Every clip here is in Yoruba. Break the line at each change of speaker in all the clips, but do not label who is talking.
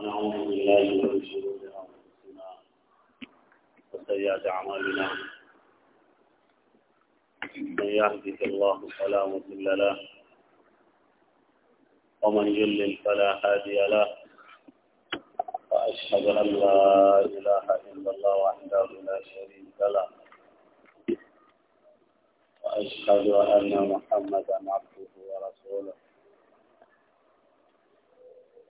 ونعوذ بالله من شرور أنفسنا وسيئات أعمالنا من يهدك الله فلا مضل له ومن يضلل فلا هادي له وأشهد أن لا إله إلا الله وحده لا شريك له وأشهد أن محمدا عبده ورسوله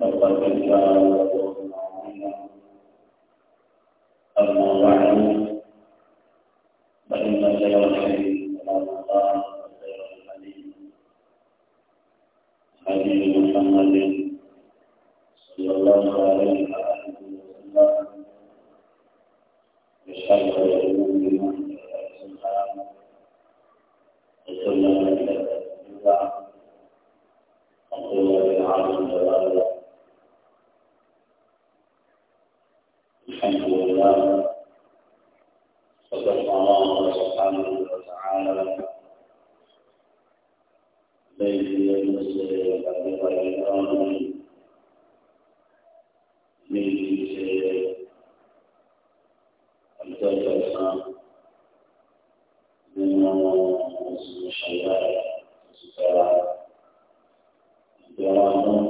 فقد جاء أما بعد فإن خير الحديث
كلام الله وخير الحديث حديث
محمد صلى الله عليه وسلم وشر
القيامة صدق الله سبحانه وتعالى الذي يمسي وقدر الإكرام
ليجلس الجلسة من مسلم الشباب الجرائم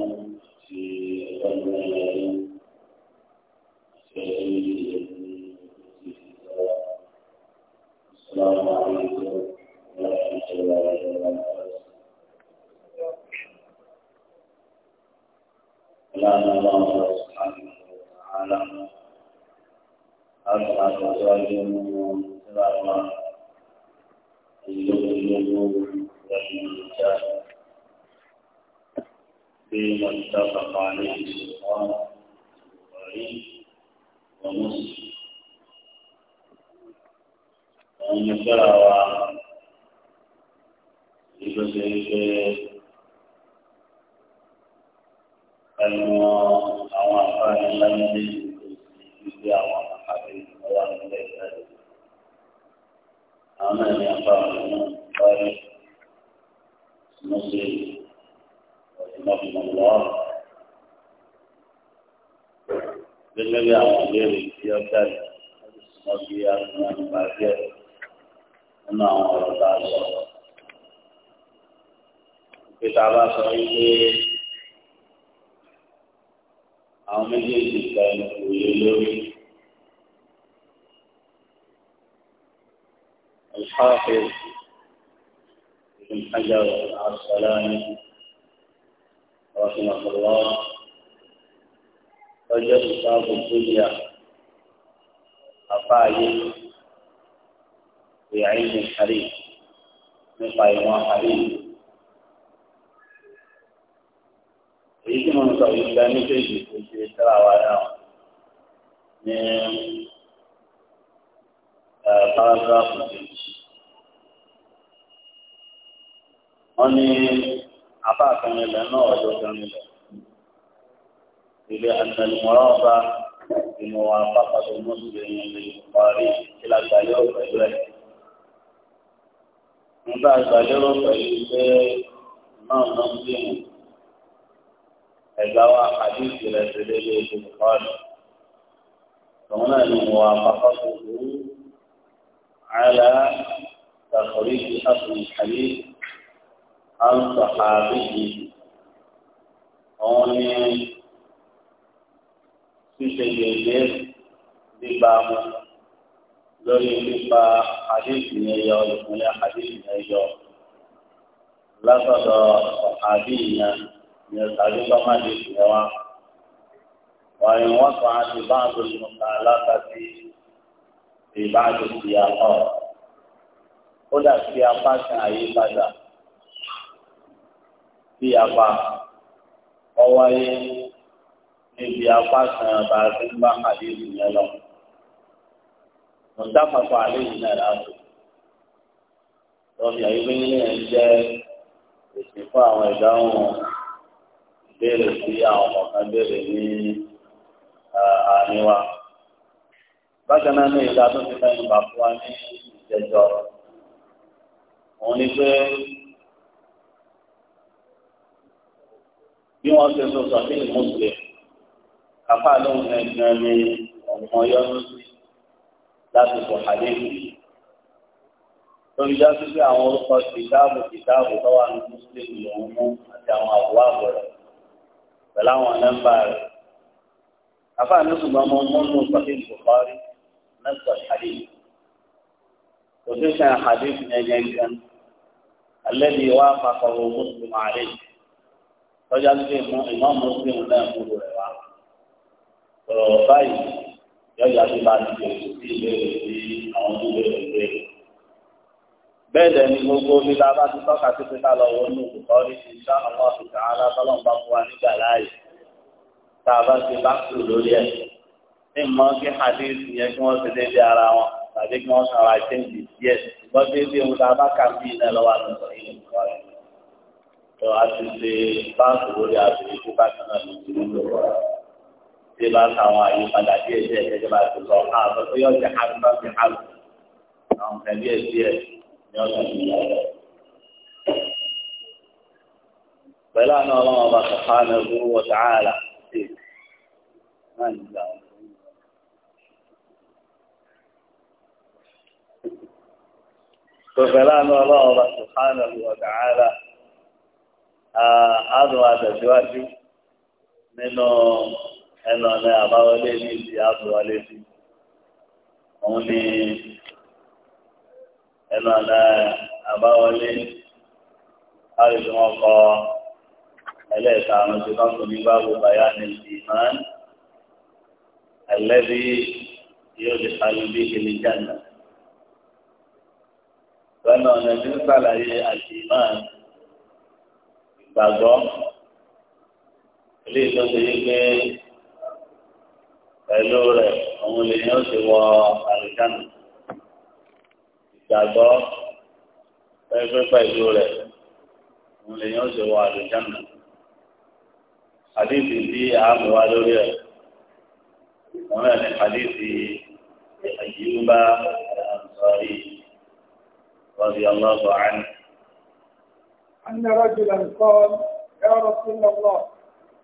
فيما اتفق عليه الشيطان ومسلم من يشاء
بعض المخالفة في بعض السياقات kódà fi apá kan àyípadà bí apá ọwáyé níbi apá kan bá a ti ń bá àdéhùn yẹn lọ. mùtàfàfà àléhùn náà láàbò lọ́ọ̀bì àyíké nílẹ̀ ń jẹ́ èsì fún àwọn ìdáhùn ìbéèrè sí àwọn ọ̀kan béèrè ní àárín wa. bákan náà ní ìta tó ti mẹ́nu bà fún wa ní ìjẹjọ òun ni pé bí wọ́n ṣe sọ sọ fílì mùsùlùmí apá lóhùn ẹ̀gbọ́n ni ọmọ yọnu sí láti sọ àdéhùn lórí dájú pé àwọn orúkọ kìtáàbù kìtáàbù tó wà ní mùsùlùmí lòún mú àti àwọn àbúrò àbúrò pẹ̀lú àwọn nọ́mbà rẹ̀ afa ni ṣùgbọ́n mo mọ́ nù sọ́kè Bukhari mẹ́sọ̀ hadith position hadith yẹn yẹn gan alẹ́bi wa pàtàkì Muslim àárẹ̀ tọ́jà ti fi mú ìmọ̀ Muslim náà mú rẹ̀ wá sọ̀rọ̀ báyìí yọjà tó bá ti fi sí ìbéèrè sí àwọn tó béèrè béèrè bẹ́ẹ̀ dẹ̀ ni gbogbo omi tá bá ti tọ́ka sí pé ká lọ wọnú Bukhari insha Allah ta'ala tọ́lọ́mùbá fún wa nígbà láàyè tá a bá ti bá kú lórí ẹ̀ ní mọ́ kí hadith yẹn kí wọ́n ti dédé ara wọn tàbí kí wọ́n sọ̀rọ̀ àìsèǹdì díẹ̀ ṣùgbọ́n dédé ohun tá a bá kà bí iná lọ́wọ́ àtúntò ìlú kọ́ rẹ̀. tó a ti ṣe báàkì lórí àbẹ̀rẹ̀ tó bá ti náà lójú lójú kọ́ rẹ̀. tí bá táwọn àyípadà díẹ̀ díẹ̀ gẹ́gẹ́ bá ti sọ àbọ̀ tó yọ jẹ́ àbúrò ti àbù àwọn nǹkan díẹ̀ díẹ̀ ni ọ̀sán ti yà rẹ̀. pẹ̀lú àná ọlọ́run ọba sọ̀fà
Sọ̀fẹ̀láàánú ọlọ́run bá
Sùhánà lọ́dà ára àádùn àtẹ̀síwájú nínú ẹnu ọ̀nà àbáwọlé ní ìdí àbúwọlé sí. Òun ni ẹnu ọ̀nà àbáwọlé àrùn ọkọ̀ ẹlẹ́ẹ̀ta àrùn tí wọ́n kò ní báwo bàyá ní ìmáà. الذي يدخل به الجنة lọ́nà ọ̀nà tí ń sàlàyé àṣìmáà ìgbàgbọ́ ilé ìtọ́jú yìí pé pẹ̀lú rẹ̀ òun lè ní oṣù wọ àlùjánu ìgbàgbọ́ pẹ́ẹ́pẹ́ pẹ̀lú rẹ̀ òun lè ní oṣù wọ àlùjánu àdìsí bí àmúwa lórí rẹ̀. هنا لحديث أيوب الأنصاري رضي الله عنه
أن رجلا قال يا رسول الله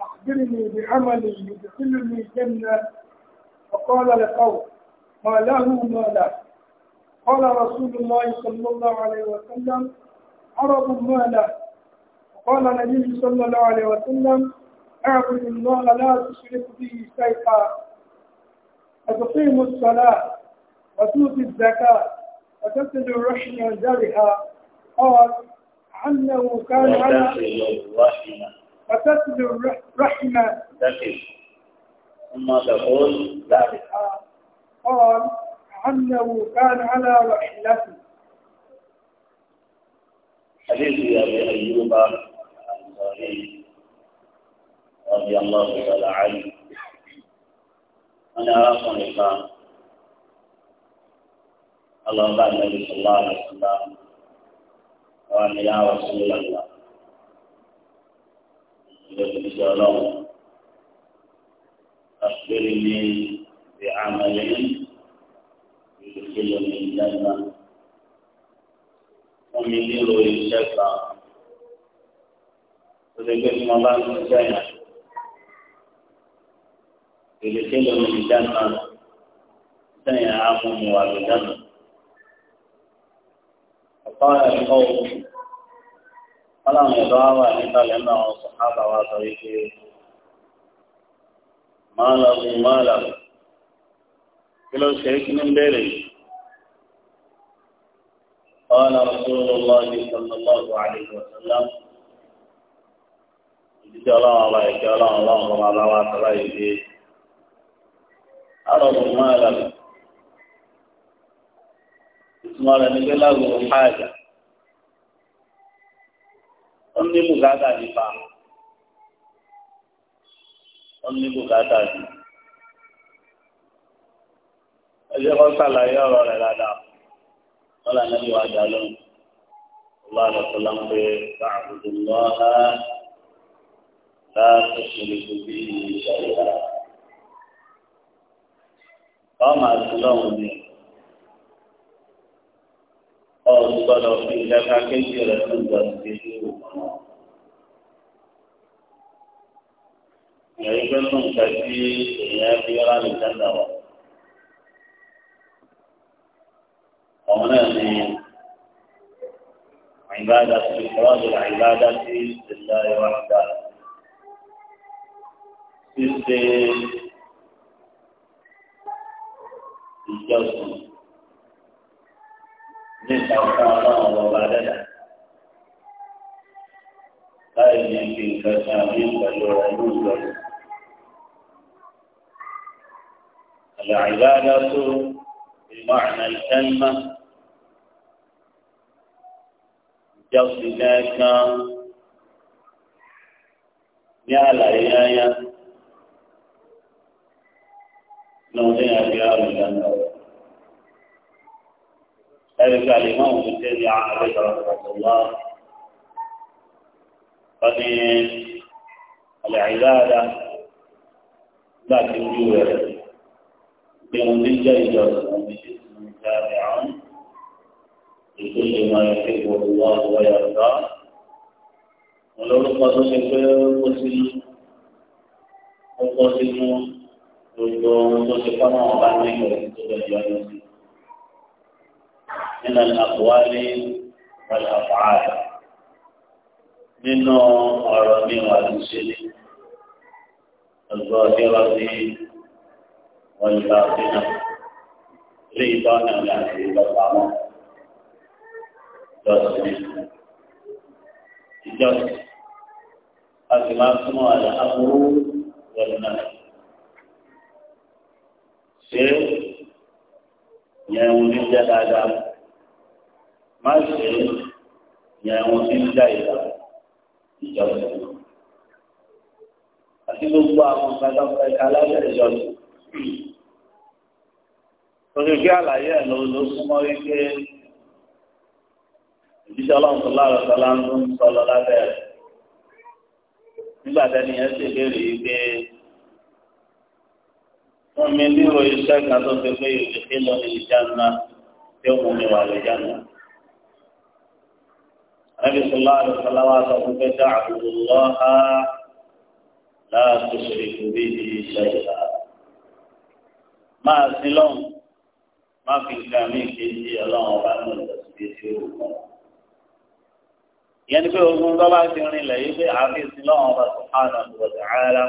أخبرني بعمل يدخلني الجنة فقال لقوم ما له ما له قال رسول الله صلى الله عليه وسلم عرض ما له فقال النبي صلى الله عليه وسلم اعبد الله لا تشرك به شيئا وتقيم الصلاة وتؤتي الزكاة وتبتدع الرحمة وزرها قال عنه كان على وتبتدع الرحمة
ثم تقول ذلك
قال عنه كان على رحلته
حديث أبي أيوب الأنصاري رضي الله تعالى عنه wọn ní arákùnrin kan ọlọ́ọ̀bá nàbí sọlá àlùsọlá wọn ní yàrá sọlá lọ ìjọba ìjọba ọlọ́run àṣírí ní bí àmàlẹ́ ìdókòlò ní ìjọba wọn mi nílò iṣẹ́ kan tó lè gbé tí wọn bá ń sọ sẹ́yìn. يدخلهم الجنة سيعافهم والدهم فقال القوم فلم يضاوى نقل أنه الصحابة وطريقه ما له ما له كل شيء من بيره قال رسول الله صلى الله عليه وسلم جل الله جل الله الله الله الله àrọ̀bọ̀ máa rà lọ. ìtumọ̀ rẹ̀ ní pé láwùjọ háàjà ó ní bùkátà nípa ó ní bùkátà sí. ẹ jẹ́ kó sàlàyé ọ̀rọ̀ rẹ̀ dáadáa wọ́n là ní ìwádìí alóhùn. الله وسلم فاعبدوا الله لا تشركوا به شيئا ọmọ àtúlọ́hún ni ọ̀gbọ́dọ̀ fi ìjọba kéjì rẹ̀ tó gbọ́ sí ìlú ọ̀nà. Ìyẹn gbé tó nǹkan tí èèyàn fi rà lè dáadáa wà. Ọ̀hún náà ni àìbáda sí ìfọwọ́dọ̀ àìbáda sí ìṣẹ̀lẹ̀ wàhálà. Ṣíṣe ìjọsìn nípa fún ọlọ́run ọba dẹ́dà láì ní fi nǹkan kan ní pẹ̀lú ọdún ìjọsìn. العبادة بمعنى الكلمة جوز ذلك ní àlàyé ayá
نوزين أبيار الجنة
ذلك الإمام ابن تيمية عن أبي الله قد العبادة لكن جوهر بمن جيدة ومن تابع لكل ما يحبه الله ويرضاه ولو لقد سكر قسم وقسم gbogbo ohun tó ṣe kọ́ náà bá ní ìwé tó bẹ̀rẹ̀ yọnu sí. nínú àkùwálé wọlé àfààlà nínú ọ̀rọ̀ mi wà ní ṣẹlẹ̀ ọgbọ́n ọdẹ́wà sí wọlé àfihàn ilé ìtọ́ náà ní àti ìlọ́pàmọ́ lọ́sọ̀rọ̀ ìjọsìn a sì máa túmọ̀ àlẹ́ àbúrò wọlé náà ṣe yẹn wọn ní jẹ dáadáa má ṣe yẹn wọn ní jẹ ìlà ìjọsìn àti gbogbo àwọn gbàgbọ́fẹ́ kalábẹ́ ìjọsìn. Torí kí àlàyé ẹ̀ ló ló súnmọ́ wípé ìdíjọ́ ọlọ́run tó lára sọlá ń sọ lọ lábẹ́ rẹ̀. Nígbà tẹ́ni yẹn ṣèlérí wípé omi lílo iṣẹ́ kan tó ti pé ìdíje lọ ní ìjànà tí ó mú mi wà lè jànà. Àbí sọlá àlùfọlá wa sọ fún pé dá àbúrò lọ́ha láti ṣe ìkúrí ní iṣẹ́ ìlà. Máa sin lọ́hùn, má fi nǹkan mí kejì ọlọ́run ọba náà lọ sí etí òru kan. Ìyẹn ni pé ogun tó bá ti rinlẹ̀ yìí pé àáfíìsì lọ́hùn ọba sọ̀hánà lọ́dọ̀ ààrá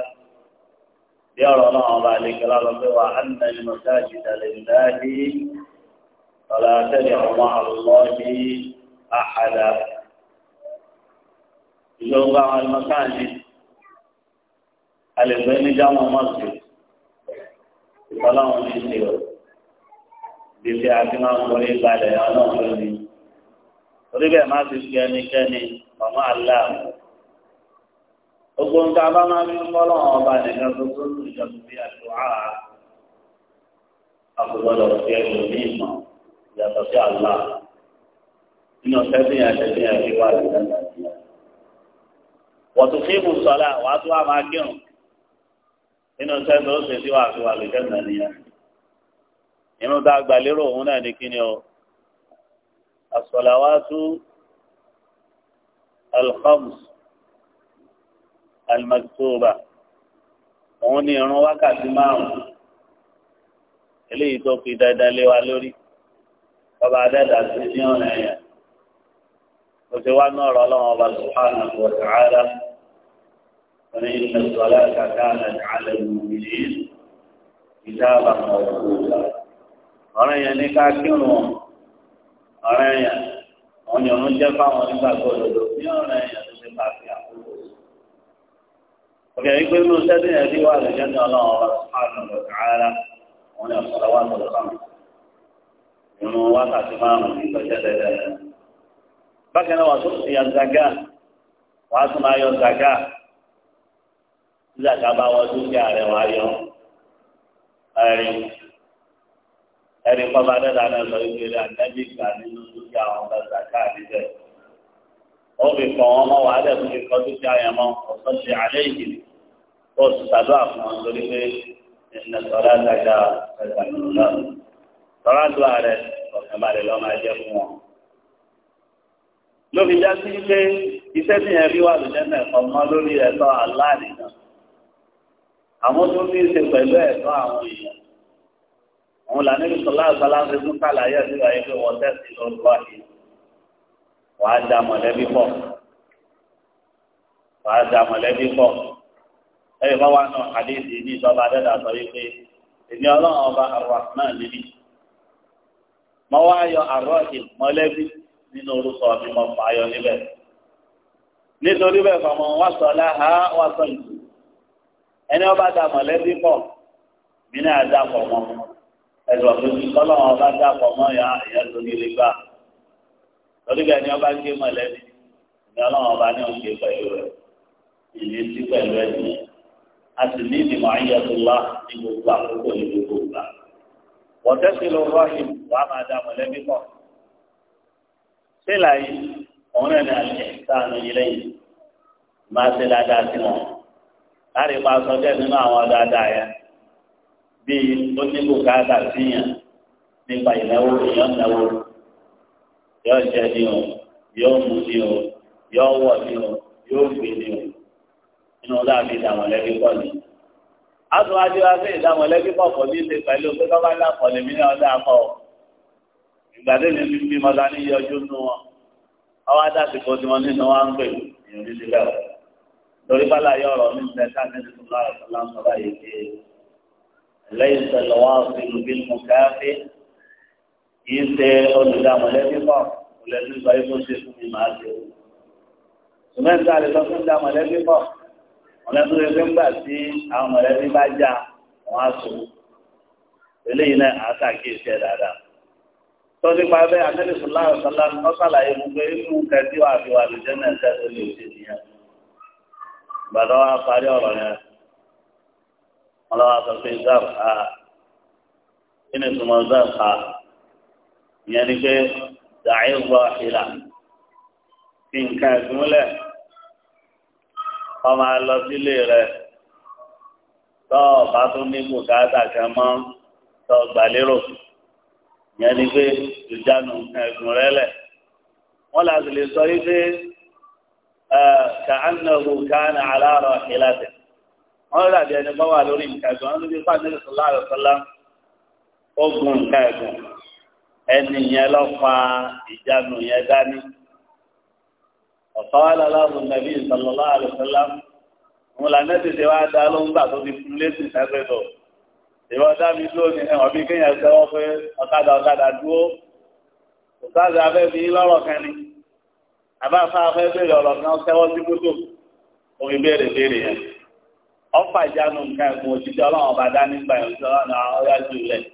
bí ọ̀rọ̀ náà ọba àlejò lọ́lọ́
pé wà á nà ní mọ̀sáàjì tẹ̀lé láàbí ọ̀là tẹ̀lé ọmọ àlọ́ ní àhàdà. ìjọba àwọn mọ̀sáàjì alẹ́ gbẹ́ ní jámọ̀ mọ́sí ìfọláwọn ní ìṣe o bíbí àti máa ń borí balẹ̀ ọlọ́run lónìí. orí bẹ́ẹ̀ má ti fi ẹnikẹ́ni ọmọ aláàmú gbogbo ń ta bá máa fi ń bọ́lọ́ ọba nìkan tó tó tó ìjọba bí àdúrà àkùgbọ́dọ̀ sí ẹ̀rọ ní ìmọ̀ yàtọ̀ sí àlá nínú sẹ́sìn àtẹ̀sìn àti wà lẹ́yìn wọ́n tún fi mú sọ́lá wàá tún wà máa kírun nínú sẹ́sìn ó ṣe sí wàá fi wà lẹ́yìn nàníyà nínú tá a gbà lérò òun náà ní kíni o àsọ̀làwátú alhams alimakitoba òun ni ìrun wákàtí márùn eléyìí tó fi dandan lé wa lórí bàbá adẹ́dà sí ní ọ̀nà ẹ̀yà kò sí wá náà rọ́lọ́ wọn bá subhanahu wa ta'ala wọn ní ìlú sọlá kàkà àti àlẹ́ ìmùmílì ìdá àbàmọ̀ òkúta ọ̀rẹ́ yẹn ní ká kírun ọ̀rẹ́ yẹn òun ni òun jẹ́ fáwọn onígbàgbọ́ òdodo ní ọ̀rẹ́ yẹn ọ̀kẹ́ wípé inú sẹ́dí yẹn ti wà lẹ́jọ́ ní ọlọ́run ọba sùpáàlù ọ̀tàrà wọn ni ọ̀sọ̀rọ̀ wà lọ́dọ̀ sọ́nà nínú wákàtí márùn-ún ní ìtọ́jẹ́ dẹ́dẹ́ bákan náà wà tó ti yan zaga wà á tún máa yọ zaga zaga bá wọ dúkìá rẹ̀ wà yọ ẹ̀rí ẹ̀rí pọ́nba dẹ́dẹ́ àná sọ ìgbéra àtẹ́bí gbà nínú dúkìá àwọn ọba àdìjẹ́ ó fi kàn wọn mọ́ wàhálà tó fi kọ́ dúkìá yẹn mọ́ ọ̀sán ṣe alẹ́ ìdìbò ó sì ṣàdúrà fún wọn torí pé ẹ̀sìn sọ̀rọ̀ àtàkà ẹ̀sà nìyọ̀nà sọ̀rọ̀ àdúrà rẹ̀ ọ̀sán balẹ̀ lọ́ máa jẹ́ fún wọn. lóbi já sí pé iṣẹ́ tí yẹn fi wà lójẹ́ mẹ́fọ́ mọ́ lórí ẹ̀tọ́ aláàdì àwọn tó ní í ṣe pẹ̀lú ẹ̀tọ́ àwọn èèyàn àwọn làní wàá da mọ̀lẹ́bí pọ̀ wàá da mọ̀lẹ́bí pọ̀ ẹ̀yìn bá wà nù àdéhìí ní ìjọba adẹ́dà sọ wípé èmi ọlọ́run ọba arahman níbi mọ wá yọ àrọ́ọ̀dì mọ̀lẹ́bí nínú orúkọ mi mọ̀ fàáyọ níbẹ̀ nítorí bẹ́ẹ̀ fọmọ wá sọ láha wá sọ ìlú ẹni ọba da mọ̀lẹ́bí pọ̀ mí náà dà pọ̀ mọ́ ẹ̀rọ tó ti kọ́ ọba dà pọ̀ mọ́ ya ìyá tó ní gbà lórí bẹ́ẹ̀ ni ọba gé mọ̀lẹ́bí ni ọlọ́run ọba ní òkè pẹ̀lú rẹ̀ ìdí sí pẹ̀lú ẹ̀ nìyẹn a sì ní ìdìmọ̀ ayélujára ní gbogbo àkókò ní gbogbo ìgbà wọ́tẹ́sí ló rọ́ọ̀ṣì wàá máa da mọ̀lẹ́bí pọ̀ sílà yìí òun náà ní àṣẹ sáànù yìí lẹ́yìn máa ṣe dáadáa sí wọn láti máa sọ díẹ̀ nínú àwọn dáadáa yẹn bíi ó ní kò káàkà síyàn nípa ìnáwó ìyọ́nàwó yóò jẹ ní o yóò mú ní o yóò wọ̀ ní o yóò gbé ní o nínú láàbí ìdàmọ̀lẹ́bí pọ̀ ní. àtúntò adéwà fún ìdàmọ̀lẹ́bí pọ̀ pọ̀ ní ṣe pẹ̀lú pé tọ́ba lápọ̀ lèmi ní ọdẹ akọ ìgbàdé ní fi bímọ la ní yọjú nù wọn ọwọ́ adásìkò tí wọn nínú wa ń pè ní oníṣẹlẹ o lórí bá láyé ọ̀rọ̀ mi bẹ káfíń tó lọ àtúntò láǹtọ báyìí pé lẹ́yìn tẹ́lẹ̀ wọn fi lùbí mú kìí ṣe olùdámọ̀lẹ́bí pọ̀ olùdí sọ ikú ṣe fún mi máa ṣe. Sùmẹ́ntì àlè sọ fún ìdámọ̀lẹ́bí pọ̀ ọ̀lẹ́dún rẹ̀ gbẹ́ngbà tí àwọn mọ̀lẹ́bí bá já wọn á sùn. Eléyìí náà á ṣàkíyèsí ẹ̀ dáadáa. Tọ́sí pa bẹ́ẹ̀ Adélèsùn láàrọ̀ sọ́lá ni wọ́n ṣàlàyé mú pé inú kẹtí wà fi wà lójẹ́ náà ṣẹ́ tó lè ṣe nìyẹn. Ìbàdàn wa parí ọ̀rọ̀ yẹn. Wọ́n lọ́wọ́ sọ pé Zab ha. Ah, kí ni ìtumọ̀ Zab ha? Ah? ìyẹn ni pé dàáyé wọ ìlà fi nǹkan ẹ̀gúnlẹ̀ ọmọ lọ sílé rẹ̀ tọ́ọ̀ bá tún ní bùkátà kan mọ́ tọ́ọ̀ gbàlérò ìyẹn ni pé ìjánu nǹkan ẹ̀gúnrẹ́ lẹ̀ wọ́n láti lè sọ yí pé kàánàwó kàánà aláàrọ̀ ìlàtẹ̀ wọ́n rà bí ẹni bá wà lórí nǹkan ẹ̀gún wọ́n ti fi fáwọn ẹ̀sán láàrọ̀ sọ́lá ogun nǹkan ẹ̀gún ẹni yẹn lọ fa ìjánu yẹn dání ọ̀sán aláàbò nàbí sallallahu alaihi wasallam mo là nẹ́ẹ̀sì ṣe wá dá ló ń gbà tó ti fún lẹ́sì sẹ́gbẹ̀dọ̀ ìwọ dá mi dúró ní ẹ̀wọ̀n bí kéèyàn sẹ́wọ́ pé ọ̀kadà ọ̀kadà dúró ọ̀kadà abẹ́ fi lọ́rọ̀ kan ni àbáfá afẹ́ béèrè ọ̀rọ̀ kan sẹ́wọ́ sí mọ́tò omi béèrè béèrè yẹn ọ̀fà ìjánu nǹkan ẹ̀kún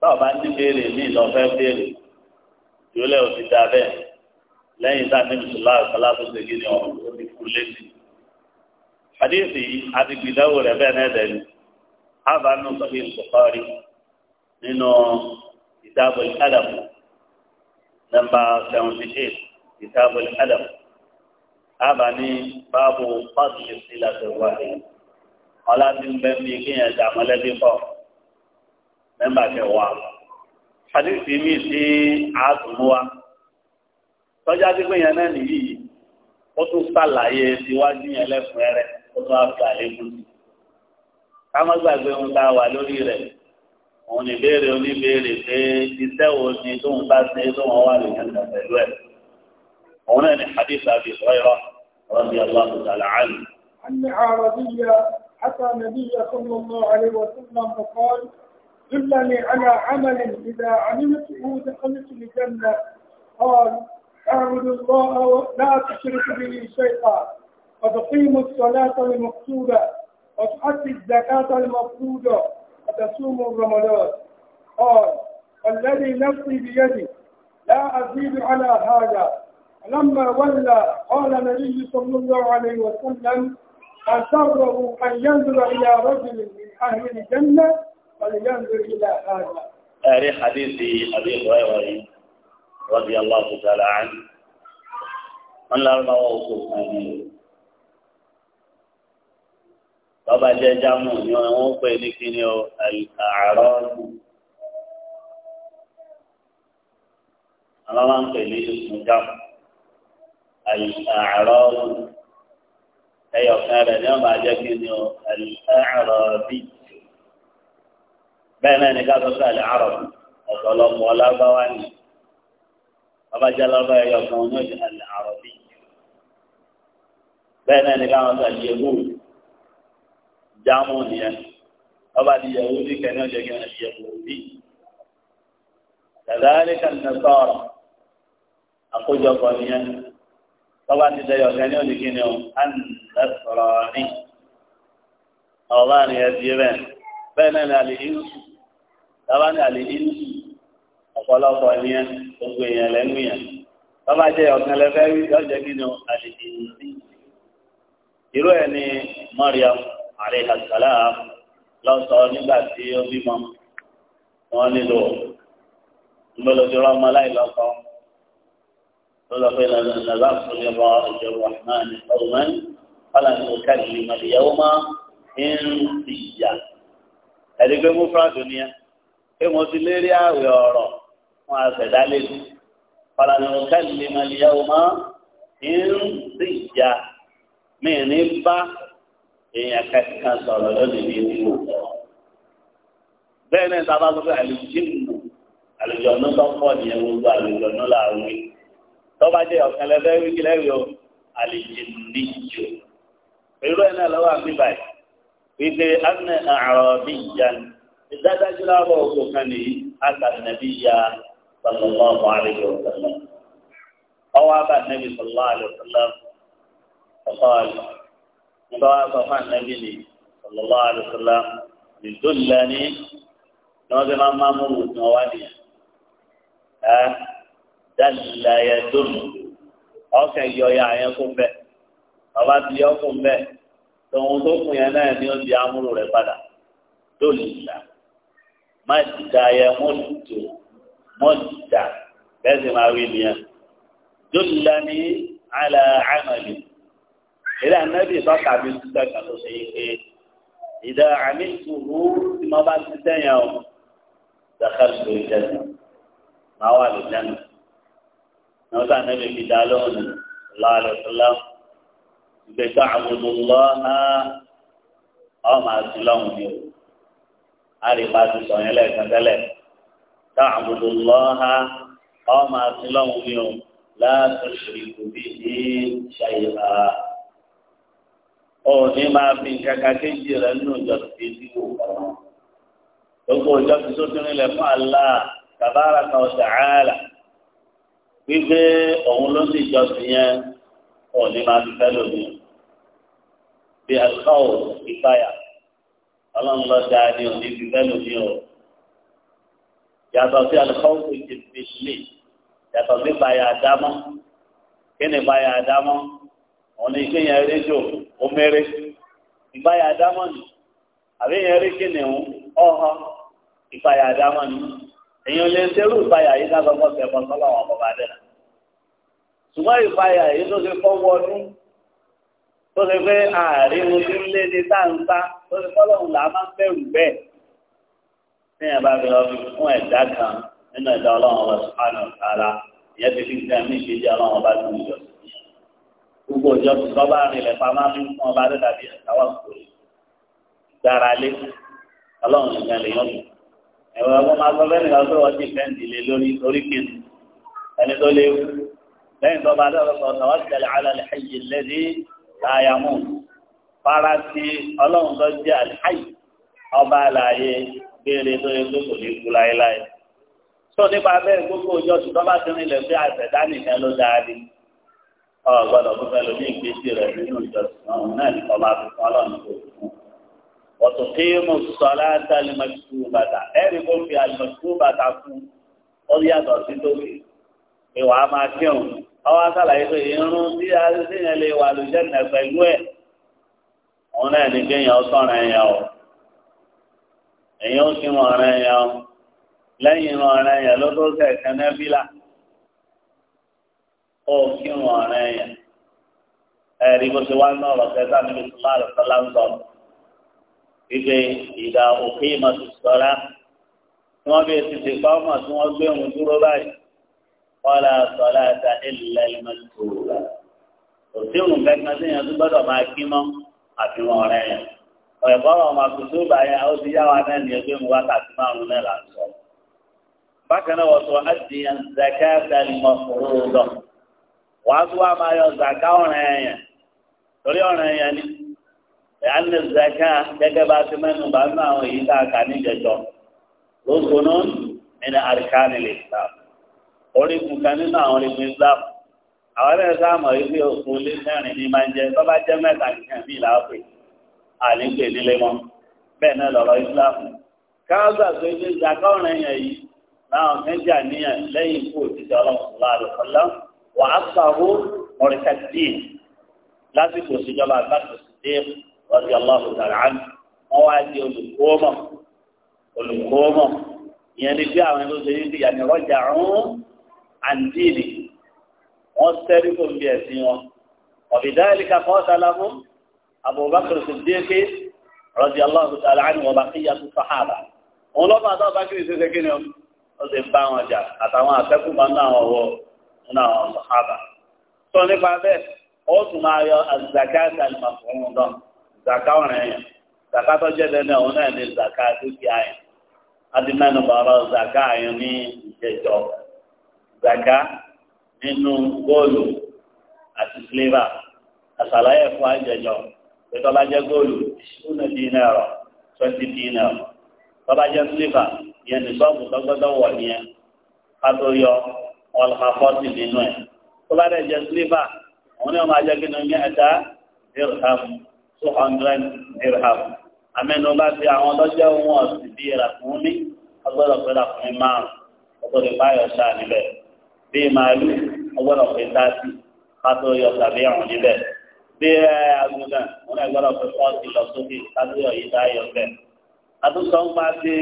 tọ́ ọba ní béèrè ní ìlọ́fẹ́ béèrè ìrọ̀lẹ́ òsì dá bẹ́ẹ̀ lẹ́yìn tá a ní mùsùlùmá ìfọlá tó ṣe gíní ọ̀hún tó ti kú létí. àdéhùn yìí àti gbìdánwò rẹ̀ bẹ́ẹ̀ náà dẹ̀nu ábà nù sọ́bí ìsọ̀kọ́rí nínú ìdáàbò ìkádàmù nọ́mbà seventy eight ìdáàbò ìkádàmù ábà ní báàbò pàṣẹ sílẹ̀ tó wáyé ọlá ti mọ́lẹ́bí pọ̀ mẹ́mbà kẹwàá hadithi mi sí àtúnmúwa tọ́já pípé yẹn náà nìyí ó tún sàlàyé síwájú yẹn lẹ́kùn rẹ̀ ó tún àfi àlékún káwọn gbàgbé ń ta wà lórí rẹ̀ òun ní béèrè oníbéèrè pé iṣẹ́ wo ni tóun bá ṣe tóun wà lóyún ẹ̀ka pẹ̀lú ẹ̀ òun náà ní hadith àbí sọ́yọ́ rọ́bì aláàbò tààlà ánì.
عن عربية أتى النبي صلى الله عليه وسلم فقال دلني على عمل إذا علمته دخلت الجنة قال اعبد الله ولا تشرك به شيئا وتقيم الصلاة المقصودة وتؤتي الزكاة المفروضة وتصوم رمضان قال والذي نفسي بيدي لا أزيد على هذا لما ولى قال النبي صلى الله عليه وسلم أسره أن ينظر إلى رجل من أهل الجنة
ẹ̀rí hadithi àbí ìbúrẹ́ wọ̀nyí rọ́bì aláàbò tààlà án wọn lárúbáwá oṣù kàní bàbá jẹ́ jámù ni wọ́n pè ní kíni o àárọ̀ àwọn máa ń pè ní oṣù jámù àárọ̀ ẹ̀yọ̀kan rẹ̀ ni wọ́n jẹ́ kíni o àárọ̀ bíi. bẹ́ẹ̀ náà ní ká sọ sọ́ọ̀lì àrọ̀ ọ̀pọ̀lọpọ̀ ọlágbáwá ni ọbàjẹ́ lọ́gbà ẹ̀yọ kan ní òjì àlẹ́ àrọ̀ bí bẹ́ẹ̀ náà ní ká wọn sọ́ọ̀lì yẹ̀wò jámù nìyẹn ọba di yẹ̀wò bí kẹ́ni ọjọ́ kí wọ́n yẹ̀wò bí. كذلك النصارى àkójọpọ̀ nìyẹn tọ́ba ti dẹ̀yọ̀ kẹ́ni òjì kí ni ó ànàsọ̀rọ̀ ni ọ̀bá nìyẹn ti bẹ́ẹ̀ bẹ́ẹ̀ náà ní tábà ní àlè ìlú ọ̀pọ̀lọpọ̀ ènìyàn gbogbo èèyàn lẹ́nu yẹn bàbá jẹ́ ọ̀kan lẹ́fẹ́ rí lọ́jọ́ nínú àlè ìlú irú ẹ̀ ní Maryam alayha salam lọ́sọ nígbà tí ó bímọ wọn nílò ńlọlọdúnrún ọmọ aláìlọ́kọ pé nàzá fún yẹn bọ́ ìjọba rahman ọ̀gbọ́n fọlọ́n ní kàlí màlìyàwó máa ń tìyà ẹ̀rí pé mú fúlàdùn pé mo ti lérí àwẹ̀ ọ̀rọ̀ wọn àṣẹ̀dá lẹ́nu fàlànà kẹ́lì màlìyàwó mọ́ ń sì já mí ní bá èèyàn kankan sọ̀rọ̀ lónìí ní ìlú bẹ́ẹ̀ náà sábà sọ pé àlùjínù àlùjọ̀nù tó pọ̀ nìyẹn gbogbo àlùjọ̀nù làwọn tọ́ba jẹ́ ọ̀kan lẹ́fẹ́ wíkí lẹ́yìn àlùjínù níjò irú ẹ̀ náà lọ́wọ́ àbí báyìí wípé anna àrọ̀ ìdádájú láàárọ̀ ọ̀gbọ̀n kan nìyí àgbàdàbí ya sallallahu alayhi wa sallam ọwọ́ àgbàdàbí sallallahu alayhi wa sallam ọ̀sọ́ àlù nígbà wà sọ fún ànábì ni sallallahu alayhi wa sallam nìdúlẹ̀ ni ní wọ́n fi máa máa mú òògùn ọwá nìyẹn ẹ dálìlà yẹ dùnú ọkàn yọ̀ọ̀yà yẹn fún bẹ́ẹ̀ ọba ti yọ fún bẹ́ẹ̀ tòun tó kùn yẹn náà ni ó di amúlò rẹ̀ padà dólì ìlànà mọ̀jìdá yẹ mọ̀jìdó mọ̀jìdá bẹ́ẹ̀ sì máa wí nìyẹn. jòlá ní àlà àmàlì eré anábì bàtà mi sísẹ kan ló ṣe yí pé ìdá àmì ìṣòro tí mo bá ti sẹ́yìn o dàkàtúndò ìjẹsìn máa wà lójà náà náà sọ anábì fi dá lóhùn ní ìgbésẹ̀ àbùdó lọ́ọ́ náà ọ̀ máa ti lọ́hùn ní o àríwá ti sọ yẹn lẹ́ẹ̀kan tẹ́lẹ̀ káàbùdù lọ́ha ọmọ àtìlọ́hún mi ò láàtọ̀ ṣèlú bí ní ṣàyẹ̀wá. òní máa fi kankan kéjì rẹ̀ nínú ìjọ ti fi wò kàn. gbogbo ìjọ ti sókè nílẹ̀ fún Allah tabaraka wa ta'ala wípé òun ló sì jọ sí yẹn òní máa fi fẹ́ lómi. bí àlùkò ìpayà ọlọ́run lọ dáa ní òní ti fẹ́ lómi o yàtọ̀ sí alikọ́wùsì ìdìbìlì yàtọ̀ sí báyà àdámọ́ kí ni báyà àdámọ́ òun ni kéèyàn rédíò omere ìbáyà àdámọ́ ni àbí yẹn rí kìnìún ọ̀họ́ ìbáyà àdámọ́ ni èèyàn lè dérú ìbáyà yìí ká lọ́kọ́ sẹ́kọ̀ọ́ sọ́lọ́wọ́n bọ̀bá dẹ̀ ṣùgbọ́n ìbáyà yìí tó ti fọ́wọ́ ọdún tó ṣe pé ààrẹ mo ti ń lé ní táǹtá tó ṣe fọ́lọ́hùn là máa ń bẹ̀rù bẹ́ẹ̀ ní ẹ̀bá fi lọ fi fún ẹ̀dá kan nínú ẹ̀dá ọlọ́run ọba sùpánù ara ìyẹn ti fi ń tẹ́ mí ìṣèjì ọlọ́run ọba tó ń jọ gbogbo ìjọ tó tọ́ bá rìn lẹ́pàá máa fi fún ọba dàbí ẹ̀dáwà kò dára lé ọlọ́run nìkan lè yọ̀nù ẹ̀rọ ọgbọ́n máa sọ bẹ́ẹ̀ nìkan pé wọ́n ti fẹ́ǹdì lé lórí orí kìnnì ẹni tó léwu lẹ́yìn tó bá dọ̀rọ̀ sọ̀tàn wọ́n ti tẹ̀lé alẹ́ láyàmú fara sí ọlọ́run tó jẹ́ àlàyé ọba àlàyé béèrè tó yẹ kó kò ní kú láéláé. tó nípa bẹ́ẹ̀ gbogbo ọjọ́ ṣùgbọ́n bá ti rìnlẹ̀ sí àṣẹ̀dá nìkan ló dáa ni ọgbọ́dọ̀ tó fẹ́ lómi ìgbésí rẹ̀ nínú ìjọsìn ọ̀hún náà ní ọba àfikún ọlọ́run tó fún wọ́tò kí mo sọ láti alimọ̀tò bàtà ẹ̀rí kó fi alimọ̀tò bàtà fún ọ ọwọ́ àtàlàyé pé irun tí a ti sèyàn lè wà lùjẹ́nà pẹ̀lú ẹ̀ òun náà ní kéèyàn sọ̀rọ̀ ẹ̀yàn o èyàn ó sì mọ̀ ọ̀rọ̀ ẹ̀yàn o lẹ́yìn ìmọ̀ ọ̀rọ̀ ẹ̀yàn ló tó sẹ̀kẹ́ nẹ́bílà ó kí mọ̀ ọ̀rọ̀ ẹ̀yàn ẹ̀rí bó ṣe wá náà ọ̀rọ̀ kẹta níbi tó máa rẹ̀ sọ́lá ń sọ wípé ìdá òkè ìmọ̀ tí wọ́n bí ti ṣèpá ọmọ tí wọ́n gbé òun dúró báyìí wàlá sọlá ta ilẹ̀ ìmọ̀tòrò kò sí òun kankan sí yẹn tó gbọ́dọ̀ máa kí mọ́ àfihàn ọ̀rẹ́ yẹn ọ̀ẹ̀bọ́rọ̀ ọmọ àkùsù bá yẹn ó ti yá wa náà ní ẹgbẹ́ mu wákàtí márùn náà là ń sọ. bákan náà wọ́n sọ adìyàn zaka tẹnumọ́ òróró lọ wàá tó wá máa yọ zaka ọ̀rẹ́ yẹn torí ọ̀rẹ́ yẹn ni ẹ̀yánlẹ̀ zaka gẹ́gẹ́ bá ti mẹ́nu bá nínú àwọn èyí tá a kà ní ìjẹjọ lóṣù náà nínú àríkánilè sáà orígun kan nínú àwọn orígun islam àwọn ẹlẹ́yìn islam yìí pé òkun lé mẹ́rin ní máa ń jẹ tó bá jẹ́ mẹ́ta nìkan bíi làápè àlípè nílé mọ́ bẹ́ẹ̀ náà lọ́rọ̀ islam káàzà pé ní zakọ́rin yẹn yìí láwọn méjì àníyàn lẹ́yìn ikú òtítọ́ ọlọ́run láàrú ọlọ́ wà á sàrú mọ̀rìkàtì lásìkò ìṣèjọba àgbàdo sídé rọ́bì ọlọ́run tàrán di olùkóòmọ̀ olùkóòmọ̀ ìyẹn ni bí àwọn àǹdíìlì wọ́n sẹ́rí kò ń bí ẹ̀sìn wọn ọ̀bìdá ẹ̀lìkà kọ́ọ̀tà lábú Abubakar Siddiq rọ́dí aláàbò tààlà ánì wọn bá kí yàtú sàhábà òun lọ́ba àtàwọn bá kiri ṣẹṣẹ kí ni ó sì ń bá wọn jà àtàwọn akẹ́kọ̀ọ́ máa ń ná àwọn ọwọ́ nínú àwọn sàhábà tó nípa bẹ́ẹ̀ ó tún máa yọ àzàkáàtà ìmọ̀fọ́nrún náà zàká ọ̀rẹ́ yẹn zàká tó yẹn adìmẹ́nu bọ̀rọ̀ zàká zaka nínú góòlù àti sílẹ́bà àṣàlàyé fún àjẹjọ pé tọ́ba jẹ́ góòlù ìṣúná dínà rọ̀ twenty dínà rọ̀ tọ́ba jẹ́ sílẹ́bà ìyẹn ní sọ́ọ̀bù tọ́gbọ́dọ̀ wọ̀ nìyẹn kátó yọ ọlọ́ka fọ́ọ̀tì nínú ẹ̀ tọ́ba dẹ̀ jẹ́ sílẹ́bà òun ni wọ́n máa jẹ́ kí ni ẹ̀ta dirham two hundred dirham amẹ́nu bá fi àwọn ọlọ́jọ́ ohun ọ̀sìn bíi ràkúnmí ọgbọ́dọ̀ pé ràkúnmí márùn-ún ọgbọ́dọ̀ báyọ̀ sáà níbẹ̀ bí màálù ọgbọ́dọ̀ pé táàtì kátó yọ tàbí ẹ̀rùn níbẹ̀ bí àgùntàn wọn náà gbọ́dọ̀ pé fọ́ọ̀tì lọ sókè kátó yọ yìí táyọ̀ bẹ̀. àtúntò ń bá dé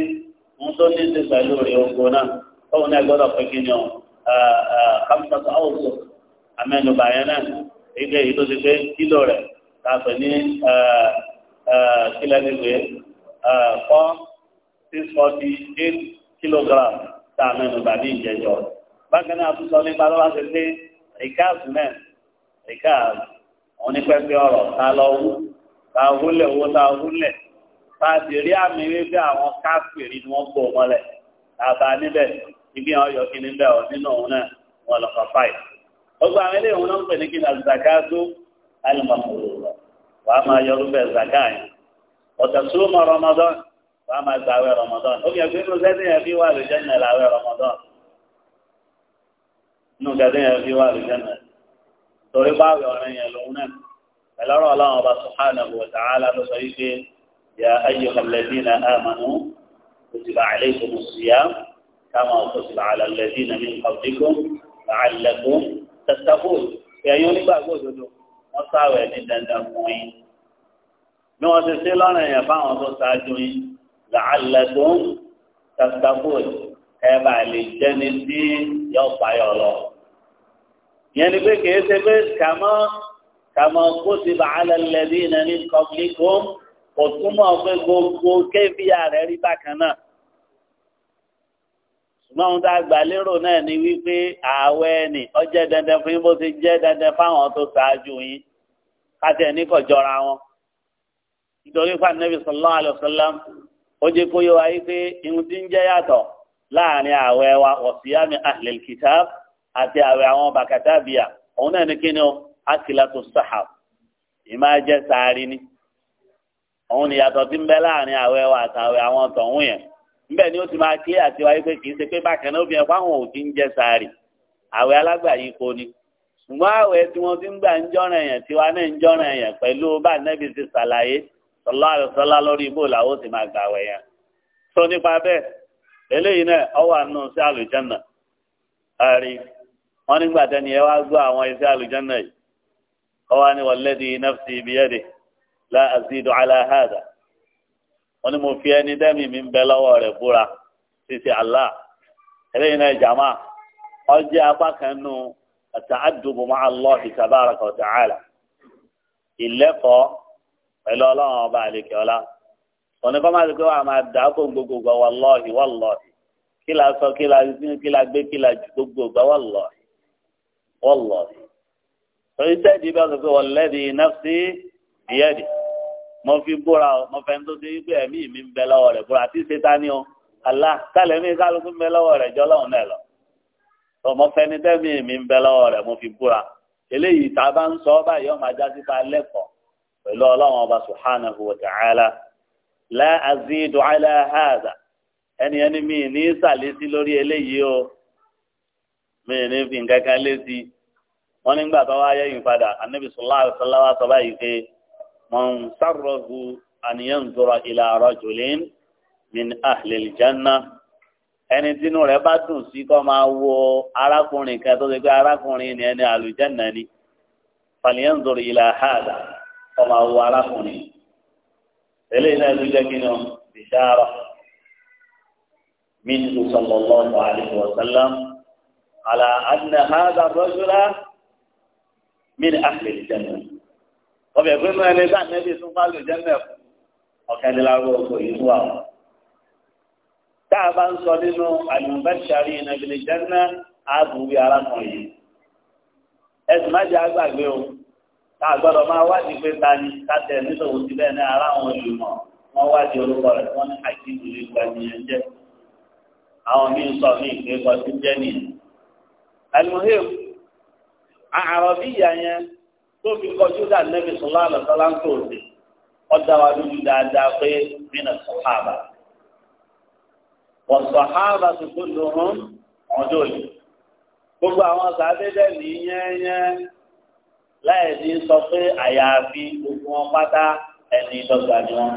ń tó ní ti pẹ̀lú rẹ̀ ogo náà tóun náà gbọ́dọ̀ pé kí ni ọ kámsàtò àwòsò amẹnubà yẹn náà ilé yìí tó ti pé kílò rẹ̀ tàbí ní kílẹ̀ nígbè four six forty eight kilogram tá a mẹnubà ní ìjẹjọ́ rẹ̀ bákan náà tún sọ nípa lọ́wọ́ ṣe pé ríkáàsì náà ríkáàsì òun ní pẹ́pẹ́ ọ̀rọ̀ ta lọ wú ta wúlẹ̀ wó ta wúlẹ̀ ta sì rí àmì wípé àwọn káfìrí ni wọ́n gbó mọ́lẹ̀ tàbá níbẹ̀ ibi àwọn yọ kí níbẹ̀ ọ̀ nínú òun náà wọn lọ fàfà yìí. gbogbo àwọn eléyìí òun náà ń pè ní kí ní azakaatu alimọ̀kòrò lọ wàá máa yọ
inú gàdé yẹn fi wà
lùjẹ́nà torí báwí ọ̀rẹ́ yẹn lòun náà ẹlọ́rọ̀ ọlọ́run ọba subhanahu wa ta'ala ló sọ wípé ya ayyuhal ladina amanu kutiba alaykumus siyam kama kutiba ala alladina min qablikum la'allakum tattaqun ẹ̀yin onígbàgbọ́ òdodo wọ́n sáwẹ̀ ní dandan fún yín bí wọ́n ti ṣe lọ́rọ̀ yẹn fáwọn tó ṣáájú yín la'allakum tattaqun ẹ bá lè jẹ́ni tí yọ payọ̀ lọ. yẹn ni pé kìí ṣe pé kàmọ́ kàmọ́ kó ti bá alẹ́lẹ́bí iná ní kọ́bílì kó kò túmọ̀ pé gbogbo kébíà rẹ̀ rí bákan náà. ṣùgbọ́n ohun tá a gbà lérò náà ni wípé ààwẹ̀ ni ó dandan fún yín bó ti jẹ́ dandan fáwọn tó ṣáájú yín káti ẹ̀ ní kò jọra wọn. nítorí fún Nabi sallallahu alaihi ó jẹ́ kó wáyé pé irun ti ń jẹ́ yàtọ̀ láàrin ààwẹ̀ wa wọ̀síyàmì ahlil àti àwẹ̀ àwọn bàkàtà bíà òun náà ní kíni o akilatu sahab ìmájẹ sàárì ni òun ni yàtọ̀ tí ń bẹ láàrin àwẹ̀ wa àtàwẹ̀ àwọn tọ̀hún yẹn níbẹ̀ ni ó ti máa kílé àti wáyé pé kì í ṣe pé bákan náà obìnrin fáwọn ò ti ń jẹ sàárì àwẹ̀ alágbàyí kò ní ṣùgbọ́n àwẹ̀ tí wọ́n ti ń gbà ń jọ́ràn yẹn tí wàá náà ń jọ́ràn yẹn pẹ̀lú bá nẹ́bí ti ṣàlàyé sọlá lórí ibò làwọn ò ti máa gbà wẹ̀ yẹn tó nípa bẹ́ẹ̀ eléyìí náà ọwọ́ àánú sí àlùjànnà àárín wọ́n nígbà tẹ́ni ẹ wá gbọ́ àwọn iṣẹ́ àlùjànnà yìí ọwọ́ ni walladhi nafsi biyadih la azidu ala hada wọ́n ní mo fi ẹni dẹ́mi mi ń bẹ lọ́wọ́ rẹ̀ búra títí Allah eléyìí náà jàmá ọjọ́ apá kan nù àtàdùbù mọ́ Allahi tabaraka wa ta'ala ìlẹ́kọ̀ọ́ pẹ̀lú ọlọ́run ọba àlekẹ́ ọlá òní kọ́ máa ti pé máa dà á kó gbogbo gbà wallahi wallahi kí la sọ kí la gbé kí la jù gbogbo gbà wallahi wọ́lọ̀ torí sẹ́ẹ̀dì bá sọ pé wọ́n lẹ́dí nafsi biyadi mo fi búra o mo fẹ́ tó ṣe wípé ẹ̀mí mi ń bẹ lọ́wọ́ rẹ̀ búra tí ṣe tání o àlá kálẹ̀ mi kálukú ń bẹ lọ́wọ́ rẹ̀ jọ lọ́hùn náà lọ tó mo fẹ́ ní tẹ́mi mi ń bẹ lọ́wọ́ rẹ̀ mo fi búra eléyìí tá a bá ń sọ báyìí ọmọ ajá sí ta lẹ́kọ̀ọ́ pẹ̀lú ọlọ́run ọba subhanahu wa ta'ala la azidu ala hadha ẹni ẹni mi ní sàlẹ̀ sí lórí eléyìí o mi ní fi nǹkan kan lé sí i wọn nígbà tó wáyé yìí padà anabi sallallahu alaihi wasallam sọ báyìí pé man sarrahu an yanzura ila rajulin min ahlil janna ẹni tínú rẹ̀ bá dùn sí kó máa wo arákùnrin kan tó ṣe pé arákùnrin ni ẹni àlùjánnà ni fal yanzur ila hada kó máa wo arákùnrin eléyìí náà ló jẹ́ kí ni bishara minhu sallallahu alaihi wasallam ala anna hada rajula mí ni àpè lè jẹ́ náà ọbẹ̀ pé mọ́ ẹni bá nẹ́bí tún bá lè jẹ́ náà ọ̀kẹ́niláwọ̀ òkò yìí wà ó. tá a bá ń sọ nínú àlùmọ́bẹ́sàrí ìnàbìlẹ̀ jẹ́ náà ààbò wí arákùnrin yìí ẹ̀sùn má jẹ́ àgbàgbé o tá a gbọ́dọ̀ máa wádìí pé ta ni ká tẹ̀ nítorí ti bẹ́ẹ̀ ní ara àwọn olùmọ̀ wọ́n wádìí orúkọ rẹ̀ wọ́n ní àkíyèsí lè gba jẹ́ àwọn míín sọ ní ìpè kọsí jẹ́ nìyẹn. àlùmọ́hìn àròbíyà yẹn tó fi kọjú dà nẹ́bí sọlá àlọ́sọlá ń tó òde ọjà wa lójú dáadáa pé nínú sọ̀hábà wọ́n sọ̀hábà tó kó lò hàn ọjọ́ yìí gbogbo àwọn sàbẹ̀dẹ̀ nìyẹn láì ní sọ pé àyàfi gbogbo wọn pátá ẹni dọ́gba ni wọn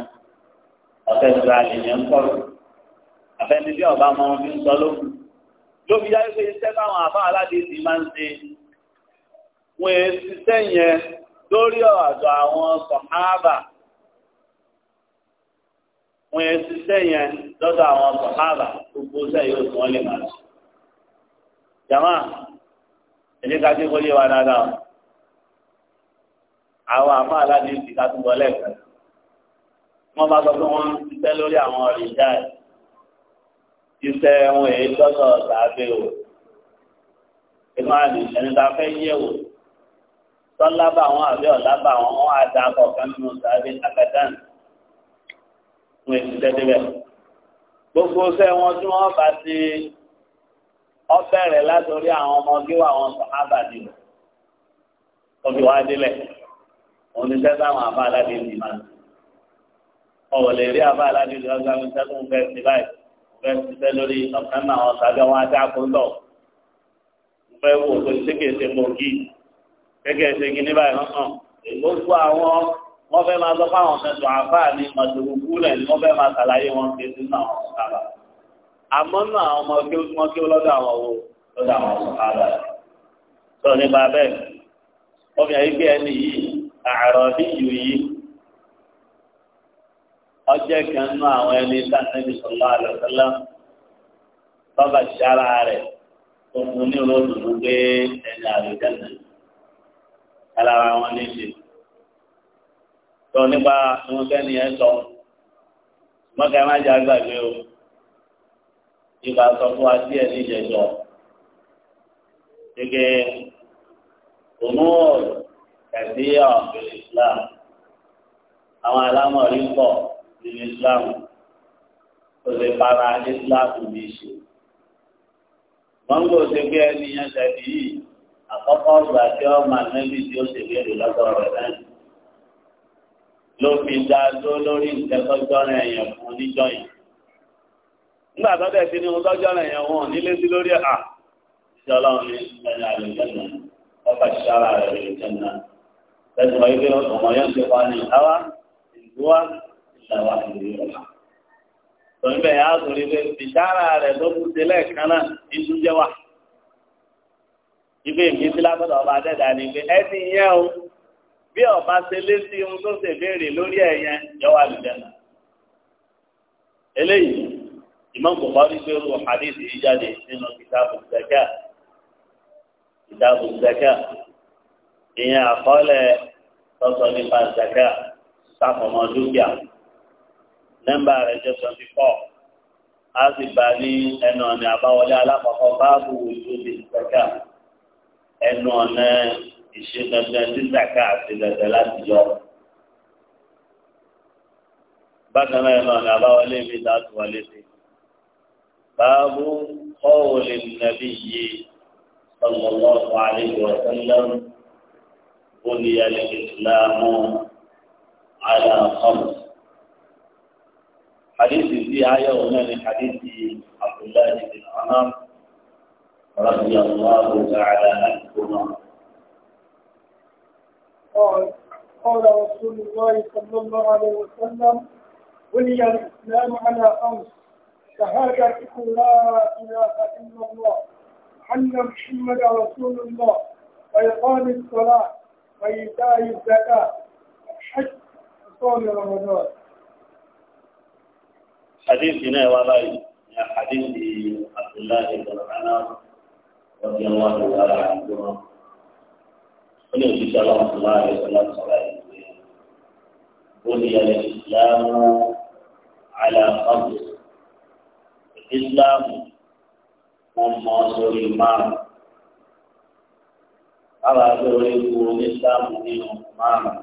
ọ̀sẹ̀ ìgbà nìyẹn ń kọ́ àfẹnibí ọba ọmọ wọn fi ń sọ lókun lóbi yáyé pé iṣẹ́ táwọn àbá aládé ti máa ń ṣe wọn è ṣiṣẹ́ yẹn lórí ọ̀dọ̀ àwọn sọ̀hábà wọn è ṣiṣẹ́ yẹn lọ́dọ̀ àwọn sọ̀hábà gbogbo sẹ́yìn yóò tún wọn máa ṣe. jama ẹni ká dé kólé wa dáadáa àwọn àmọ́ aládé ti ká tún bọ́ lẹ́ẹ̀kan wọ́n bá sọ pé wọ́n ń ṣiṣẹ́ lórí àwọn ọ̀rìndà yìí iṣẹ́ wọn èyí lọ́sọ̀ tàbí o ìmọ̀ àdì ẹni tá a fẹ́ yẹ̀ tọ́lá bá àbí ọ̀la bá wọn á da ọ̀kan nínú sàbí akadán fún èsì tẹ́tẹ́bẹ̀. gbogbo sẹ́ wọn tí wọ́n bá ti ọbẹ̀rẹ̀ látòrí àwọn ọmọ gíwà wọn sọ̀hábà ni tóbi wá délẹ̀ òun ni àbá aládé ti máa ọ̀wọ̀ lè rí àbá aládé ti ọgbà mi sẹ́sẹ́ ń fẹ́ sí báyìí fẹ́ sísẹ́ lórí ọ̀kan náà wọn sàbí wọn á dá kó lọ fẹ́ wò ó ṣé kìí ṣe mọ́gì gẹ́gẹ́ ṣe kí ní báyìí hàn gbogbo àwọn wọ́n fẹ́ máa sọ fáwọn ọ̀sẹ̀tọ̀ àfáà ní mọ̀tòkùkù lẹ̀ ni wọ́n fẹ́ máa ṣàlàyé wọn ṣe sínú àwọn ọ̀sàlà àmọ́ náà àwọn ọmọ kí wọ́n kí lọ́dọ̀ àwọn owó lọ́dọ̀ àwọn ọ̀sàlà sọ nípa bẹ́ẹ̀ ọmọ yàrá ibi ẹni yìí àárọ̀ ní ìlú yìí ọjọ́ kan nú àwọn ẹni sàtẹ́bí sọ̀lá àlọ́sọ́lá tọ́ba ṣára rẹ̀ tó fún ní olóòdùnú gbé ẹni àlùjáde alára wọn ní ṣe tó nípa ìwọn kẹ́ni ẹ̀ sọ mọ́kà má jẹ́ àgbàgbé o ìgbà sọ fún wa díẹ̀ ní ìjẹ̀jọ́ gẹ́gẹ́ òmùwọ̀n ẹ̀sí ọ̀gbìn Islam àwọn alámọ̀rí pọ̀ nínú Islam kò lè para Islam bí ṣe. wọ́n ń gbòòsè pé ẹni yẹn ṣẹ̀bi àkọ́kọ́ ìgbà tí ọmọ ànábì tí ó sì léèrè lọ́dọ̀ rẹ̀ náà ló fi dá dó lórí ìtẹ́kọ́jọ́ rẹ̀ yẹn fún níjọ́ yìí. nígbà tó dẹ̀ sí ní ohun tọ́jọ́ rẹ̀ yẹn wọn nílé sí lórí à ìṣẹ́ ọlọ́run ní ẹni àlùjẹ́nà ọkọ̀ ìṣára rẹ̀ àlùjẹ́nà lẹ́sìn wáyé pé ọmọ yẹn ti wá ní àwa ìdúwà ìṣàwà ìrírà. tòun bẹ́ẹ̀ á sọ wípé ìṣára rẹ̀ tó kú sílẹ̀ kan náà ìtújẹ́ ibi ìmísí lágbọ́dọ̀ ọba adẹ́dà ni pé ẹni yẹn o bí ọba ṣe lé sí ohun tó ṣe béèrè lórí ẹ̀ yẹn yọ wà lùdẹ́ nà. eléyìí Imam Bukhari gbé ru hadith yìí jáde nínú kitabu zaka kitabu zaka ìyẹn àkọọ́lẹ̀ tọ́sọ nípa zaka sàfọ̀mọ́ dúkìá nọ́mbà rẹ̀ jẹ́ twenty four a sì bá ní ẹnu ọ̀nà àbáwọlé alákọ̀ọ́kọ́ báàbù wùdú bíi zaka ẹnu ọ̀nà ìṣe dandan títà káàsì dandan láti yọ. bákan náà ẹnu ọ̀nà àbáwọlé mi láti wọlé sí. báàbù qawli nabiyyi sallallahu alayhi wa sallam buniya al-islamu ala khams. حديث في آية ومن حديث عبد الله بن عمر رضي الله تعالى عنهما
قال قال رسول الله صلى الله عليه وسلم بني الإسلام على خمس شهادة لا إله إلا الله أن محمد رسول الله ويقام الصلاة وإيتاء الزكاة الحج وصوم رمضان
حديثنا والله حديث عبد الله بن عمر رضي الله تعالى عنهما قل يوجد الله صلى الله عليه وسلم بني الإسلام على خمس الإسلام هم مصر المعنى على ذلك الإسلام دين معنى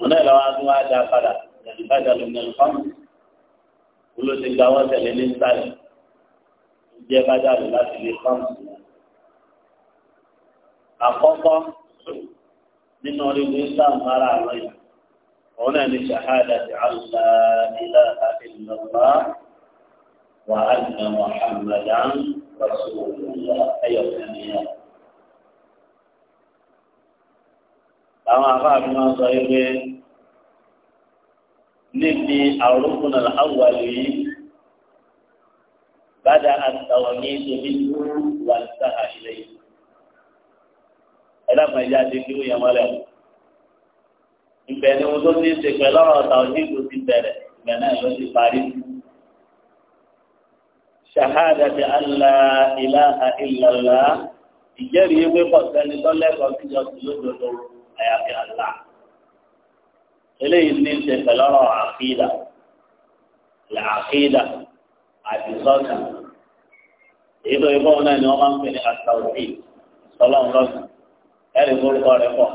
من الوعد وعد فلا يعني بدل من الخمس كل تجاوز للإنسان jẹ́ bá jáde láti lè fáǹsì. Àkọ́kọ́ nínú orígun Islam ara àwọn yìí, òun náà ni ṣàhádà ti àlùlá ilá àìlọ́lá wà á nà Mùhàmmadán Rasulullah ẹ̀yọ̀kan nìyà. Àwọn afáàfin máa ń sọ wípé níbi àrùn kùnà àwọn àlùyìí bada àtàwọ̀nyé tóbi tó wà sáà ilé yìí. ẹ̀dá kan ìyá ti kí ó yẹ mọ́lẹ̀ o. ìbẹ̀ ni wọn tó ti ṣe pẹ̀lú ọ̀rọ̀ tàwọ̀nyé tó ti bẹ̀rẹ̀ ìbẹ̀ náà ló ti parí. shahadati allah ilaha illallah ìjẹ́rìí ewé kọ̀sẹ́ni lọ́lẹ́kọ̀ọ́ sí jọ sí lódodo àyàfi àlá. eléyìí ní ṣe pẹ̀lú ọ̀rọ̀ àkídà làkídà àdìsọ́nà èyí tó yẹ kọ́ náà ni wọ́n máa ń pè ní àtàwọ̀tì sọlọ́n lọ́sùn ẹ̀rì gbórúkọ rẹ̀ pọ̀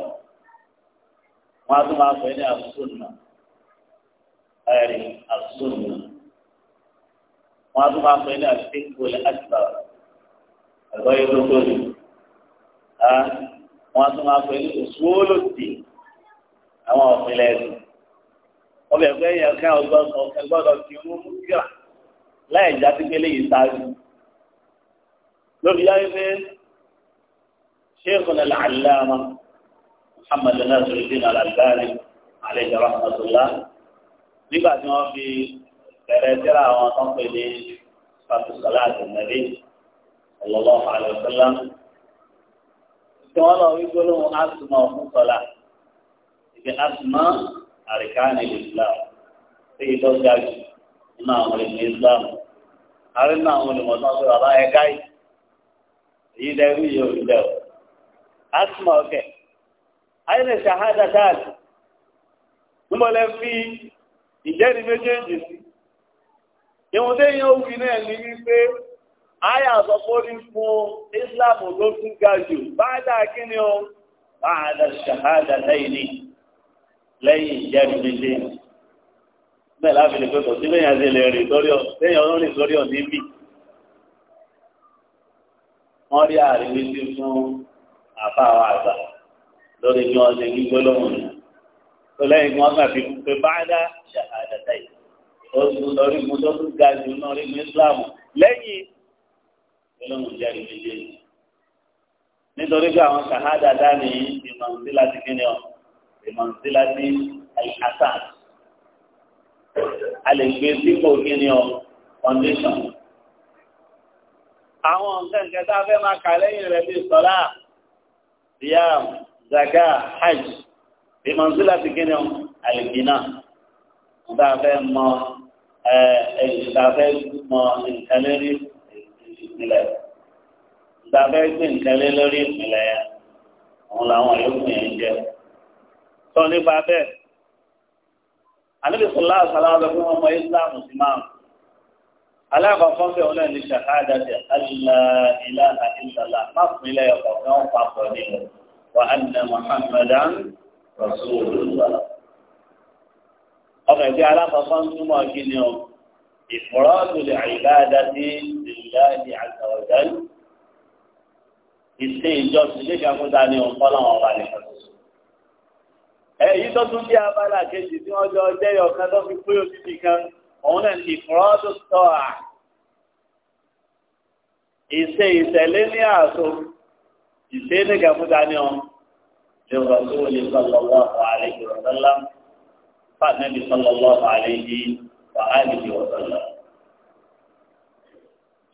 wọ́n á tún máa pè ní àsùnà ẹ̀rì àsùnà wọ́n á tún máa pè ní àtìkúlẹ̀ àtìkà ẹ̀kọ́ yẹ kó tó lù wọ́n á tún máa pè ní òṣùwòlòtì àwọn ọ̀pìnlẹ̀ ẹ̀sìn ọbẹ̀ ẹ̀kọ́ yẹn ká ọgbọ́n ọ̀kẹ́ mú mú kíra láì já sí pé léyìí sáájú lórí yáyé pé شيخنا العلامة محمد ناصر الدين الألباني عليه رحمة الله nígbà tí wọ́n fi bẹ̀rẹ̀ síra àwọn tó ń pè ní fatusalatu nabi sallallahu alaihi wasallam tí wọ́n lọ wí gbólóhùn asùnmọ̀ fún sọlá ìgbẹ asùnmọ̀ àríkánì islam tí ìtọ́jú àjù nínú àwọn olùmọ̀ islam àrínú àwọn olùmọ̀ tó ń pè bàbá ẹ̀ka yìí èyí lẹ́rú yìí òun dẹ̀ o asma ọ̀kẹ́ ayẹlẹ ṣahada táàlì nímọ̀lẹ́ fi ìjẹ́ni méjèèjì sí ìwọ̀n tó yẹn òfin náà ní wípé ayé àsọpọ̀lì fún Islam tó tún ga jù báadà kíni o báadà ṣahada lẹ́yìn lẹ́yìn ìjẹ́ni méjèèjì bẹ́ẹ̀ láfi lè pẹ́ kọ̀ sí lẹ́yìn àti ilẹ̀ rìn lórí ọ̀ lẹ́yìn ọlọ́rìn lórí ọ̀ níbí wọ́n rí àríwísí fún àfa àwọn àgbà lórí bí wọ́n ṣe gbígbó lóhùn ní. tó lẹ́yìn tí wọ́n kàn fi pé báńdà ṣàkàdàtà yìí ó tún lórí mu tó tún ga jù náà rí mu ìsìláàmù lẹ́yìn olóhùn jẹ́ ìdíje. nítorí pé àwọn ṣàhádà dání ìmọ̀nsí láti kíni ọ ìmọ̀nsí láti àṣà a lè gbé sípò kíni ọ foundation àwọn nǹkan nǹkan tá a fẹ́ máa kà lẹ́yìn rẹ̀ bíi sọ́lá siyam zaka hajj bimanzila ti kí ni ọ àlìkínà tá a fẹ́ mọ ẹ ẹ tá a fẹ́ mọ nǹkan lórí ìpìlẹ̀ tá a fẹ́ gbé nǹkan lórí ìpìlẹ̀ òun làwọn yòókù yẹn ń jẹ sọ nípa bẹ́ẹ̀ àníbi sọlá àṣàlá ọlọ́pàá ọmọ islam sí máa alábàáfọ́ bẹ́ẹ̀ wọn náà ní ṣàkádà tẹ aláìlá àìsàlá má fún ilé ọkọ̀ náà papọ̀ ní o wà á nà muhammadan rasulullah. ọkọ̀ ìgbé alábàáfọ́ ń túmọ̀ kí ni o ìfọ̀rọ̀dù lè àìbáadá sí ìlàdí àtàwọ̀dán. ìsìn ìjọsìn lè ṣàkóso ní ọ̀pọ̀lọ́ ọ̀rọ̀ àlẹ́ èyí tó tún bí òun náà ní ìfúrọ́dù tọ́à ìṣe ìtẹ̀lé ní àṣọ ìṣe ní gàmúdà ní ọ lè rọ̀ tó lè sọ̀lọ̀ lọ́wọ́ àlejò ọ̀sánlá fàtẹ́bí sọ̀lọ̀ lọ́wọ́ àlejò wà á lè jọ ọ̀sánlá.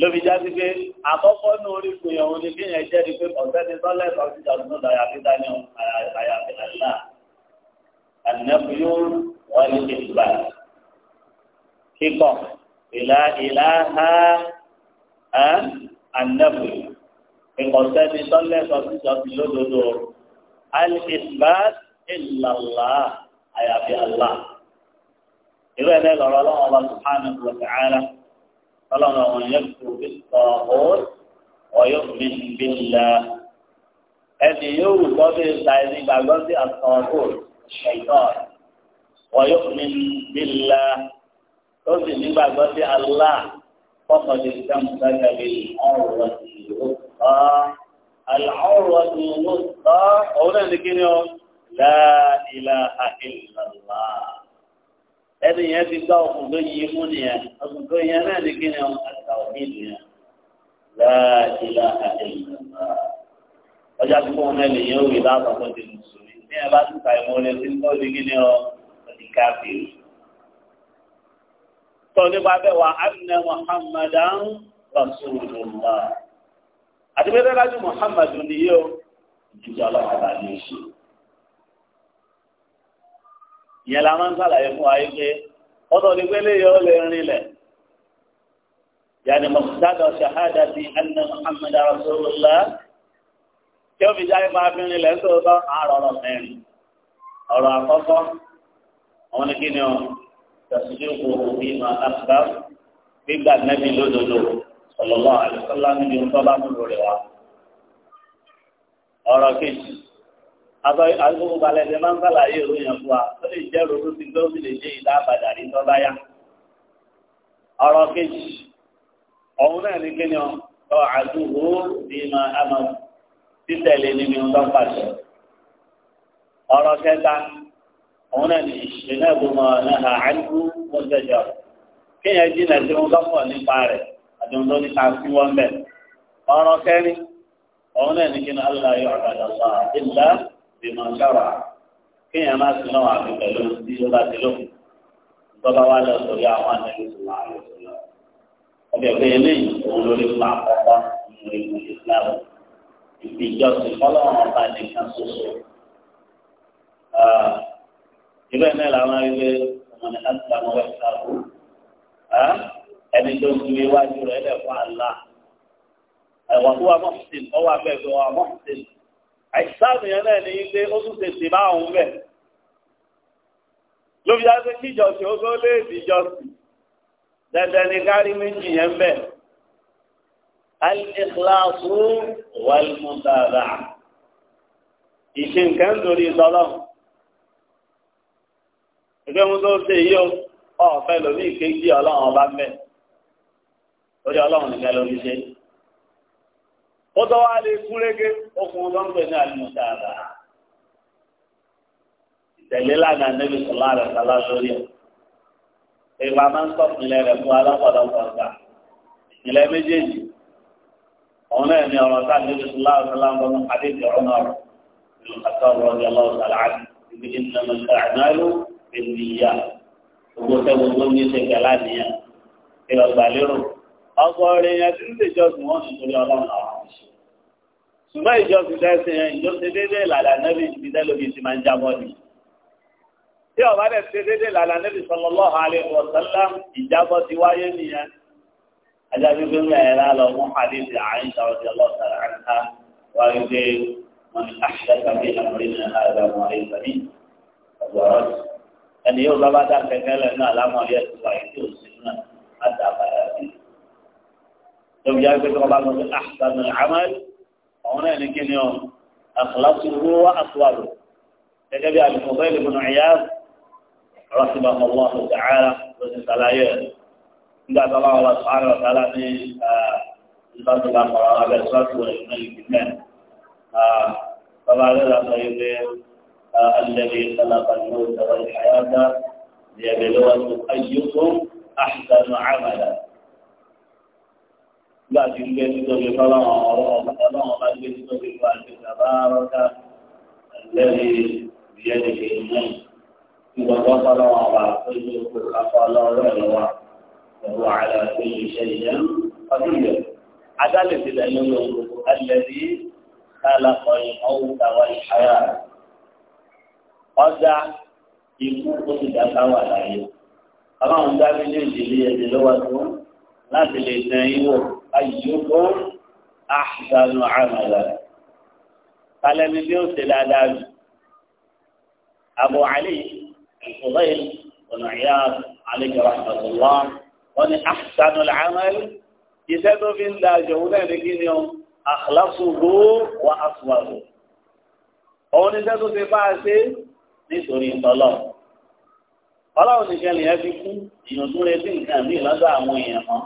lóbi jáde pé àkọ́kọ́ ní orí kò yẹn òun bí yẹn jẹ́ ni pé ọ̀sẹ́ni sọ́lẹ̀ ìfọ̀sí ìjọba náà àyàfi dání àyàfi àyàfi àyàfi àyàfi àyàfi àyàfi àyàfi àyàfi kíkọ ìlà ìlà ha ẹ ànẹ́bù ìkọ̀sẹ́ni tọ́lẹ́sọ̀ sísọ sí lódodo al-isbat ìlàlá àyàfi àlá. ìlú ẹ̀dẹ́ lọ́rọ̀ ọlọ́run ọba subhanahu wa ta'ala ọlọ́run ọ̀hún yẹn kú bíkọ́ òun ọ̀yọ́ mi bí la ẹni yóò wù kọ́ bí ta ẹni gbàgbọ́ sí àtọ̀ọ̀kù ṣẹ̀tọ̀ ọ̀yọ́ mi bí la tó sì nígbàgbọ́ sí Allah kọ́kọ́ ti sá mùsàlẹ̀ bí ọ̀rọ̀ ti yóò kọ́ àlọ́rọ̀ ti yóò kọ́ òun náà ní kíni o la ilaha illallah ẹni yẹn ti gbá ọkùn tó yí mú nìyẹn ọkùn tó yẹn náà ní kíni o àtàwọn ènìyàn la ilaha ọjà tó kọ́ ọ̀nà ènìyàn ò rí láàbà kó ti mùsùlùmí ní ẹ bá tún ka ìmọ̀ ọ̀rẹ́ sí ń bọ́ di kíni o ọ̀dìkàfẹ́ sọ nípa bẹ́ẹ̀ wà anna muhammadan rasulullah àti pé dájú muhammadu ni yóò jùlọ ọlọ́run àbá ní oṣù ìyẹn la máa ń sàlàyé fún wa yìí pé ọ̀dọ̀ ní pélé yóò lè rinlẹ̀ yàní mọ̀tàdọ̀ ṣahádà ti anna muhammadan rasulullah tí ó fi jáde máa fi rinlẹ̀ ń àárọ̀ ọ̀rọ̀ mẹ́rin ọ̀rọ̀ àkọ́kọ́ àwọn ni kí ni ọ̀rọ̀ tasdiquhu bima akhbar gbígbà nẹ́bí lódodo sallallahu alaihi wasallam níbi nǹkan bá tó lórí wa. ọ̀rọ̀ kejì agbóhùn balẹ̀ ṣe máa ń sàlàyé ìròyìn yẹn fún wa ó lè jẹ́ ronú sí pé ó sì lè jẹ́ ìdá àbàdà ní tọ́ bá yá. ọ̀rọ̀ kejì ọ̀hún náà ní kíni ọ̀ àdúgbò bima amara títẹ̀lé níbi nǹkan pàṣẹ. ọ̀rọ̀ kẹta òun náà ní ìṣẹ̀lẹ̀ bùnmọ̀ náà àìkú wọ́n jẹjọ. kéèyàn jìnnà sí wọn bá pọ̀ nípa rẹ̀ àdéhùn tó nípa sí wọn bẹ̀. ọ̀rọ̀ kẹrin òun ni allah yóò àgbàdo sọ àdìlá bímọ sára kéèyàn má sí náà àfi pẹ̀lú tí ó bá ti lókun. ìjọba wa lọ sórí àwọn àtẹ̀lẹ́ ibẹ̀ náà làwọn arìnrìn ọmọdé láti gba ọmọ wẹ̀sì àbò ẹni tó ń gbé wájú rẹ̀ lẹ̀ fún àlá ẹ̀wọ̀n tó wà mọ́sítìn ọwọ́ abẹ́ tó wà mọ́sítìn àìsàn yẹn náà ní pé ó tún tètè bá òun bẹ̀ lóbi dájú kí ìjọsìn ó tó lé èdè ìjọsìn dandan ni kárí méjì yẹn bẹ̀ al-ikhlasu ìṣe nǹkan torí ìtọ́lọ́mù ìgbé mu tó ṣe yíyó ọ̀fẹ́ lómi ìkéjì ọlọ́run ọba mẹ́ lórí ọlọ́run nìkan lómi ṣe. ó tọ́ wá lè kú rége okùn tó ń pè ní àlùmọ́tà àbá. ìtẹ̀lé lánàá níbi sọ̀lá rẹ̀ sọ̀lá lórí ẹ̀. ìgbà máa ń sọ̀tún ilẹ̀ rẹ̀ fún alápọ̀lọpọ̀ ọ̀gá. ìpìlẹ̀ méjèèjì òun náà ní ọ̀rọ̀ sáà níbi sọ̀lá rẹ̀ sọ̀lá lọ́nà àdéhùn ìlìyà gbogbo sẹ́gun tó ní ṣe gàlá nìyẹn kí lọ gbà lérò ọgọ́rin yẹn tí ń lè jọ́sìn wọn nítorí ọlọ́run àwọn ọ̀ṣun ṣùgbọ́n ìjọsìn tẹ́sí yẹn ìjọsìn déédéé làlà nẹ́bí ìbílẹ̀ lóbi ti máa ń jábọ́ ni tí ọba dẹ̀ ṣe déédéé làlà nẹ́bí sallallahu alaihi wasallam ìjábọ́ ti wáyé nìyẹn ajáde pé mẹ́ẹ̀ẹ́rẹ́ lọ mú hadith Aisha radiyallahu ta'ala anha wáyé pé wọn ni àṣìṣẹ́ kàbí àmọ́rí náà àgbà mọ́rí sàbí ọgbọ̀rọ̀ ẹni yóò bá bá dá kẹkẹ lẹ náà lámọ yẹ tó wáyé yìí tó sì náà á dà bàyà sí i. lóbi yá pé kí bá lọ sí àṣàmì àmàlì àwọn ọ̀hún ní kí ni ọ àkàlàsù owó wá àtúwàlù gẹ́gẹ́ bí àlùkò bẹ́ẹ̀ lè gbọnà ìyá rọsibà ọwọ ọtàrà lọsí sàlàyé nígbà tó bá wà lọ nígbà tó ọtàlà ní wá kọrọ abẹ sọtù rẹ ní ìgbìmẹ bàbá rẹ lọ sọ yìí pé الذي خلق الموت والحياة هذا ليبلوكم أيكم أحسن عملا لكن بيت الله الله تبارك الذي بيده الملك إذا وصل وعطيه أقال رأيه وهو على كل شيء قدير عدالة الأمر الذي خلق الموت والحياة قد ikú ó ti dàgbà wà láyé ọlọ́run dá méjèèjì lé ẹni lọ́wọ́ tó láti lè tẹ ìwọ àyíkó àṣàánú àmàlà kálẹ́ni bí ó ṣe dáadáa jù Abu Ali al-Fudayl ọ̀nà ìyá àlejò àṣàtúnlá wọn ni àṣàánú àmàlà iṣẹ́ tó fi ń da àjọ̀wò náà ní kí ni ọ àkàlàfù wà á fún wa lò. òun iṣẹ́ tó ti bá a ṣe nítorí ìtọ́lọ̀ ọlọ́run ti ṣẹlẹ̀ yẹn fi kú èèyàn tún retí nǹkan míì lọ́dọ̀ àwọn èèyàn mọ́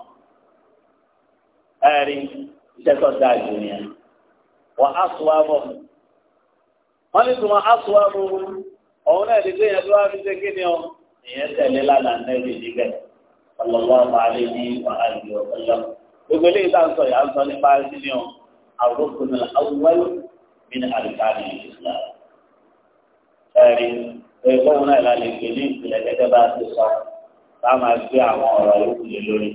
ẹ̀rí iṣẹ́ tó dáa jù yẹn wọ́n á sọ wá bọ̀ wọ́n ní tuma á sọ wá bọ̀ ọ̀hún náà ti gbé tó wá fi ṣe kíni o èèyàn tẹ̀lé lánàá nẹ́bí níbẹ̀ ọlọ́wọ́ àmàlẹ́ ní wàhálà ọ̀pọ̀lọ́ gbogbo eléyìí tá à ń sọ yà á sọ nípa kíni o àwòrán kùnà àwòrán mi ní àlùkò àdìyẹ ìsìlámù ẹ̀rí ẹ̀gbọ́n náà la lè gbé ní ìpìlẹ̀ gẹ́gẹ́ bá a ti sọ bá a máa gbé àwọn ọ̀rọ̀ yòókù lé lórí.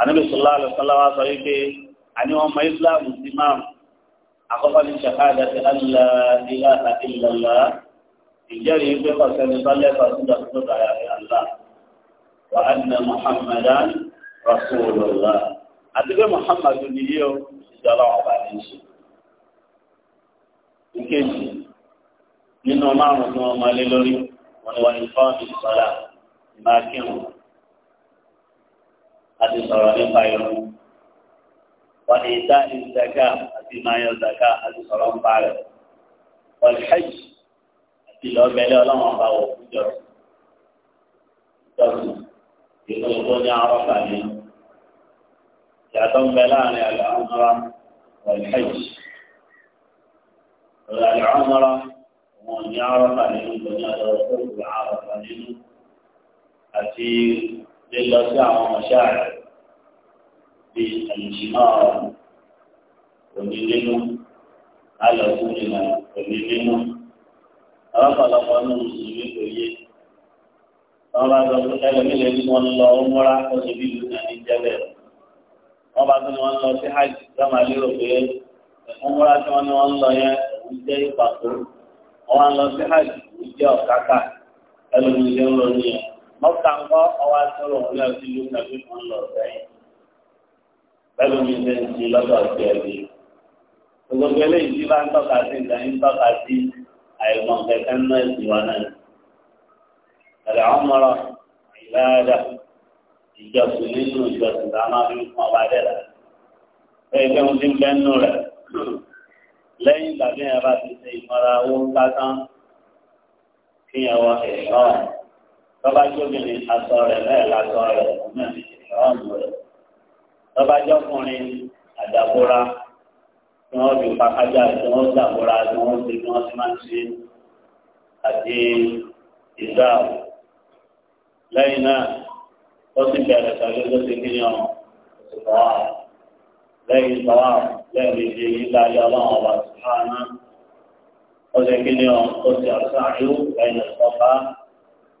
ànábì sọlá àlùfọlá wa sọ wípé àní wọn mọ islam sí máa àkọ́kọ́ ní ṣàkádà ti àlùlá ilá àti ìlàlá ìjẹ́rìí pé kọ̀sẹ́ni sọ́lẹ́kọ̀ọ́ sí ìdàgbàsókè àyàfi àlá wà á nà muhammadan rasulullah àti pé muhammadu nìyí o ìjọba ọba ní í ṣe. ìkejì nínú márùn tí wọ́n máa lé lórí wọn ni wà ní fọ́ọ̀mù ìsọ̀lá máa kírun àti sọ̀rọ̀ nípa irun wọn ni ti soda maa ìzàká àti ìmáyọ ni ida idaga àti sọ̀rọ̀ ń pa rẹ̀ wọn ni hajj àti ìlọ ọgbẹ́lẹ́ ọlọ́wọ́n bá wọ̀ fún jọ ìjọsìn ìlú tó ní àwọn kàní ìyàtọ̀ ń bẹ láàrin àgbà àwọn ọmọ wọn ni hajj. wọn ní arọ́pà nínú tó ní ọ̀dọ̀ ọ̀dọ̀ arọ́pà nínú àti lílọ sí àwọn ọ̀ṣà rẹ̀ bí àlùjìmọ́ òní nínú alọ́kùn nínú òní nínú ọlọ́pàá nínú mùsùlùmí kò yé wọn bá sọ pé ẹlòmílẹ̀ ní wọn lọ ó múra ó ti bí ìlú náà ní jẹ́bẹ̀ wọn bá tún ní wọn lọ sí hajj sọ́mà pé ó múra tí wọn ní wọn lọ yẹn òun jẹ́ ìpàkó ọwọ́ lọ sí hajj ìjẹ́ ọ̀káká ẹlòmí ìjẹ́ lọ ní ẹ̀ mọ́ta ń kọ́ ọwọ́ àtúrò ní ọtí ìlú kàbí kan lọ sẹ́yìn ẹlòmí ìjẹ́ ń ti lọ́dọ̀ sí ẹbí gbogbo eléyìí tí bá ń tọ́ka sí ìgbà ń tọ́ka sí àìmọ̀ kẹ̀kẹ́ náà ìwà náà ẹ̀rẹ̀ ọmọrọ̀ ìlàdà ìjọsìn nínú ìjọsìn tá a máa fi fún ọba lẹ́yìn ìgbà bí yẹn bá ti ṣe ìmọ̀ra owó kásán kí yẹn wọ ìrọ̀rùn tọ́ba jóbìnrin aṣọ rẹ̀ bẹ́ẹ̀ lásọ rẹ̀ ọ̀nà ìrọ̀rùn rẹ̀ tọ́ba jọkùnrin àdàbóra tí wọ́n fi pàkájà tí wọ́n dàbóra tí wọ́n fi tí wọ́n ti máa ń ṣe àti ìdáàbò lẹ́yìn náà ó sì bẹ̀rẹ̀ pẹ̀lú tó ti kí ni ọ̀hún lẹ́yìn tọ́wọ́ lẹ́yìn ìdíyẹ yíká ọlọ́run ọba t سبحانه وذكر قصي السعي بين الصفا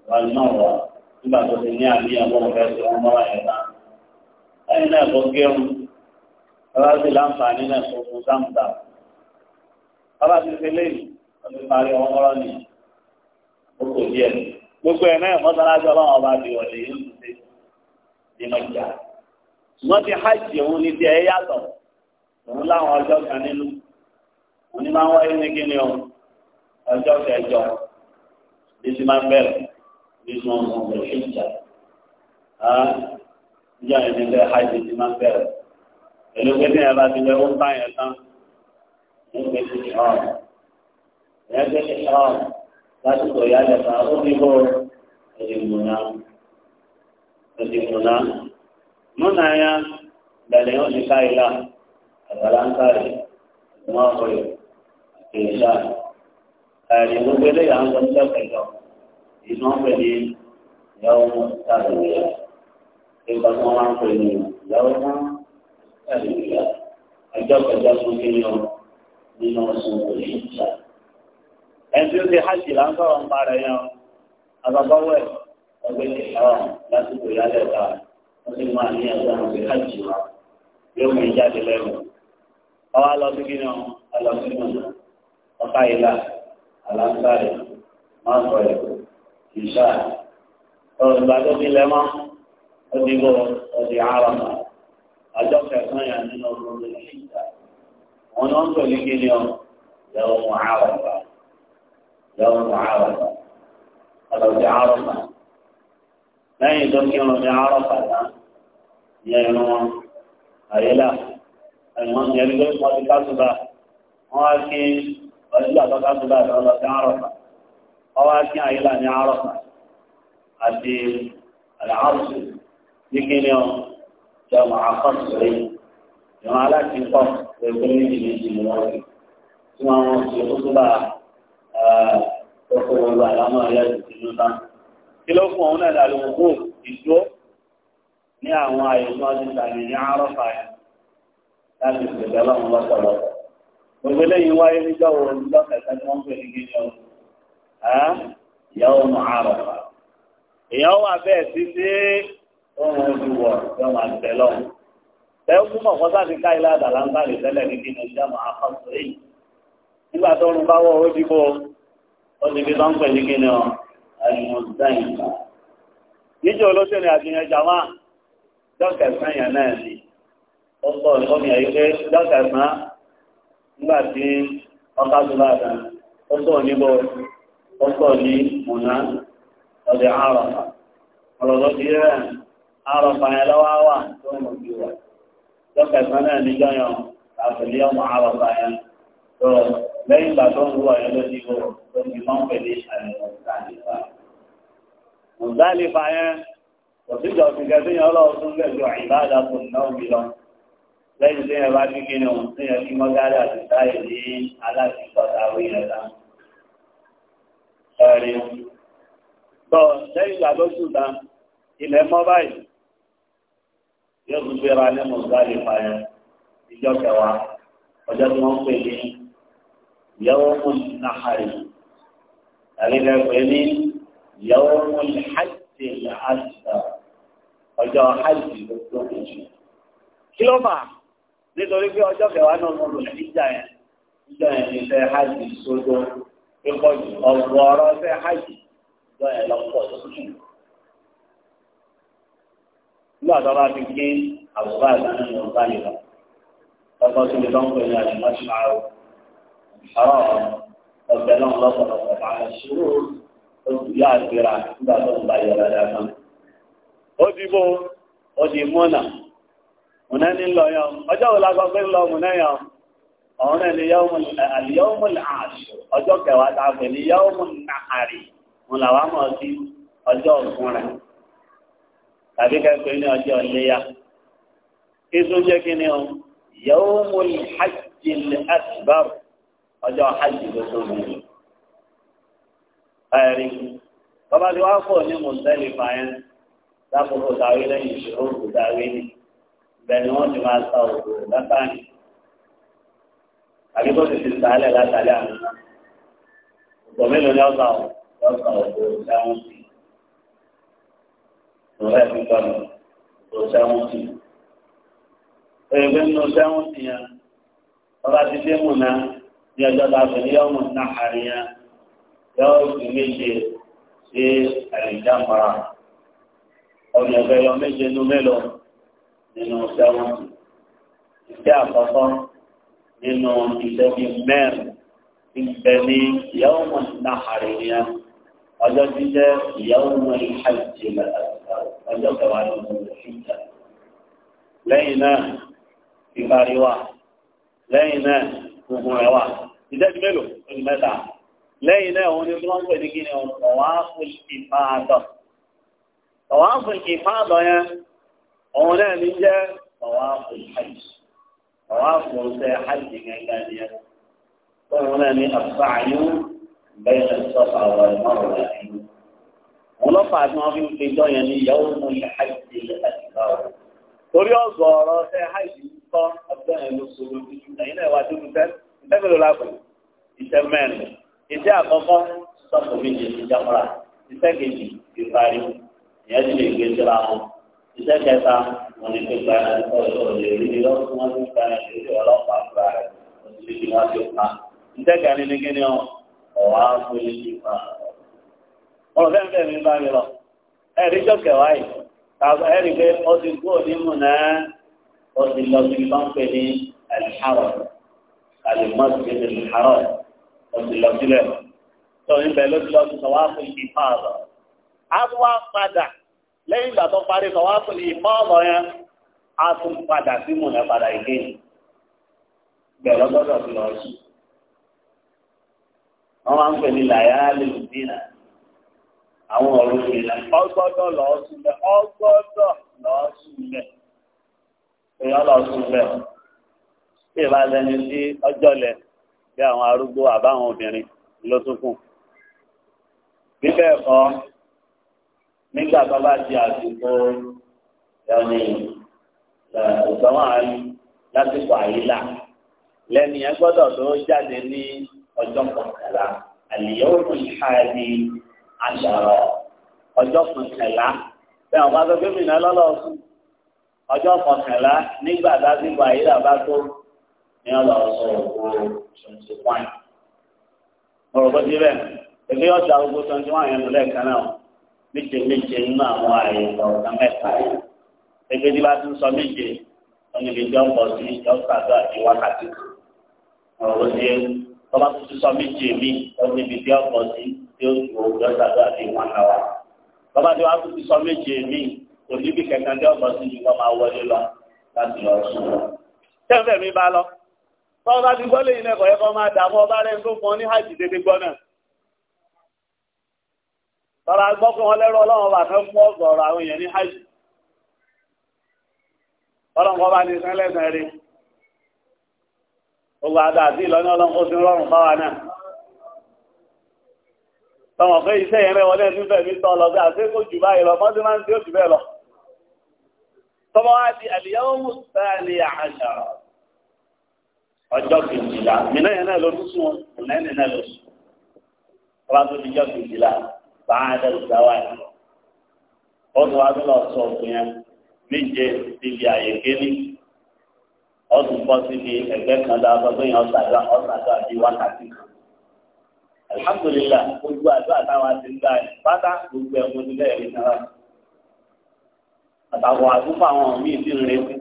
والمروة nígbà tó ti ní àbí àwọn ọ̀rẹ́ tó ń mọ́ra ẹ̀ náà ẹ̀yìn náà kò gẹ́rùn ọba sì láǹfààní náà tó fún sáǹtà ọba ti fi léyìn wọ́n ti parí ọmọ mọ́ra nì ó kò díẹ̀ gbogbo ẹ̀ náà mọ́sálásí ọlọ́run ọba ti wọlé yóò ti ṣe ní mọ́jà ṣùgbọ́n ti hajj òun ní tiẹ̀ yàtọ̀ òun láwọn ọjọ́ kan nínú òní máa ń wáyé ní kíni o ọjọ́ kẹjọ bísí máa ń bẹ̀rẹ̀ bísí wọn mọ̀ ní ìjà níjà yẹn ní bẹ́ẹ̀ hajj bísí máa ń bẹ̀rẹ̀ pẹ̀lú pé ní ẹ̀rọ àti ìwé ń bá yẹn tán ní pé ti ṣe ọ̀rọ̀ ìyẹn pé ti ṣe ọ̀rọ̀ lásìkò ìyá lẹ́fà ó ní bó ẹ̀dìmùnà ẹ̀dìmùnà múnà yẹn bẹ̀rẹ̀ yóò ní káyìlá àgbàlá ń káyìlá. ما هو ìṣá ẹ̀rí gbogbo eléyà ń lọ sí ọ̀kẹ́jọ ìná pè ní ìyàwó sàlùwìyà ìgbà tí wọ́n máa ń pè ní ìyàwó sàlùwìyà ẹjọ́ kẹjọ fún kíni ọ nínú oṣù òní ìṣá. ẹni tí ó ti hajj là ń sọ̀rọ̀ ń parẹ́ yẹn àgbàgbọ́wẹ̀ ọgbẹ́ ìṣàwọ̀ lásìkò ìyálẹ̀ ta wọ́n ti máa ní ẹgbẹ́ wọn hajj wa yóò mú ìjáde lẹ́nu. ọ ọ̀táyìlá àlàńsárì mọ́sọ̀rì ìṣá ọ̀rọ̀gbà tó ti lẹ́ mọ́ ọdìbò ọdì àràmà àjọ kẹsàn-án yà nínú ọdún ìṣìṣà wọn ni wọn tó ní kí ni ọ yẹwò mọ àràmà yẹwò mọ àràmà ọdọdì àràmà lẹ́yìn tó kí wọn ní àràmà tán yẹ irun wọn àyílà ẹ̀wọ̀n yẹn ló ń pọ́n ti ká tó bá wọn á kí. ọ̀sígbà tọ́ka tó láti ọlọ sí àrọ̀fà ọwọ́ akí àyílà ní àrọ̀fà àti àlàáfù ní kíni ọ jọmọ àkọsílẹ̀ ìwọn aláti pọ̀ pẹ̀lú méjì méjì ní wọ́n tí wọ́n wọn ti bá ìdílé náà kí ló fún kó ìdúró ní àwọn àyè tí wọ́n ti ní àrọ̀fà yẹn láti pèsè ọlọ́run gbogbo eléyìí wáyé níjọ́ wo níjọ́ kẹta ni wọ́n ń pè ní kíni o ìyàwó nù àrọ̀ ìyàwó wà bẹ́ẹ̀ títí ohun ojú wọ̀ tí wọ́n máa tẹ̀ lọ́wọ́ tẹ́wọ́n mọ̀ kọ́sá ti ká ilé àdàlà ń sáré tẹ́lẹ̀ ìjà mọ̀ àkọsọ èyí nígbà tó ń bá wọ̀ ó dìbò ó ti fi tán pè ní kíni o ẹ̀yìn ọ̀dáyìn níjọ́ olóṣèlú àfihàn jàmá dọ́kẹ̀sán yẹn náà ni ó sọ ìkọ́ni ẹ̀yìn pé dọ́kẹ̀sán nígbà tí ọba tó bá dà ó sọ níbọ̀ ó sọ ní mùnà ọ̀dẹ̀ àrọ̀fà ọ̀rọ̀lọ́ ti rẹ̀ àrọ̀fà yẹn lọ́wọ́ wà tó mọ̀ bí wà lọ́kẹ̀sán náà níjọ́ yàn àfẹ̀lẹ́ ọmọ àrọ̀fà yẹn tó lẹ́yìn ìgbà tó ń wúwà yẹn ló ti wọ̀ tó ti mọ́ pẹ̀lú àyẹ̀wò sáàlìfà mùsàlìfà yẹn òsìjọ́ ti kẹ́sí yẹn lẹ́jọ́ ìbáàdà tó náà bí lọ́nà lẹ́yìn tí yẹn bá ní kí ni òun tí yẹn kí mọ́gàdà àti táyì ní aláṣìkọ̀tà àwọn èèyàn tán. ẹ̀rí tọ́ lẹ́yìn ìgbà tó sùn tán ilẹ̀ mọ́ báyìí yóò tún gbéra ní mọ̀gàdì fàyà ìjọ kẹwàá ọjọ́ tí wọ́n pè ní ìyàwó fún nàhàrì àlejò pè ní ìyàwó fún hajj àṣà ọjọ́ hajj ló tó kù jù kí ló fà á nítorí pé ọjọ́ kẹwàá náà mo lò níjà yẹn níjà yẹn ní fẹ́ hajj sódò pípọ̀ jù ọ̀gbọ̀n ọ̀rọ̀ fẹ́ hajj ìjọ yẹn lọ́pọ̀ jù. nígbà tó bá fi gé àbúrò àgbàdo ní ọgbà yìí lọ ọkọ̀ tó lè lọ́nkọ̀ ní àdìmọ́sí máa rò ọ̀rọ̀ ọ̀bẹ náà lọ́pọ̀lọpọ̀ máa ṣòro oṣù yá àgbéra nígbà tó ń bá yọ̀rọ̀ dáadáa ó ti bó ó ti mọ́nà múnẹ́ ní lọ yọ ọjọ́ wo la sọ pé lọ múnẹ́ yọ ọ̀hún ẹni yọ́mù àṣù ọjọ́ kẹwàá tá a pè ní yọ́mù nàárì mo làwọn mọ̀ sí ọjọ́ ọ̀gbun rẹ̀ tàbí kẹ́kọ̀ọ́ ní ọjọ́ ìléyà kí tó jẹ́ kí ni ọ yọ́mù hajji akbar ọjọ́ hajji tó tó mi. ẹ̀rí bàbá tí wàá pọ̀ ní mùsẹ́lì fàáyẹn dákòókò tàwé lẹ́yìn ìṣòro kò tàwé ni bẹ́ẹ̀ni wọ́n ti máa sa òkú rẹ̀ látàrí àbí kó sì ti sàálẹ̀ látàrí àná ọ̀pọ̀ mélòó ni ọ̀sà ọ̀sà òkú sẹ́wọ́n sí lọ́rẹ́ fún gbọ́dọ̀ òkú sẹ́wọ́n sí. Èèyàn nínú sẹ́wọ́n sí yẹn ọba ti dé mù náà ní ọjọ́ tá a ní yọ̀ọ̀mù náà àárín yẹn yọ̀ọ̀ sì méje sí àlìjá mọ́ra ọ̀nà ẹgbẹ́ yọ méje nú mélòó. nínú sẹ́wọ̀ntì iṣẹ́ àkọ́kọ́ nínú iṣẹ́ mẹ́rin ti bẹ ní ìyàwó mọ̀ nínú àríyá ọjọ́ jíjẹ́ ìyàwó mọ̀ ní hajj ọjọ́ kẹwàá ní ọjọ́ ìjà lẹ́yìn náà ìparí wà lẹ́yìn náà gbogbo rẹ̀ wà ìjẹ́jú mélòó oṣù mẹ́ta lẹ́yìn náà òun ni bí wọ́n ń pè ní kí ni ọ̀wá fún ìfáàdọ̀ ọ̀wá fún ìfáàdọ̀ yẹn. òun náà ní jẹ́ tọ̀wáàfù hajj tọ̀wáàfù ṣe hajj gẹ́gẹ́ ni ẹ òun náà ní àfààyù bẹ́ẹ̀ ní sọ́fà wà lọ́rùn láàyè òun lọ́fà tí wọ́n fi ń pejọ́ yẹn ní ìyàwó mú ní hajj àti báwọ̀ torí ọ̀gọ̀ ọ̀rọ̀ ṣe hajj kọ́ ọgbẹ́ ẹ̀ ló so lójú ẹ̀yin náà wá àkọ́kọ́ sọ́kùnrin méje ìjàmọ́ra iṣẹ́ kejì ìparí ìyẹn ti lè gbé síra wọn iṣẹ́ kẹta wọn ni pípa ẹni tó lọ lè rí ni lọ́wọ́ tí wọ́n ti pa ẹni lórí ọlọ́pàá gba rẹ̀ lọ́sí lè fi wọ́n ti pa. iṣẹ́ kẹrin ni kí ni ọ ọ̀wá fún ilé ti pa. ọ̀rọ̀ fẹ́ẹ́ fẹ́ẹ́ mi bá mi lọ. ẹ rí jọ́kẹ̀ wáyé tàbí ẹ rí pé ó ti kú òní mù náà ó ti lọ sí pọ́ńpẹ́ ní alìhárọ̀ alìmọ́sí ní alìhárọ̀ ó ti lọ sílẹ̀ lẹ́yìn ìgbà tó parí sọ wá fún ní ìmọ̀ọ̀lọ́ yẹn a tún padà sí múnà padà ìgbé bẹ̀rẹ̀ lọ́gbọ́dọ̀ sí lọ sí. wọ́n máa ń pè ní làyáàlì ìdínà àwọn ọ̀rọ̀ ìrìnà ọgbọ́dọ̀ lọ sùn bẹ́ẹ̀ ọgbọ́dọ̀ lọ sùn bẹ́ẹ̀ èèyàn lọ sùn bẹ́ẹ̀ tí ìbá lẹni sí ọjọ́ lẹ bí àwọn arúgbó àbáwọn obìnrin ló bí bẹ́ẹ̀ kọ́ nígbà tó bá di àsìkò ẹni ọ̀sánwó àárí lásìkò àyílà lẹ́nu yẹn gbọ́dọ̀ tó jáde ní ọjọ́ kọkànlá àlìyéwòrán ìhàdí àṣàrọ ọjọ́ kọkànlá bẹ́ẹ̀ wọ́n bá tó gómìnà lọ́lọ́sùn ọjọ́ kọkànlá nígbà lásìkò àyílà bá tó ní ọlọ́sùn òkú twenty one. mo rò bó ti bẹ́ẹ̀ èmi ọ̀sà ogun twenty one yẹn lọ lẹ́ẹ̀kan náà méje méje nínú àwọn ààyè ọ̀gá mẹ́ta yìí ẹgbẹ́ tí bá tún sọ méje wọn níbi jọ pọ̀ sí ọ̀sàdó àti wákàtí ọ̀rọ̀ ṣe tọ́ba tún sọ méje mi wọn níbi jọ pọ̀ sí tí ó ju ọ̀sàdó àti wákàwá tọ́ba tí wá tún sọ méje mi òdìbí kẹ̀kẹ́ jọ pọ̀ sí ju kọ́ máa wọlé lọ láti lọ sùn lọ. tẹ́ǹfẹ̀ mi bá lọ tọ́ba ti gbọ́ lẹ́yìn náà kọ̀ tọ́ra gbọ́ pé wọ́n lẹ́rọ ọlọ́run bá fẹ́ mú ọ̀gọ̀ọ̀rọ̀ àwọn èèyàn ní hajj ọlọ́run kọ́ bá ní sẹ́lẹ̀ sẹ́rí gbogbo àdá àti ìlọ́ní ọlọ́run ó ti rọrùn báwa náà tọmọ pé iṣẹ́ yẹn rẹwọlé nífẹ̀ẹ́ mi tọ́ lọ bí àti kò jù báyìí lọ mọ́tí máa ń tí ó jù bẹ́ẹ̀ lọ tọmọ wá di àlìyáwó mùsùlùmí àṣà ọjọ́ kejìlá mìíràn yẹn náà ló tún sún mìíràn yẹn náà ló sún ọba tó di ọjọ́ kejìlá báadà ìgbàwá yìí ọdún wa lọ sọ ògùn yẹn níjẹ níbi àyè kéde ọdún bọ síbi ẹgbẹ́ kan dá ọgbẹ yẹn ọsàdúrà ọsàdúrà bí wákàtí kan alihamudulila gbogbo àdúrà táwa ti ń gbà yìí pátá gbogbo ẹ mo ti bẹ́ẹ̀ rí àtàwọn àdúgbò àwọn míì sì ń retí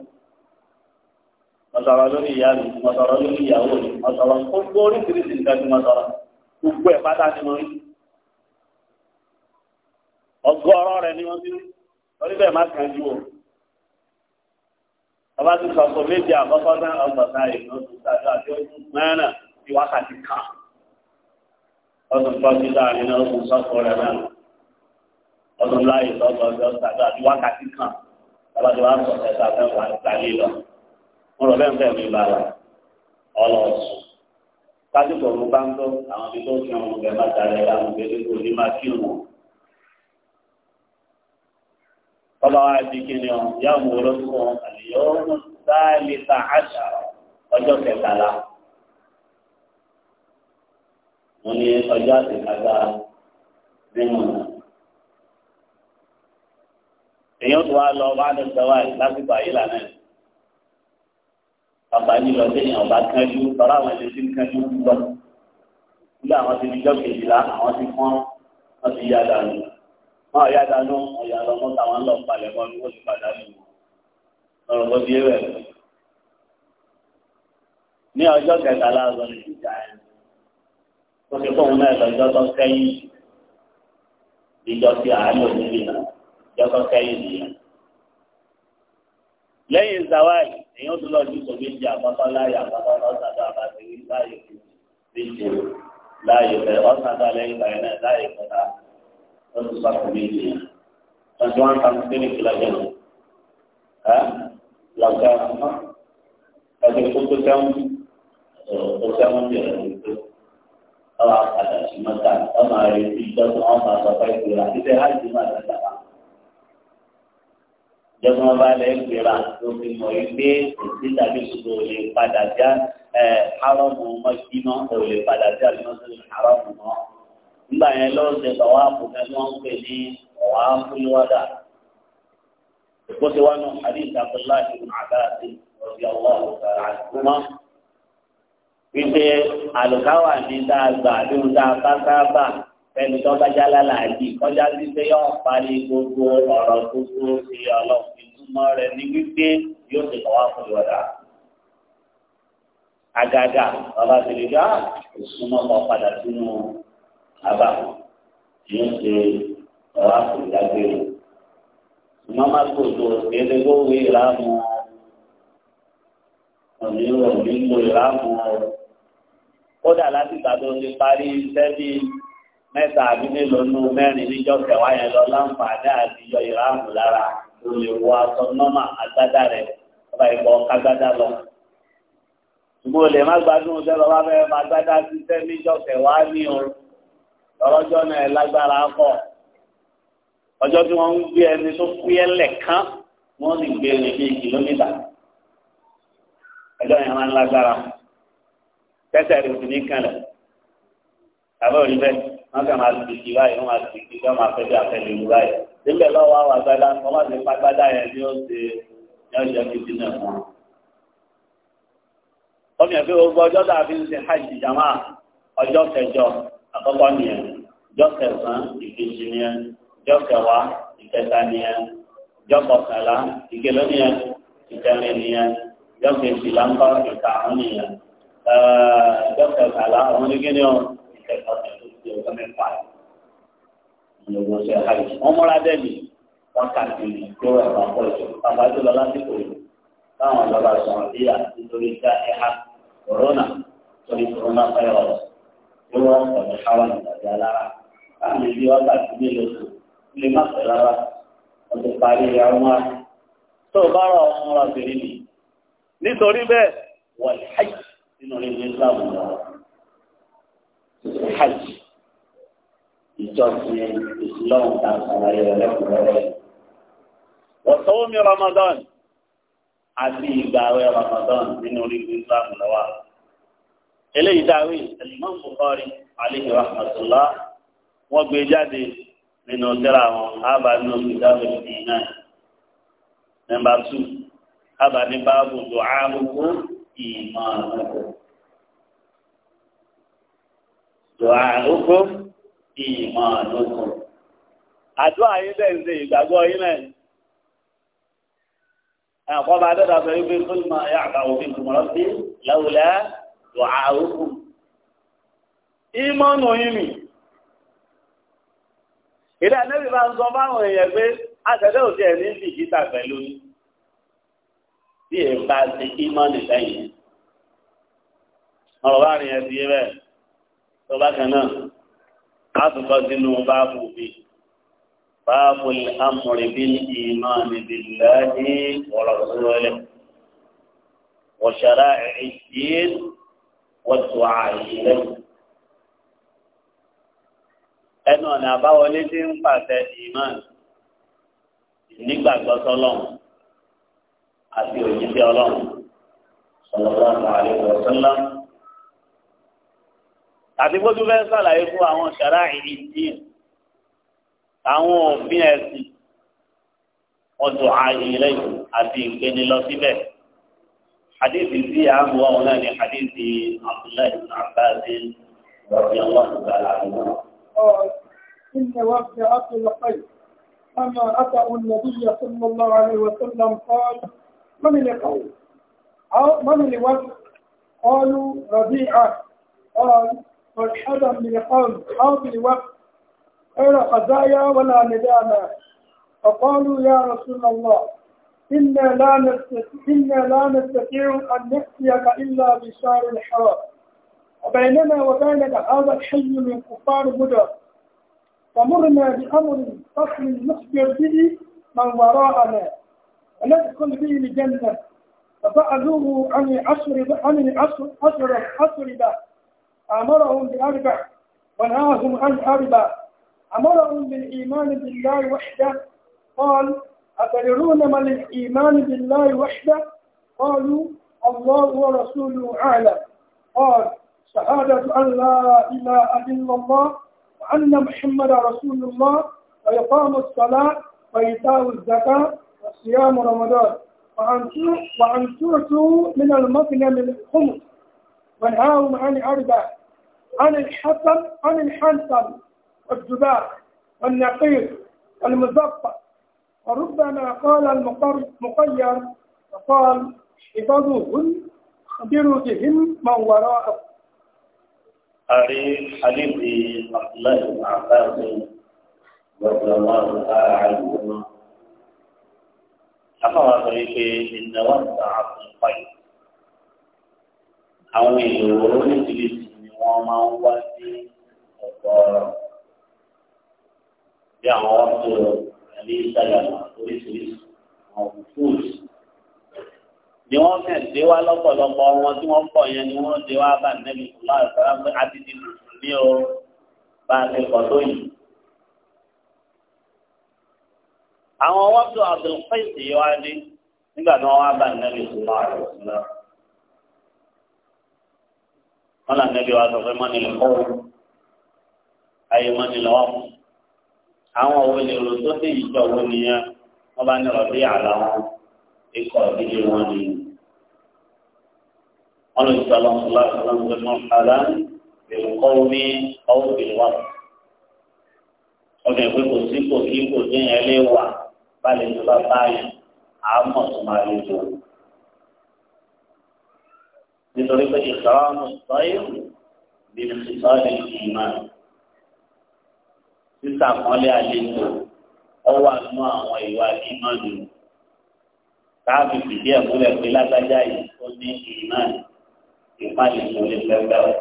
mọ̀sọ̀rọ̀ lórí ìyá mi mọ̀sọ̀rọ̀ lórí ìyàwó mi mọ̀sọ̀rọ̀ gbogbo oríṣiríṣi nǹkan ti mọ̀sọ̀rọ̀ gbogbo ẹ̀ pátá ni mo rí ọgọ́rọ̀ rẹ̀ ni wọ́n ti rí wọ́n níbẹ̀ má kàn ju o. ọba ti sọ pé méjì àkọ́kọ́ náà ọgbọ̀ta ìlú ṣàjọ àti ọdún mẹ́rin ti wákàtí kan. ọdún tọ́jú láàrin náà ọdún sọ́kọ̀ rẹ̀ náà ọdún láàyè lọ́gbọ̀ọ́jọ́ ṣàjọ àti wákàtí kan. ọba ti wá sọ ẹ̀ta fẹ́ wà nígbàlè lọ. mo rọ̀ bẹ́ẹ̀ bẹ́ẹ̀ mi bára ọlọ́ọ̀sùn kájú pọ̀ mo bá ń tọ́ àwọn ibi tó fi hàn ọ̀gbẹ́ má darí àwọn ìgbẹ́lẹ́gbẹ́ onímọ̀ kí wọn. ọlọ́wọ́ àdìkìnì ọ̀hún yá mú olóṣùwọ̀n àlèyọ́ sáàlìta àṣà ọjọ́ kẹtàlá. wọ́n ní ọjọ́ àtìkágbá nínú ọ̀nà. èèyàn tó wá lọ bá lọ sọ wáyé lásìkò ayé lànà ẹ̀. bàbá yìí lọ séyìn ọba kánjú tọ́lá àwọn ẹni tí ń kánjú gbọ́. nígbà àwọn ti ní jọ́ kejìlá àwọn ti fọ́n wọ́n ti yá dànù wọn ní ọjọ́ kẹtàlá lọ ní ìjà ẹ̀ tó ti fóun náà lọ́jọ́ tó kẹ́yìn ìjọ ti àánú òdìbí náà ìjọ tó kẹ́yìn nìyẹn. lẹ́yìn zawal èèyàn tó lọ ju sòmíjì àkọ́kọ́ láyé àkọ́kọ́ lọ́sàdọ̀ àbàtì láyé méje láyé fẹ́ ọ̀sàdọ̀ lẹ́yìn báyìí náà láyé kọ́ta wọ́n ti pàtó méjì yẹn wọ́n ti wọ́n ta kílíìkì lọ́jọ́ náà ẹ́ lọ́jọ́ náà ẹ̀jẹ̀ kókó sẹ́wọ́n kókó sẹ́wọ́n bẹ̀rẹ̀ nígbẹ́ ọ̀rọ̀ àpàdà sí mọ́tà ọmọ rẹ̀ ti dọ́tún ọmọ àtọ́fẹ́ ìgbéra títẹ̀ láti má lọ́jà náà. Ìjọba wọn bá lẹ́ gbéra ló fi mọ̀ yí pé èsì tàbí ṣubú ò lè padà já ẹ̀ hárọ̀mù mọ́ nígbà yẹn ló ń ṣe tọ̀wá àpòkẹ́ tí wọ́n ń pè ní ọ̀wá fúlúwádà. bó ti wá nù hadith abdullahi ibn abbas ọ̀sẹ̀ ọ̀wá ọ̀sẹ̀ àdúgbò wípé àlùkáwà ní dáàgbà àdéhùn dáa bá sábà fẹmi tó bá jálá láàyè kọjá sí pé yóò parí gbogbo ọ̀rọ̀ gbogbo sí ọlọ́run ìtumọ̀ rẹ̀ ní wípé yóò ṣe tọ̀wá fúlúwádà agaga bàbá tèlè gbà òṣùmọ̀ kan padà sínú àbá tí ń ṣe ọ̀rọ̀ àfòjágbére. Mọ́má gbòdò ìdílé wí ìlànà òmíràn nílò ìlànà kódà láti gbàdọ̀ ti parí iṣẹ́ bíi mẹ́ta àbí mélòó nù mẹ́rin níjọ́ kẹwàá yẹn lọ láǹfààní àti yọ ìlànà lára o lè wọ aṣọ nọ́mà agbádá rẹ̀ ọba ìgbọ́ kágbádá lọ ṣùgbọ́n o lè má gbádùn ọjọ́ lọ́wọ́ bẹ́ẹ̀ má gbádá sí sẹ́míjọ́ kẹwàá ní ọ̀rọ̀ lọ́rọ́jọ́ náà lágbára pọ̀ ọjọ́ tí wọ́n ń gbé ẹni tó fúyẹ́ lẹ̀kán wọ́n sì gbé ẹni bíi kìlómítà ọjọ́ yẹn máa ń lágbára tẹ́sẹ̀ rẹ̀ òfin ní kanlẹ̀ àbẹ́ òní bẹ́ẹ̀ wọ́n kàn máa ti di báyìí wọ́n máa ti di kí wọ́n máa fẹ́ bí àfẹ́lẹ́ ìlú báyìí níbẹ̀ lọ́wọ́ àwọn àgbàdá wọ́n máa ti pàgbádá yẹn ní ọ̀sẹ̀ ọjọ́ kejì náà fún wọn. wọ́n àkọ́kọ́ nìyẹn jọ́kẹsàn ìkejì nìyẹn jọ́kẹwàá ìkẹta nìyẹn jọ́kọkànlá ìkẹlẹ́ nìyẹn ìkẹrin nìyẹn jọ́kẹsìlá ńkọ́ ìkarùn nìyẹn jọ́kẹkànlá àwọn onígínní ọ ìkẹkọ̀ọ́ tẹ̀lé ti ọjọ́ mẹ́fà
ìlòmọ̀ṣẹ́ àìsí wọ́n
múra dẹ́bi wákàtí tó ẹ̀rọ ọ̀pọ̀ ìṣó bàbá tó lọ lásìkò yìí táwọn ọ̀dọ́ bá sọ̀rọ̀ bí àti torí ká ẹ̀ha kòrónà torí kòrónà fáírọ̀sì yóò wá sọ̀rọ̀ káwá ìgbàgbé alára káàmì bí wọ́n bàtí bí lóṣù lè má sọ̀rọ̀ rárá wọ́n ti parí àwọn wá tó o bá rọ ọmọ wa bèrè nì. nítorí bẹ́ẹ̀ wọ́n hajj nínú ilé islam lọ hajj ìjọsìn islam ta sàlàyé rẹ̀ lẹ́kùnrẹ́rẹ́. wọ́n sọ omi ramadan àti ìgbà rẹ̀ ramadan nínú ilé islam lọ́wọ́ eléyìí dáwé Imam Bukhari aleyhi rahmatulah wọ́n gbé jáde nínú ọ̀gẹ́rà wọn ábà nínú ìdáwé ìdíyìn náà nọ́mbà tù ábà ní báàbù tó ààbò ìmọ̀ àlọ́kọ̀ tó àlọ́kọ̀ ìmọ̀ àlọ́kọ̀ àdúrà yín bẹ́ẹ̀ ń ṣe ìgbàgbọ́ yín náà ẹ̀kọ́ bá dọ́dọ̀ sọ wípé kó lè máa yá àbáwọ̀ bí kùmọ̀rọ́ lẹ́wọ̀lẹ́ dùn àrùkù ìmọ̀nù yìí mi ìdá nẹ́bí bá ń sọ fáwọn èèyàn pé àtẹ̀lẹ́ òsì ẹ̀ ní bìkítà pẹ̀lú ní bí èyí bá ti ìmọ̀nù lẹ́yìn ọ̀rọ̀ bá rìn ẹ̀sìn yẹn bẹ́ẹ̀ tó bá kan náà بالله ورسوله وشرائع والدعاء إليه ẹnu ọ̀nà àbáwọlé tí ń pàṣẹ ìmán nígbàgbọ́ sọlọ́run àti òjíṣẹ́ ọlọ́run sallallahu alaihi wasallam. àti bó tún fẹ́ sàlàyé fún àwọn ṣàrá ìdí díẹ̀ àwọn òfin ẹ̀sìn ọdún ààyè àti ìpeni حديث في عام وهناك يعني حديث عبد الله بن عباس رضي الله تعالى عنه
قال إن وفد أهل الخير أما اتى النبي صلى الله عليه وسلم قال من لقوم أو من الوفد قالوا ربيعة قال والحدا من القوم أو بالوفد غير خزايا ولا ندامة فقالوا يا رسول الله إنا لا نستطيع إنا لا نستطيع أن نأتيك إلا بشار الحرام وبيننا وبينك هذا الحي من كفار هدى فمرنا بأمر فصل نخبر به من وراءنا وندخل به الجنة فسألوه عن عشر عن العشر عشر أشربة أمرهم بأربع ونهاهم عن أربع أمرهم بالإيمان بالله وحده قال أتدرون ما الإيمان بالله وحده قالوا الله ورسوله أعلم قال شهادة أن لا إله إلا الله وأن محمد رسول الله وإقام الصلاة وإيتاء الزكاة وصيام رمضان وأن تعطوا من المغنم من الخمس ونهاهم عن أربع عن الحسن عن الحنسب والجباح والنقيض والمزفر وربما قال المقير فقال حفظوهن خبروا بهن من وراءه
أري حديث عبد الله بن عباس رضي الله تعالى عنهما أخبر طريقي إن وسع في الخير àwọn èèyàn oríṣiríṣi ni wọ́n máa ń wá sí ọ̀pọ̀ bí àwọn ọ̀tún àbí sàlàmà oríṣiríṣi àwọn fúùs. ni wọ́n fẹ́ dé wá lọ́pọ̀lọpọ̀ wọn tí wọ́n pọ̀ yẹn ni wọ́n dé wá bá nẹ́bí sùlá àgbàrá pé a ti di mùsùlùmí o bá a ti kọ̀ tó yìí. àwọn wọ́n tó àbẹ̀lùfẹ́sì yìí wá dé nígbà tí wọ́n wá bá nẹ́bí sùlá àgbàrá wọn là nẹ́bí wa sọ pé mọ́ni lè kọ́ ayé mọ́ni lọ́wọ́ àwọn òun ni ọ̀rọ̀ tó dé ìjọ wo nìyẹn wọ́n bá ní ọ̀dí àlà wọn ikọ̀ ìdílé wọn ni. wọ́n lè sọ lọ́n sọ láti lọ́n pé mọ́ àlá èrò kọ́ omi ọ̀hún bìrì wà. ọbẹ̀ pé kò sí kò kí kò dín ẹ lé wà báyìí tó bá báyìí àmọ̀ tó máa lè jọ. nítorí pé ìsọ̀rọ̀ àmọ̀ sọ́yìn bí mo ti sọ́ọ́ sísàkọ́lé àlejò ọwọ́ àánú àwọn ìwà ìmọ̀nù káàbì fìdí ẹ̀ múlẹ̀ pé lágbájá yìí ó ní ìmọ̀nù ìpàdé tó lè fẹ́fẹ́ o.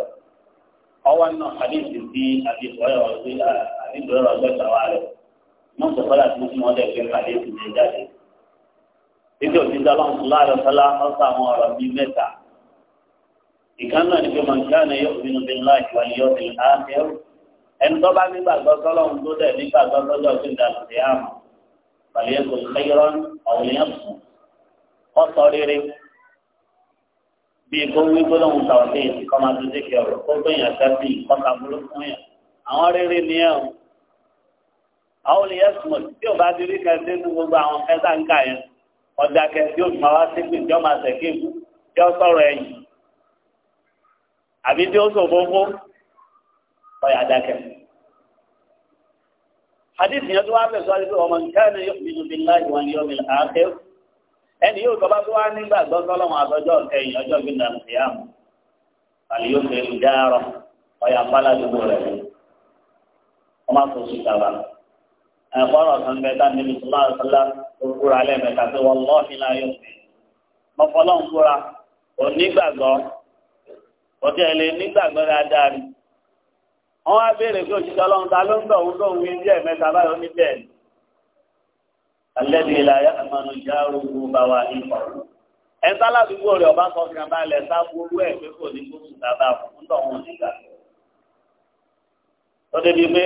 ọwọ́ náà àdéhùn sí àdéhùn ọ̀rọ̀ àdéhùn ọ̀rọ̀ ọ̀gbẹ́ta wa rẹ̀ mọ́ sọ̀kọ́lá tó fún ọdẹ pé pàdé tó lè jáde. títí òsì dáhùn sọlá rẹ̀ sọlá ọ̀sán àwọn ọ̀rọ̀ bíi mẹ́ta. ìkànnà ni pé mọ̀nkánà yóò fi ẹni tó bá nígbàgbọ́ sọ́lọ́run tó dẹ̀ nígbàgbọ́ sọ́jọ́ tó ń da lòdì àmọ́ pẹ̀lú ẹ̀kọ́ ìkẹyọ́rọ́ ọ̀wìyàn sùn kọ́ sọ rere bíi kó wí gbólóhùn tàwọ̀dé ìkọ́ máa tún dékè ọ̀rọ̀ kó gbẹ̀yìn àtẹ́sí ìkọ́ta burú fún yàn àwọn rere ni ẹ̀ o àwọn olùyẹ sùn tí o bá ti rí kẹsí ní gbogbo àwọn kẹta ń kà yẹn ọ̀dà kẹsí o máa wá sípè tí o máa sẹ̀kí tí o sọ̀rọ̀ ẹ̀yìn àbí tí o sòfófó ọyà dákẹ́. hadith yẹn tó wá bẹ̀ sọ́ọ́ wípé ọmọ nǹkan ẹni yóò fi bí láì wọn yóò mi àákẹ́ ẹni yóò tọ́ bá tó wá nígbà gbọ́sọ́lọ́mọ àtọ́jọ́ kẹyìn ọjọ́ gbẹ̀dà nìyàmù àlè yóò fi dáárọ̀ ọyà pálá dùgbò rẹ̀ ọmọ àtọ̀sí tàbá ẹ̀kọ́rọ̀ kan bẹ tá níbi sọlá sọlá tó kúra lẹ́ẹ̀mẹ́ta pé wọ́n lọ́ọ̀hì náà yóò fi mọ́fọ́lọ́ ń kúra onígbàgbọ́ ọjọ́ ilé nígbàgbọ́ dáadáa rí wọ́n á béèrè pé òṣìṣẹ́ ọlọ́run ta ló ń tọ̀ òun tó ń wí bí ẹ̀mẹ́ta báyọ̀ ní bẹ́ẹ̀ ni. alẹ́bí ìlàyà àmọ́nù ìyá ogun bá wa ní ìfọ̀. ẹ̀ńtà ládùúgbò rẹ̀ ọba kan kan balẹ̀ sáfúrú ẹ̀ pé kò ní kó sùn dábàá fún tọ̀ wọn nígbà. ó débi pé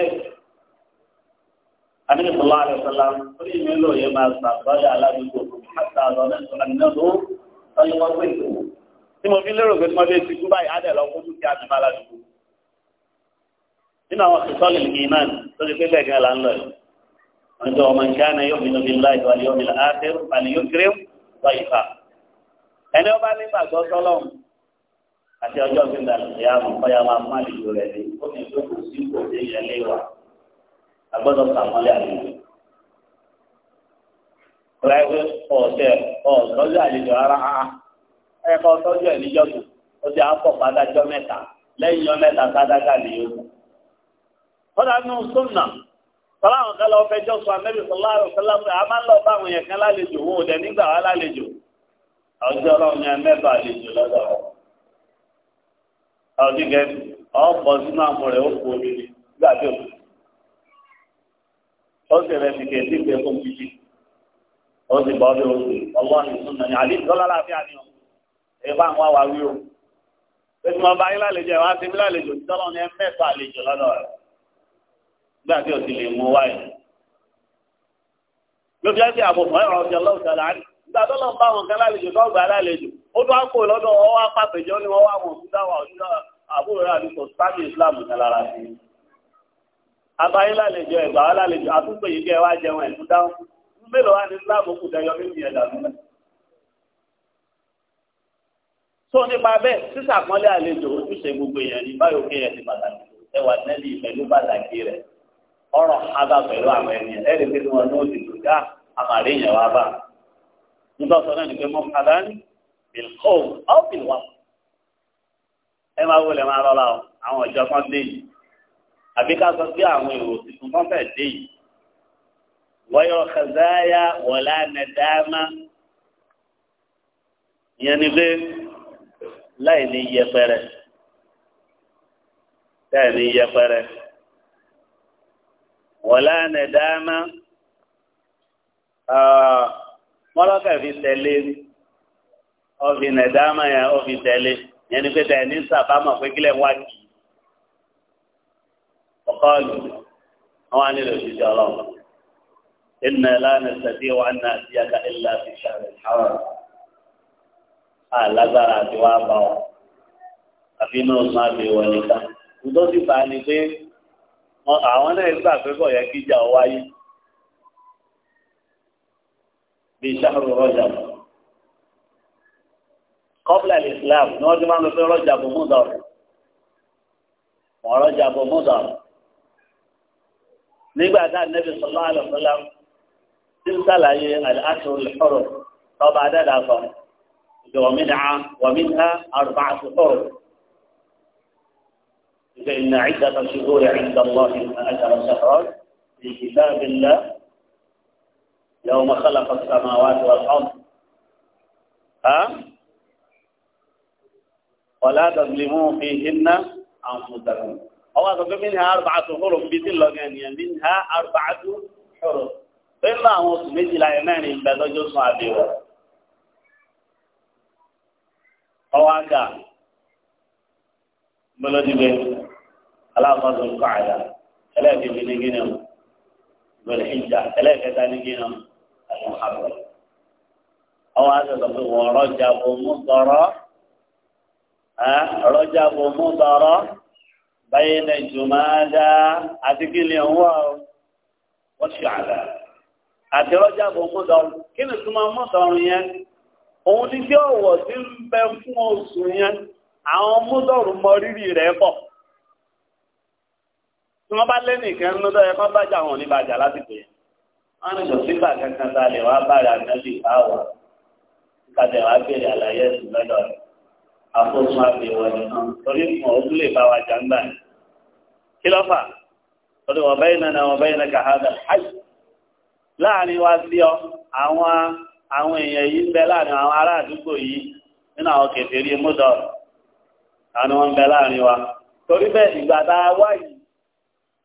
àníbi sọlá sọlá orí mi lò yẹ máa sàgbọ́dọ̀ aládùúgbò fún mi. àtàlọ́ nínú àwọn sọ̀tọ́lì ìmán tó ti pé bẹ́ẹ̀ gan la ń lọ yìí wọ́n tó ọmọ nǹkan náà yóò bínú bí láì wà yóò bínú áfẹ́ àlè yóò kéré wà yìí fà ẹni ó bá ní gbàgbọ́ sọ́lọ́m àti ọjọ́ bí nga ìyá àwọn ọ̀pọ̀ya máa fún àlejò rẹ̀ ní ó ní tó kù sí kò sí ìyẹn lé wa agbọ́dọ̀ sàmọ́lé àlejò láìwé ọ̀sẹ̀ ọ̀tọ́jú àlejò ara ẹ̀kọ́ ọ̀tọ́jú ẹ̀ níjọ́ kọ́dà nù súnà tọ́lá àwọn kan lọ fẹjọ́ sọ amẹ́bí sọlá ọ̀sọ́lá a máa ń lọ bá àwọn yẹn kan lálejò wọn ò dẹ̀ nígbà wá lálejò ọjọ́ ọlọ́run yẹn mẹ́fà àlejò lọ́dọ̀ wọn. ọdún gẹ́gẹ́ ọ̀pọ̀ sínú àmọ́ rẹ̀ ó kú omi nígbà tí òkú ó sì rẹ̀ ti kẹ̀sí pé kó kíkí ó sì bọ́ bí oṣù ọlọ́run súnà ní àlejò lọ́lá láàfin mẹ́fà àlejò lọ́dọ̀ rẹ̀ gbà bí òsì lè mú wáyé ló fi ẹsẹ àbò fún ẹrọ ọjà lọọsà láàrin ìgbà tó lọọ bá wọn kan lálejò tó gbà lálejò ó tó á kó lọ́dọ̀ ọwọ apàpẹjọ ni wọn wá wọn fún dáwà ọdún àbúrò rẹ àdúgbò sáàmì islam kan lára sí i abayé lálejò ẹgbà wà lálejò àtúntò yìí kẹ wá jẹun ẹtú dáhùn mélòó wà ní islam kù dẹyọ méjì ẹ̀dá sílẹ̀. tó nípa bẹ́ẹ̀ sísàkọlé àlejò ojúṣe gbogbo èèyàn ní báyọ̀ kéèyàn ti pàtàkì ẹwà nẹ́ẹ̀lì pẹ̀lú pàtàkì rẹ̀ ọ̀rọ̀ hábà pẹ̀lú àwọn ènìyàn ẹ̀rí pé wọn ní òdì tó dá àmàlẹ́ yẹn wá bá nígbà sọ náà ni pé mọ́ padà ní bilkov ọ́bìlwà ẹ máa wọlé máa rọra o àwọn ìjọ kan dé yìí àbí ká sọ pé àwọn èrò tuntun kan fẹ́ dé yìí wọ́yọ̀ kàzáyà wọ̀lá nàdáàmà ìyẹn ni pé láì ní yẹpẹrẹ láì ní yẹpẹrẹ. wọlé ẹnẹdáàmà ah, mọlọkà fi tẹlé ọfì ẹnẹdáàmà yẹn ọfì tẹlé yẹn ni pé ní sàbámọ pé kílẹ̀ wá kì í ọkọọlù àwọn ànílò òṣìṣẹ́ ọlọ́run ìnà lánàá sàdí wà ha àdíyàká ìlà fi ṣàlẹ̀ ṣàwọn àlágbára àti wàá àwọn náà gbà pé kò yẹ kíjà ọ wáyé bíi sáfù rọjà kọ́bùlà islam ni wọ́n ti máa ń lọ pé rọjà bò mú dọ̀rọ̀ wọ́n rọjà bò mú dọ̀rọ̀ nígbà tá nẹ́bí sọlá àlọ́sọlá tí ń sàlàyé àṣọ ìṣòro tọ́ba adáda sọ ìjọ mi nà wọ́n mi nà àrùbá àṣọ ìṣòro. فإن عدة الشهور عند الله اثنا عشر شهرا في كتاب الله يوم خلق السماوات والأرض ها ولا تظلموا فيهن أنفسكم هو تقول منها أربعة حرم بتلو كان منها أربعة حروف إلا أموت مثل أيمان بدجل صعبه ọwọ́ aga mọlọdibẹ aláàbọ̀dọ̀ ń kọ́ àyà ẹlẹ́ẹ̀kejì ní gíní gbẹ̀rẹ̀ ìjà ẹlẹ́ẹ̀kẹta ní gíní àwọn àbọ̀. àwọn àtẹ̀tọ̀ pé wọ́n rọ́jà bò mú tọrọ rọ́jà bò mú tọrọ báyìí ní jùmọ́dá àti gíní ọ̀hún wà ó wọ́n ṣe àdá. àti rọ́jà bò mú tọrọ kí òun ní bí ọ̀wọ̀ ti ń bẹ fún oṣù yẹn àwọn mú mọ rírì rẹ̀ pọ̀. tí wọ́n bá lẹ́nìkan ń lọ́dọ̀ ẹ̀ kọ́ bàjẹ́ àwọn oníbàjẹ́ lásìkò yẹn wọ́n ní kankan tá a lè wá bára nẹ́bí báwa wá béèrè àlàyé ẹ̀sìn lọ́dọ̀ rẹ̀ àkóso àbẹ̀wò torí mọ̀ ó tún lè bá wa jà ń ní. kí ló fà wọ́n náà wọ́n wa sí ọ àwọn àwọn èèyàn yìí ń bẹ láàrin àwọn ará àdúgbò yìí nínú àwọn wa torí bẹ́ẹ̀ ìgbà tá wá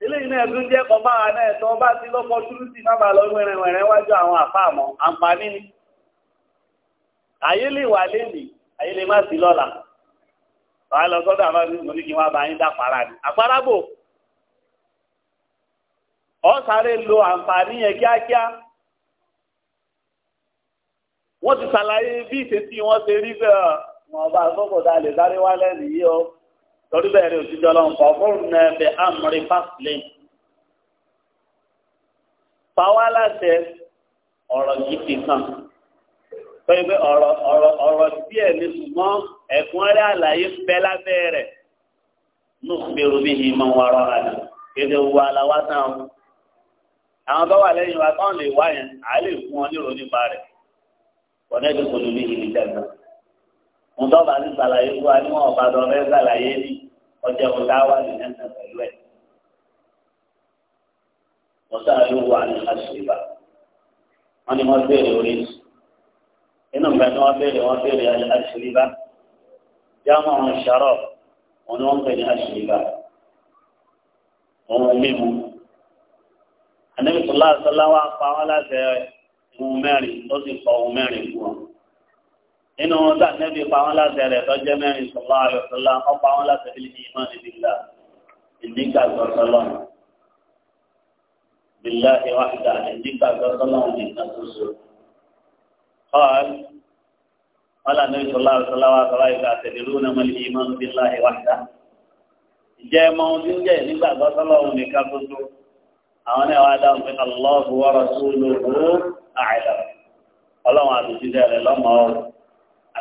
eléyìí náà tún jẹ́ kọ́ máa náà tọ́ bá ti lọ́pọ̀ túrúsì má bàa lọ wẹ̀rẹ̀ wẹ̀rẹ̀ wájú àwọn àfáàmọ́ àǹfààní ni àyè lè wà lẹ́nì àyè lè má sí lọ́la wàá lọ sọ́dọ̀ àwọn ọmọ ní kí wọ́n bá yín dá para ni àpárá bò ọ sáré lo àǹfààní yẹn kíákíá wọ́n ti ṣàlàyé bí ìṣesí wọn ṣe rí bẹ́ẹ̀ wọn bá sọ́kọ̀dá lè sáré wálẹ̀ nìyí o torí bẹ́ẹ̀ rí òtítọ́ lọ́n fọ́ fún nẹ́ẹ̀bẹ̀ amúrí fásilẹ̀ pàwọ́láṣẹ ọ̀rọ̀ gidi kan pé pé ọ̀rọ̀ ọ̀rọ̀ ọ̀rọ̀ díẹ̀ ní ṣùgbọ́n ẹ̀kúnrẹ́rẹ́ àlàyé bẹ́ lábẹ́ rẹ̀ nùgbèrú bí ìmọ̀ wà rọra ni kéde wo aláwa tán o àwọn bá wà lẹ́yìn wa tán lè wá yẹn à lè fún ọ nírò nípa rẹ̀ kọ́nẹ́ẹ̀dì kò ìlú jẹ̀dá mo tọ́ bá ti fún wa níwọ̀n ọ̀bàdàn rẹ̀ ṣàlàyé ní ọjà ọ̀tá wà ní ẹ̀sán pẹ̀lú ẹ̀. Mọ̀tá yóò wà ní àṣìbà.
Wọ́n ní wọ́n béèrè
orí. Inú ìgbà tí wọ́n béèrè wọ́n béèrè àṣìbà. Jámọ̀ àwọn ìṣàrọ̀ wọn ni wọ́n pè ní àṣìbà. Ohun mímu. Ànábì sallallahu alaihi wasallam pa wọ́n láti ohun mẹ́rin ó sì mẹ́rin fún wọn nínú wọn tá nẹ́bí pa wọn láti rẹ̀ tọ́jẹ́ mẹ́rin sọ̀lá àlọ́sọ̀lá wọn pa wọn láti rí ìmọ̀ níbi ńlá ìdíkà sọ̀sọ̀lọ́ bílá ìwádà ìdíkà sọ̀sọ̀lọ́ nìkan ṣoṣo. قال قال النبي صلى الله عليه وسلم تعتذرون من الإيمان بالله وحده jẹ́ mọ ohun tí ń jẹ́ nígbàgbọ́ sọ́lọ́run nìkan tuntun àwọn náà wàá dáhùn pé Allahu wa rasuluhu a'lam ọlọ́run àtúntì rẹ̀ lọ́mọ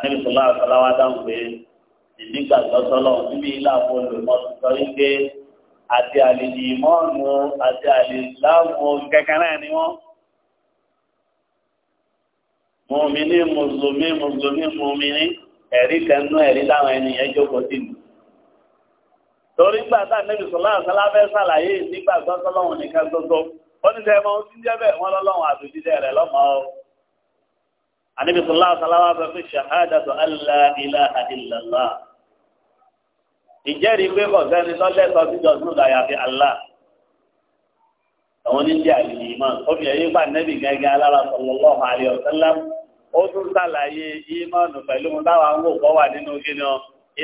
àtẹ́bí sọlá àkọlá wa dáhùn pé ìdígbà lọ́sọ́lọ́ níbi ilé àpolò mọ́tò sọ wípé àti àlejò ìmọ̀ọ́nù àti àlejò láwọn kankan náà ni wọ́n. mùmíní mùsùlùmí mùsùlùmí mùmíní ẹ̀rí kanú ẹ̀rí láwọn ènìyàn jókòó sí mi. torí gbà tá àtẹ́bí sọlá àkọlá fẹ́ sàlàyé ìdígbà lọ́sọ́lọ́hùn nìkan gbogbo ó ní sẹ́yìn mọ́ ó ti ń anabi sọlá sọláwà bẹ fún ṣahadatu alla ilaha illallah ìjẹ́rìí pé kọ̀sẹ́ni lọ́lẹ́sọ sí jọ̀sùn láyàfi Allah àwọn oníjẹ́ àlùyìn ìmọ̀ obìnrin yìí pa nẹ́bì gẹ́gẹ́ alára sallallahu alaihi wasallam ó tún sàlàyé ìmọ̀nù pẹ̀lú mu táwa ń wò kọ́ wà nínú kíni ọ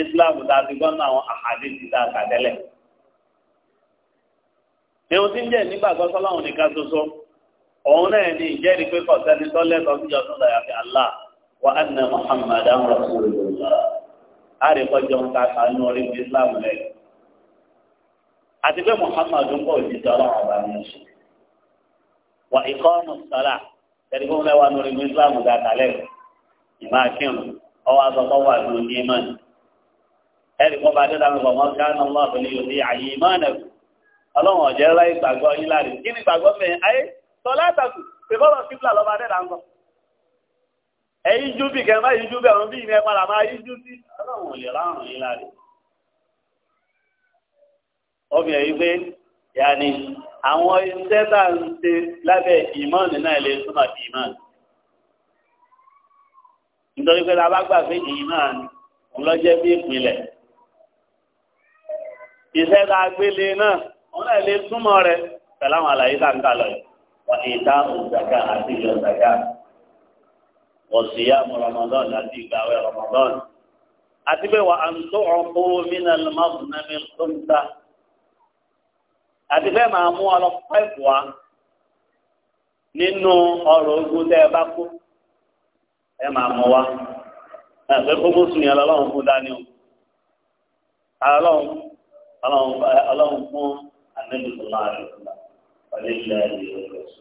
Islam ta ti gbọ́n náà àwọn àhàdé ti ta àtàtẹ́lẹ̀. èèwọ̀n ti ń jẹ́ nígbàgbọ́ nìkan ṣoṣo òun náà ní ìjẹ́rìí pé kọ̀sẹ́ni tó lẹ́tọ̀ọ́ sí ọdún lọ́yà fi Allah wa anna Muhammadan rasulullah àríkọ́jọ́ ń ta sànú orí bí Islam rẹ̀ àti pé Muhammadu ń bọ̀ òjijì ọlọ́run ọba ní oṣù wa iqamu salah tẹ̀lé fún mẹ́wàá ní orí bí Islam ga kalẹ̀ ìmọ̀ akínrun ọwọ́ azọ́kọ́ wà ní oní iman ẹ̀rí kọ́ bá dẹ́ta mi bọ̀ mọ́ káná lọ́ọ̀bù ní yòó sọlá àtàkù ìbọ̀wọ̀ kíbla lọ́ba dẹ́dà ń bọ̀. ẹ̀yin jú bì kẹ́ máa yíjú bẹ̀ wọ́n bí ìní ẹ̀ padà máa yíjú sí ọlọ́run lè ráhùn yín láre. ọbẹ̀ yìí pé yàní àwọn iṣẹ́ tá à ń ṣe lábẹ́ ìmọ̀ọ́nì náà lè túmọ̀ sí ìmọ̀ọ́nì. nítorí pé lábá gbà pé ìmọ̀ọ́nì ńlọ́jẹ́ bí ìpìlẹ̀. iṣẹ́ tá a gbélé náà wọn náà lè túmọ̀ rẹ̀ pẹ̀lú àlàyé tá à ń kà lọ yìí ìta òǹtàkà àti ìyọ̀ǹtàkà wọ̀síyàmù ramadan àti ìgbàwé ramadan àti pé wà á ń tó ọkọ mínà lọ́mọ́bùnámi tó ń ta àti pé màá mú ọ lọ pẹ́ẹ́pù wa nínú ọrọ̀ ogun tẹ́ ẹ bá kú ẹ máa mú wa ẹgbẹ́ gbogbo sùn yẹn lọ́wọ́ fún dání o ọlọ́run fún anẹ́lùmọ́ àdìsúlá pẹ̀lú ìlẹ̀ ìlú ọ̀sùn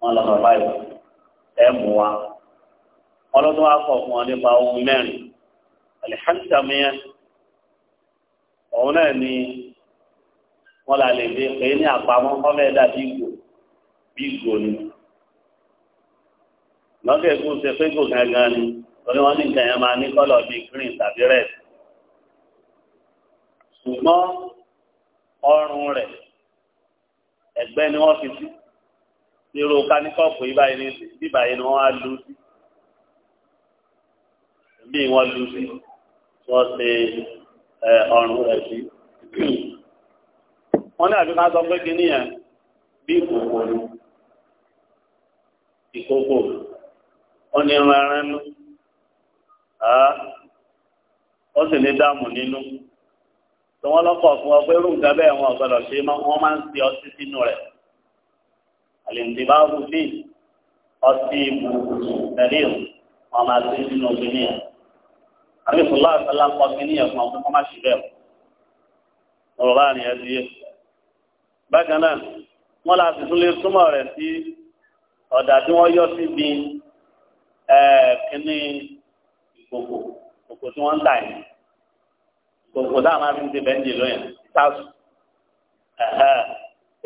wọn lọ bàbá yìí ẹ mú wa wọn lọ tó wá kọ fún wọn nípa ohun mẹ́rin alihamdulilayi òun náà ni wọn là lè fi pé ní àpamọ́ ọmọ ẹ̀dá bí gò bí gò ni lọ́kẹ́ kó ṣe pé gò gangan ni torí wọn ní nǹkan máa ní kọ́lọ̀ bíi green tàbí red ṣùgbọ́n ọrùn rẹ̀ ẹ̀gbẹ́ ni wọ́n fi sí. irú káníkọ́ọ̀pù n'ịkọpụ báyìí ní bí ni wọ́n á sí bí wọ́n lu sí wọ́n ṣe ọ̀run rẹ̀ sí. wọ́n ní àbíká sọ pé kínní bí ìkòkò ni ìkòkò
ó ní irun
nú ó sì ní dáàmú nínú tí wọ́n ọ wọn àlèǹdìbáwò sí ọtí ìbò tẹ̀lé o wọn máa ti nínú obìnrin yẹn àbí fúlọ́ àtàlà ń pọ̀ sí ní ẹ̀fọn ọdún kọ́ má ṣe bẹ́ẹ̀ o ọ̀rọ̀ láàrin ẹ̀ ti yé bákan náà wọn la sì tún lè súnmọ́ rẹ̀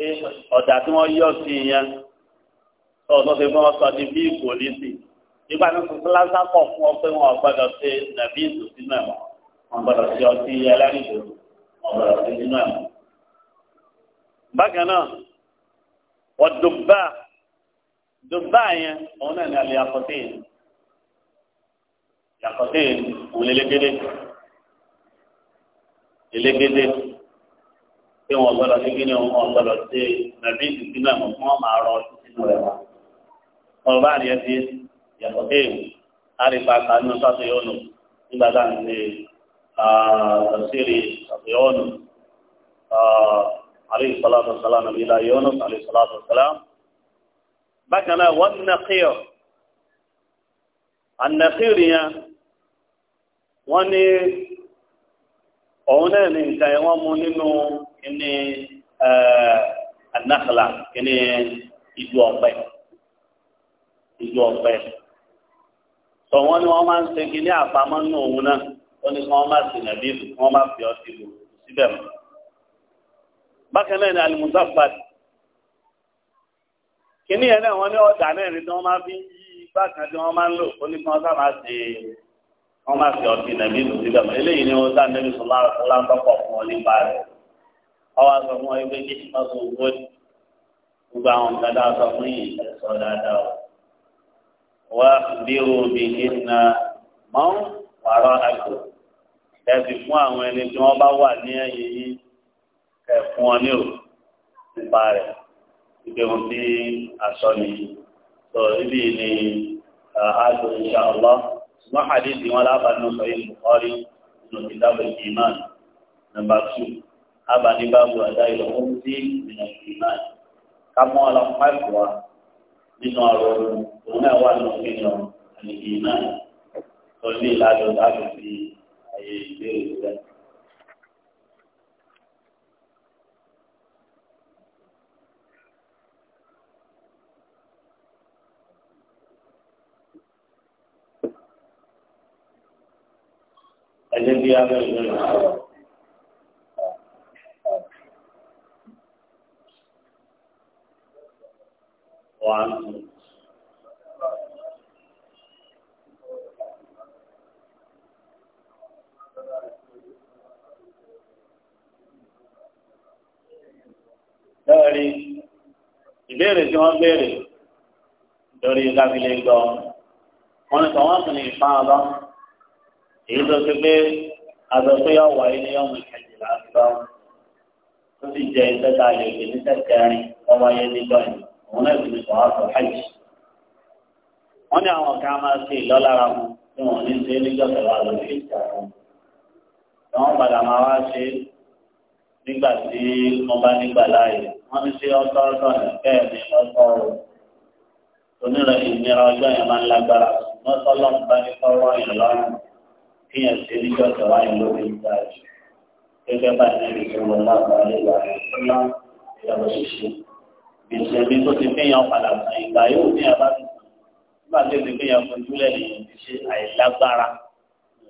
pé ọ̀dà tí wọ́n yọ̀ sí yẹn tó ọ̀tọ́ fi wọ́n sọ ní bí ìpòlísì nígbà tí wọ́n fúláṣà pọ̀ fún ọ pé wọ́n gbọ́dọ̀ ṣe nàbí ìlú sínú ẹ̀wọ̀n wọ́n gbọ́dọ̀ ṣe ọtí ẹlẹ́rìndòdò wọ́n gbọ́dọ̀ ṣe sínú ẹ̀wọ̀n. bákan náà wọ́n dùbà dùbà yẹn òun náà ní alẹ́ akọ́tẹ́ yẹn akọ́tẹ́ yẹn òun lélẹ́gẹ́dẹ́ lélẹ́gẹ́dẹ́ pé wọn gbọ́dọ̀ ní kí ni wọn gbọ́dọ̀ ṣe nàbí ìdùnnú ẹmọ fún wọn máa rọ ọtún sínú rẹ wá. ọ̀rọ̀ bá rí ẹ ti yàtọ̀ kéèmù àríkà kanú sàtúnyọ́nù nígbà tá à ń ṣe tafsiri sàtúnyọ́nù àríkà sàlátù sàlámù ìlà yọ́nù àríkà sàlátù sàlámù. bákan náà wọ́n ń nàkíyọ̀ ànàkíyọ̀ yẹn wọ́n ní òun náà ní nǹkan ẹ̀ wọ́n mú nínú. Kini eh, anáxlá kini ìdú ọ̀pẹ ìdú ọ̀pẹ tọ wọn ni wọn máa ń ṣe kíni àpamọ́ nínú òun náà wọn ni kí wọn máa sìn nàbí ìlú kí wọn máa fi ọtí lò síbẹ̀ mọ́ bákan náà ni alimusafat kíní yẹn náà wọn ní ọjà náà ni wọn máa fi yí igbá tí wọn máa ń lò ó ní wọn sábà ṣe wọn máa fi ọtí nàbí ìlú síbẹ̀ mọ́ eléyìí ni wọn sáà nẹ́bí sọlá sọlá ń tọ́pọ̀ fún ọ nípa rẹ̀ ọwọ́ sọ fún ọ yìí pé kí ṣe máa sọ owó ni gbogbo àwọn nǹkan tá a sọ fún yìí ẹ sọ dáadáa o wá bí omi nínú mọ́ wàrà àgbò ẹ sì fún àwọn ẹni tí wọ́n bá wà ní ẹ̀yìn yìí kẹ̀ ọ ní o nípa rẹ̀ ìgbéhùn sí aṣọ nìyí sọ ibi ni àádọ́ inṣàlá ṣùgbọ́n hadith wọn lábàánú sọ yìí Bukhari nínú kìtàbù ìmán nàmbà 2 abàní báwo àdá ìlọ́wọ́ sí ìrìnà ìgbìmọ̀ àti kámọ́ ọlọ́pàá ìfọ̀wá nínú ọ̀rọ̀ òun náà wà nínú ìgbìmọ̀ àti ìgbìmọ̀ tó ní ìlànà láti fi àyè ìbéèrè rẹ̀. Ẹ̀jẹ̀ bí a bẹ̀rẹ̀ lórí ọ̀rọ̀. وعنه lórí ìbéèrè tí wọ́n béèrè lórí kábílẹ̀ gbọ́ wọ́n sọ wọ́n sì ní ìfáàbá èyí tó ti pé àtọ́sóyà wà ní ọmọ ìkẹjìlá gbọ́ ó sì jẹ́ iṣẹ́ tá a lè gbé ní yìí. òun náà sì ní sọ̀rọ̀ àtọ̀ hajj. wọ́n ní àwọn kan máa ṣe ìlọ́lára mu tí wọ́n ní ṣe níjọ́ kẹwàá lórí ìjà wọn. wọ́n padà máa wá ṣe nígbà tí wọ́n bá nígbà láàyè wọ́n ní ṣe ọ̀tọ̀ọ̀tọ̀ ní bẹ́ẹ̀ ni ọ̀tọ̀ọ̀rọ̀ onírọ̀ ìnira ọjọ́ yẹn máa ń lágbára ṣùgbọ́n sọ́lọ́ ń bá ní kọ́rọ́ yẹn lọ́rùn kí yẹn ṣe níjọ́ kẹwàá yẹn lórí ìjà jù gẹ́gẹ́ bá ní ìṣòro láàbà wà ní ìlànà ìṣiṣẹ́ ìṣẹ̀lẹ̀ tó ti fi yàn padà sàn ìgbà yóò ní ẹ̀ bá ti sàn nígbà tó ti fi yàn fojú lẹ̀ ní ṣe àìlágbára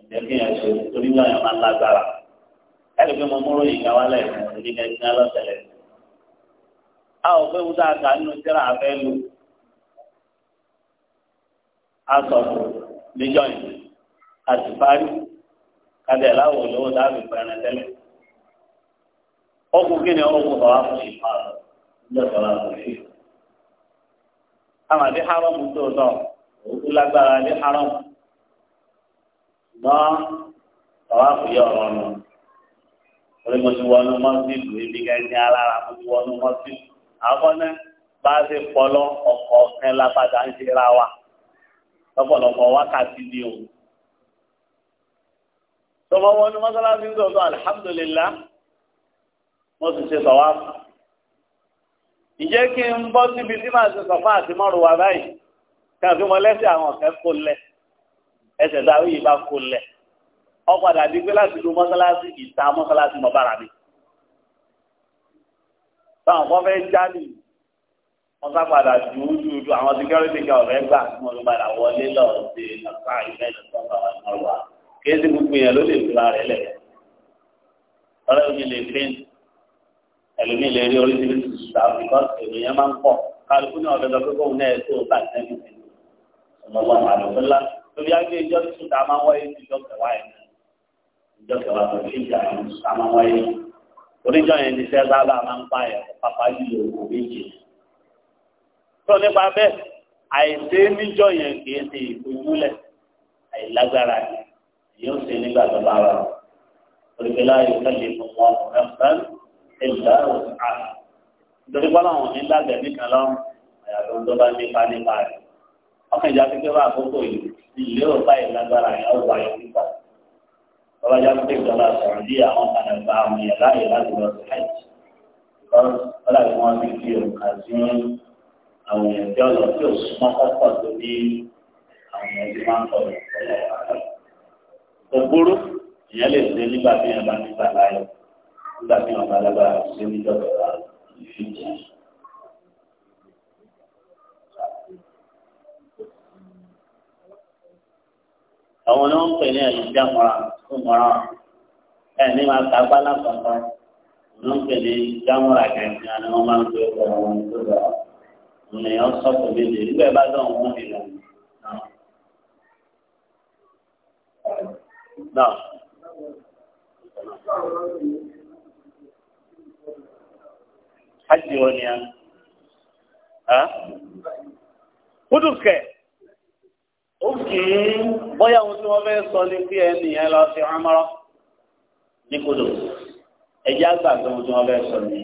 ìjẹ́ kí yàn ṣe torí náà yàn máa lágbára. ẹ̀rì pé mo múrò ìgbà wa lẹ́sìn ní ẹ̀sìn alọ́sẹ̀lẹ̀. a ò fẹ́ wúdà àgbà nínú tíra àfẹ́ lò a sọ̀rọ̀ níjọ́ parí kájẹ̀ láwọ̀ lówó dábì pẹ̀rẹ̀ tẹ́lẹ̀. ó kú kí ni ó kú bàbá fún ìfọ̀ àrùn lọ́sọ̀rọ̀ àtúnṣe. àwọn àti haramu tó lọ òkú lágbára ní haramu náà tọ́wá kò yẹ ọ̀rọ̀ nù. orí mo ti wọnú mọ́sílù ibi gẹ́gẹ́ alára mo ti wọnú mọ́sílù. àwọn náà bá a ṣe pọlọ ọkọ̀ ọ̀kan lápáta ń ṣe ra wa lọ́pọ̀lọpọ̀ wákàtí ni o. tọ́wọ́ wọnú mọ́sálásí ń sọ̀tọ̀ alihamudulilayi mo sì ṣe sọ̀wá fún ìjẹ́ kí n bọ́ síbi tí màá ṣe sọ̀fà àti mọ́rù wa báyìí kí n fi mọ lẹ́sẹ̀ àwọn ọ̀fẹ́ kó lẹ̀ ẹsẹ̀ dáwé yìí bá kó lẹ̀ ọ̀padà di pé láti lu mọ́sálásí ìta mọ́sálásí mọ́ bára mi. táwọn kan fẹ́ jáde wọ́n sá padà ju ojú ojú àwọn security guard ọ̀rẹ́ gbà tí ló padà wọlé lọ sí nàkà ìfẹ́lẹ̀ sọ́kà mọ́rù wa kí ẹ ti gbogbo yẹn ló lè fi ra rẹ̀ lẹ̀ ẹlòmíì lè rí oríṣiríṣi ṣùgbọ́n because ènìyàn máa ń pọ̀ kálukú náà ọ̀dọ́ lọ́pẹ́ kóun náà tó bá nẹ́bí sí i ọmọọmọ àlùfẹ́lá lórí agbé ìjọ tuntun tá a máa ń wáyé ju ìjọ kẹwàá yẹn ìjọ kẹwàá tó fi ìjà yẹn tá a máa ń wáyé oníjọ yẹn ní sẹ́sà bá a máa ń pa ẹ̀ pápá yìí òkú méje tó nípa bẹ́ẹ̀ àìsè níjọ yẹn kì í ṣe ìfojúlẹ̀ àìlágbára yóò ṣe nígbà tó bá wà oríkèlá ìlà òṣùpá nítorí pé ọlọ́run ní lágbẹ̀ẹ́ nìkan lọ́rùn àyàtọ̀ tó bá nípa nípa rẹ̀ ọkàn ìjà pípẹ́ bá àkókò yìí ilé ò báyìí lágbára yẹn ó wáyé pípa bàbá ìjà pípẹ́ ìjọba sọ̀rọ̀ bí àwọn kàdàgbà àwọn èèyàn láàyè láti lọ sí hajj lọ́dà bí wọ́n ti fi òǹkà sí àwọn èèyàn tí ọ̀nà tí ò súnmọ́ kọ́kọ́ tó bí àwọn èèyàn ti máa ń sọ̀rọ̀ ìgbòho ìyẹn lè ṣe nígbà tí ẹ bá nígbà nígbà tí wọn ṣe ní dọ́kítà ìfìjì. àwọn ni wọn pè ní ẹlẹjà mọra tó mọra ẹ ní máa ta gbálá kankan wọn pè ní jámọra kẹ̀kẹ́ ni wọn máa ń pè ọkọ wọn tó lọ wọn ni wọn sọkò méje nígbà bá dọ̀ wọn nìyà. Now hajji wani ya kúdùs kẹ ó kì í bóyá ohun tí wọ́n fẹ́ sọ ní pé ẹni yẹn lọ sí ọmọrọ ní kúdùs ẹjẹ àgbà tó ohun tí wọ́n fẹ́ sọ ní.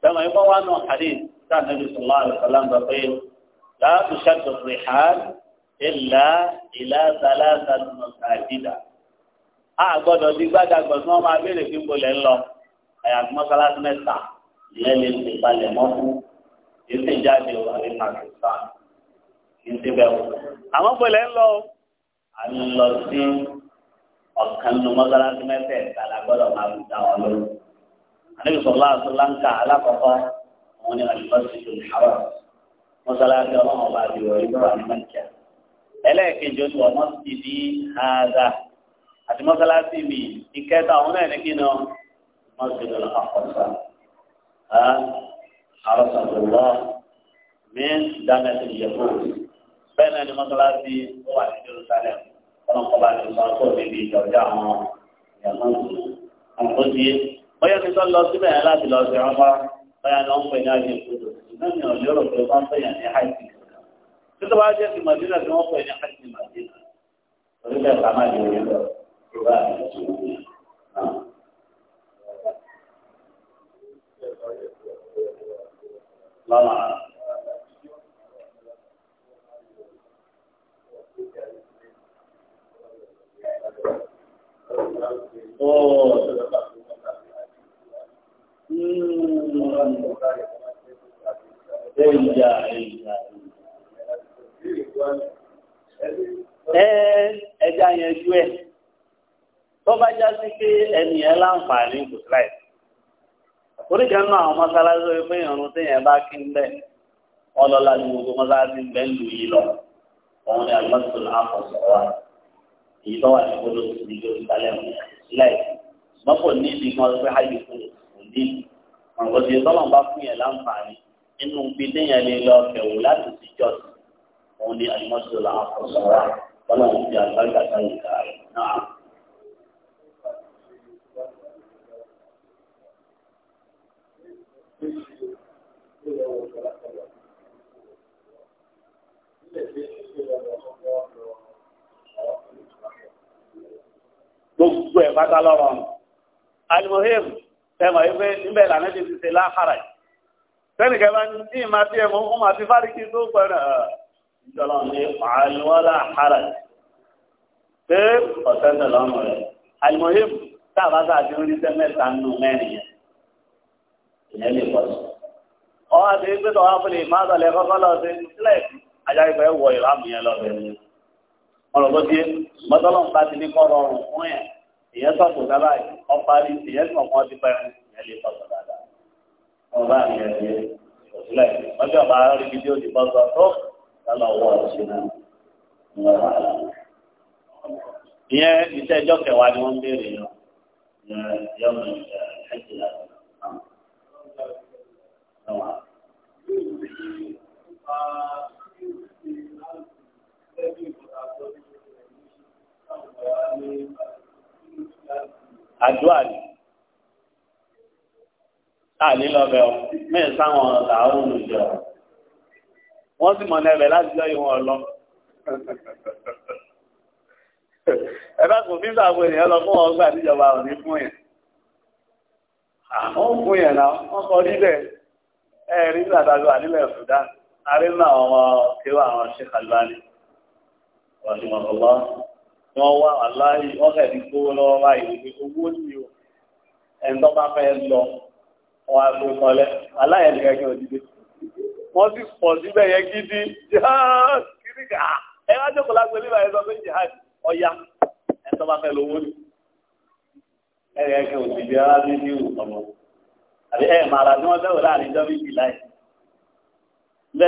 sẹ́wọ̀n yìí wọ́n wá nù hadith sáà nàbì sọ̀lá àlùsọ̀lá ń bọ̀ pé láàbù ṣàtò rìhàn ìlà ìlà sàlàsà mọ̀tàdìdà. a gbọ́dọ̀ di gbàdàgbọ̀ tí wọ́n máa béèrè fún ìbolẹ̀ ńlọ àyàfi mọ́sálásí mẹ́ta ìyẹn lè ṣe balẹ̀ mọ́ fún ìṣe jáde o àbí Pakistan kì í ṣe bẹ́ẹ̀ o. àwọn pẹ̀lẹ́ ń lọ o. a ń lọ sí ọ̀kan nínú mọ́sálásí mẹ́fẹ̀ẹ́ta la gbọ́dọ̀ máa fi dá wọn lórí. àdébí sọ̀rọ̀ láàtú láǹkà alákọ̀ọ́kọ́ àwọn ní àlùfáàsì tó mọ́sálásí ọlọ́run ọba àti ìwọ̀ ìgbọ̀ àti mẹ́kẹ́. ẹlẹ́ẹ̀kejì oṣù ọmọ ti di ààdà àti mọ́sálásí mi ìkẹta òun náà àròsàn lọ mí dámẹ́sì yẹ̀kọ́ bẹ́ẹ̀ náà ni mọ́tàláṣí ó wà ní Jerusalem ọ̀nà kọ́ba ní sọ tó níbi ìjọba àwọn ìyàmọ́ àwọn tí bóyá ti sọ lọ síbẹ̀ yẹn láti lọ sí ọmọ bóyá ni wọ́n pè ní àjẹ ìgbòdò ṣùgbọ́n mi ò lérò pé wọ́n pè yàn ní àìsí títí wàá jẹ́ ti Màdínà tí wọ́n pè ní àìsí Màdínà orílẹ̀-èdè lọ́la. Ẹ̀yà ẹ̀yà. Ẹja yẹn ju ẹ̀. Tó bá já sí pé ẹnìyẹn láǹfààní kò sí láìpẹ́ oríṣiríṣi náà àwọn mọ́sálásí wọ́n pé ìrún tí yẹn bá kí ń bẹ̀ ọlọ́lá ni gbogbo mọ́sálásí ń bẹ́ ń lù yí lọ òun ni alimọ́sọ̀ náà kọ̀ sọ̀rọ̀ wa èyí tó wà ní gbọdọ̀ ní lórí sálẹ̀ mọ́ sílẹ̀ mọ́pọ̀ ní ibi kan pé hajj kò ní ọ̀rọ̀ tí tọ́lọ̀ bá fún yẹn láǹfààní nínú ibi téèyàn lè lọ kẹ̀wò láti ti jọ òun ni alimọ́sọ̀ náà kọ̀ sọ̀rọ̀ wa tọ́lọ̀ ń fi àgbàgbà sáyẹn kàrẹ̀ náà. gbogbo ẹ̀ pátá lọ́rọ̀ ọ̀nà alimohim tẹmọ̀ yìí pé níbẹ̀ lànà ti ṣe láhàrà yìí sẹ́nìkẹ́ bá ní tí màá fi ẹ̀ mọ́ fún màá fi fáríkì tó pẹ̀lú ìjọba ní àlùwọ́lá àhàrà yìí pé ọ̀sẹ̀ ń tẹ̀lé ọmọ rẹ̀ alimohim tá a bá sá àti orí sẹ́ mẹ́ta nù mẹ́rin yẹn ìyẹn lè pọ̀ sí. ọ àti pé tọ́wọ́ fúnni máa sọlẹ̀ kọ́kọ́ lọ sí sílẹ̀ ajá ìfẹ́ wọ ìlú àmì yẹn lọ bẹ̀rẹ̀ mọ̀lọ́gbọ́dé mọ́tọ́lọ́mùbá ti ní kọ́ rọrùn fún yẹn ìyẹn sọ̀tò dábàá yìí ọ̀pá rí ìyẹn tí ọmọ ti pẹ́ ìyẹn lè sọ̀tò dáadáa. wọn bá mi ẹ̀ yẹ òsílẹ̀ wọ́n tí ọba rí fídíò ti bọ́ sọ tó lọ́lọ́ wọ́ ọ̀sìn náà ńlọ wà á. ìyẹn iṣẹ́ ẹjọ́ kẹwàá ni wọ́n ń béèrè yọ yọmọ ẹ̀jẹ̀ Thank you. àdúrà ni lọ lọ́bẹ̀ ọ mẹ́rin sáwọn làárùn olùjọ wọ́n sì mọ̀ ní láti lọ ìwọ̀n lọ ẹ kò fífà àwọn ènìyàn lọ fún ọgbà níjọba òní fún yẹn àwọn fún yẹn náà wọ́n kọ ẹ àwọn ọmọ kéwà àwọn ṣe wọ́n wá aláì ọ̀sẹ̀ ti gbówó lọ́wọ́ báyìí pé owó ni o ẹ̀ńtọ́ bá fẹ́ lọ wọn á gbé kọlẹ̀ aláyẹ̀ nìkan kí wọ́n dìde wọ́n sì pọ̀ síbẹ̀ yẹn gidi jihad a ẹ wá nígbà yẹn sọ pé jihad ọ̀ya ẹ̀ńtọ́ bá fẹ́ ni ẹ̀rẹ̀ kí wọ́n dìde ara ní ní àbí ẹ̀ màrà wọ́n fẹ́ láàrin bẹ́ẹ̀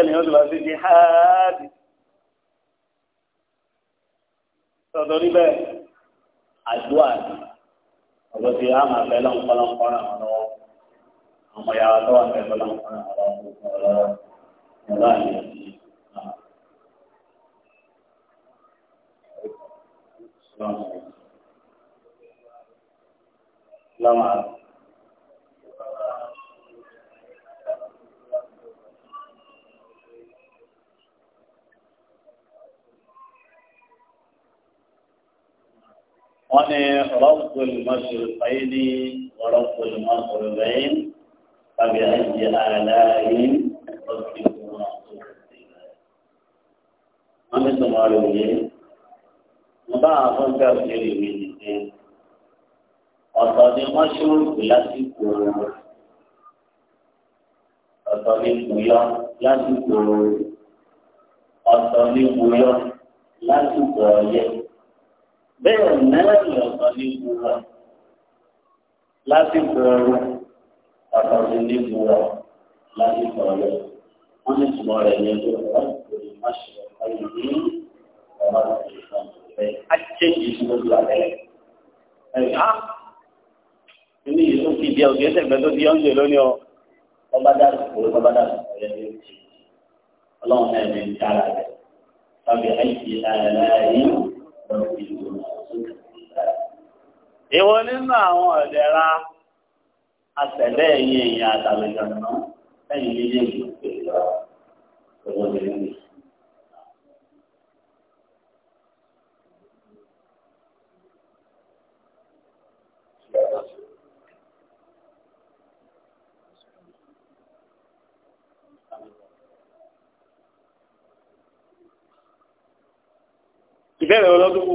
ni wọ́n ti tọ́tọ́ níbẹ̀ àdúrà ni ọ̀dọ́ ti á máa bẹ́ẹ̀ lọ́nkọ́ lọ́nkọ́ ràn wọ́n lọ́wọ́ àwọn yàrá tó wà bẹ́ẹ̀ lọ́nkọ́
ràn wọ́n lọ́wọ́ ọ̀la ni ẹ̀sìn náà. Lọ́mọ àti.
أني رب المشرقين ورب المغربين فبأي آلاء
ربكما تكذبان
أنا سمعت وجه متى أفهم كيف يجي أصابي مشهور بلاسي كورو أصابي مويا بلاسي كورو أصابي مويا بلاسي كورو bẹ́ẹ̀ mẹ́rin ọ̀tọ̀ ní ikú wa lásìkò ọrùn ọ̀tọ̀ sí ní ikú wa lásìkò ọrùn wọ́n ní tùmọ̀ rẹ̀ ní ẹjọ́ ọ̀tọ̀ ní máṣe ọ̀tọ̀ yìí ní ọ̀rọ̀ ọ̀tọ̀ ìfọ̀nfẹ́ àjẹjì ìṣòro àbẹ̀rẹ̀. ẹ̀yà ní ìlú fi di ọ̀gẹ́ ẹ̀sẹ̀gbẹ́ tó di ọ̀njẹ lónìí ọ ọba dà kó ọba dà kó ọ̀yẹ́ ní ọlọ́run náà ní ìdára rẹ̀ tàbí àìsí àyàlá yìí lọ́ọ́ ìwọ nínú àwọn ọ̀dẹ̀ra àtẹ̀lẹ́ ẹ̀yìn ẹ̀yìn àtàlẹ́jọ
náà ẹ̀yìn méjèèjì pẹ̀lú ọ̀rọ̀ ìrìnlẹ̀.
ìbéèrè olódùkú.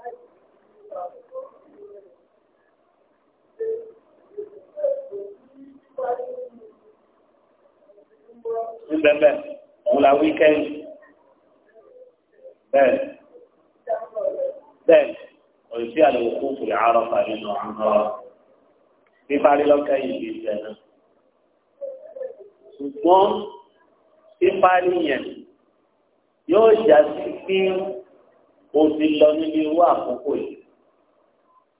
ń bẹ́ẹ̀ òun la wíkẹ́ndì bẹ́ẹ̀ bẹ́ẹ̀ òyìnbí àlòkù kúkú rẹ̀ àárọ̀ pàdé nù àárọ̀ píparí lọ́kẹ́ yìí kì í ṣe náà ṣùgbọ́n píparí yẹn yóò já sí pé o ti lọ níbi irú àkókò yìí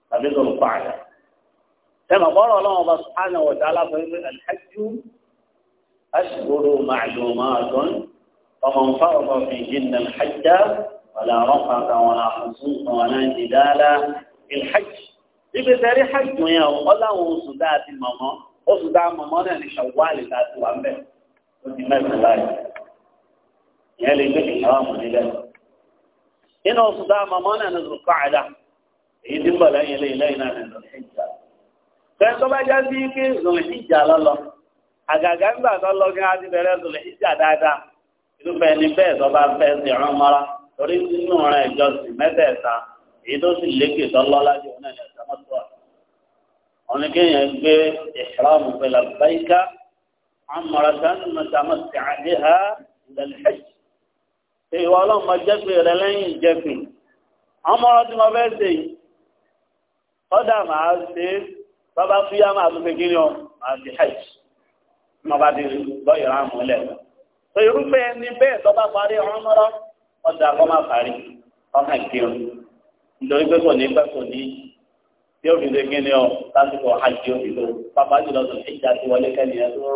tàbí tó ń pa àyà. sẹ́mi ọ̀pọ̀ ọ̀rọ̀ ọlọ́run ọba sùpánà ọ̀dà aláfọ̀ọ́ ẹgbẹ́ àlẹ́ أشهر معلومات ومن فرض في جن الحج ولا رفق ولا حصوص ولا جدال في الحج إبتاري حج ويا ولا وصدات الماما وصدات الماما يعني شوال ذات وامبه وديمات الله يا لي بك حرام لله إن وصدات الماما نزل قاعدة
يدبل أي ليلة نزل
الحج فأنتم أجازيك ذو الحج على الله àgàgà ńgbà tó lọ́gán á ti bẹ̀rẹ̀ tó lè ṣíṣà dáadáa irúfẹ́ ẹni bẹ́ẹ̀ tó bá fẹ́ sí ọ̀rán mọ́ra torí sínú ọ̀ràn ìjọsìn mẹ́tẹ̀ẹ̀ta èyí tó sì lékè tó lọ́lá jù náà ní ẹ̀sán mọ́tò ọ̀rọ̀ ọ̀nà kéèyàn gbé ìṣàlámù pẹ̀lú àbáyíká àmọ̀ràtán mọ̀tàmọ̀tì àdéhà ìdàlẹ́hẹ́j ìwà ọlọ́mọ jẹ́pì rẹ lẹ́yìn jẹ́pì ọmọọ̀rọ̀ tí mo fẹ́ ṣe yìí kọ́dà máa wọn bá di lọ́yọ̀ rán múlẹ̀. tó irúfẹ́ ẹni bẹ́ẹ̀ tọ́ba parí ọ̀rọ̀ mọ́rọ́ ọjà kọ́ máa parí ọ̀hán kírun nítorí pé kò ní pẹ́ kò ní tí ó fi ṣe kí ni ọ lásìkò àjẹ òfìlò pápá jùlọ tó fi jáde wọlé kẹ́ni ẹ tó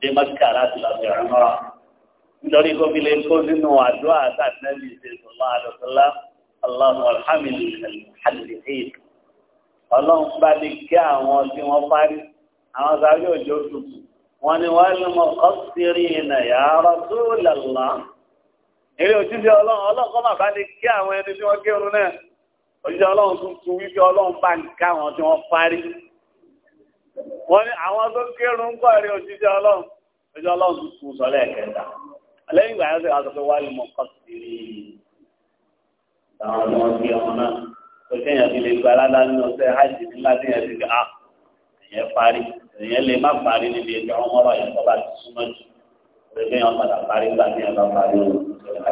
dé mọ́kà láti lọ sí ọ̀rọ̀ mọ́rọ́ nítorí kó fi lè kó sínú àdúrà àtàtúnẹ́bì ṣe sọ̀lá ọlọ́run bá ní kí àwọn tí wọ́n parí àwọn sáré òjò tuntun wọ́n ní wọ́n lè ni kí àwọn ẹni tí wọ́n kírun náà òjíṣẹ́ a tún tún wípé ọlọ́run bá ń ká àwọn tí wọ́n parí. wọ́n ní àwọn tó kírun ń èèyàn lè má parí níbi ẹjọ́ ọmọọrọ yẹn tó bá ti súnmọ́ jù pé bí wọn padà parí gbà ní ẹ bá parí o ìṣẹ̀lẹ̀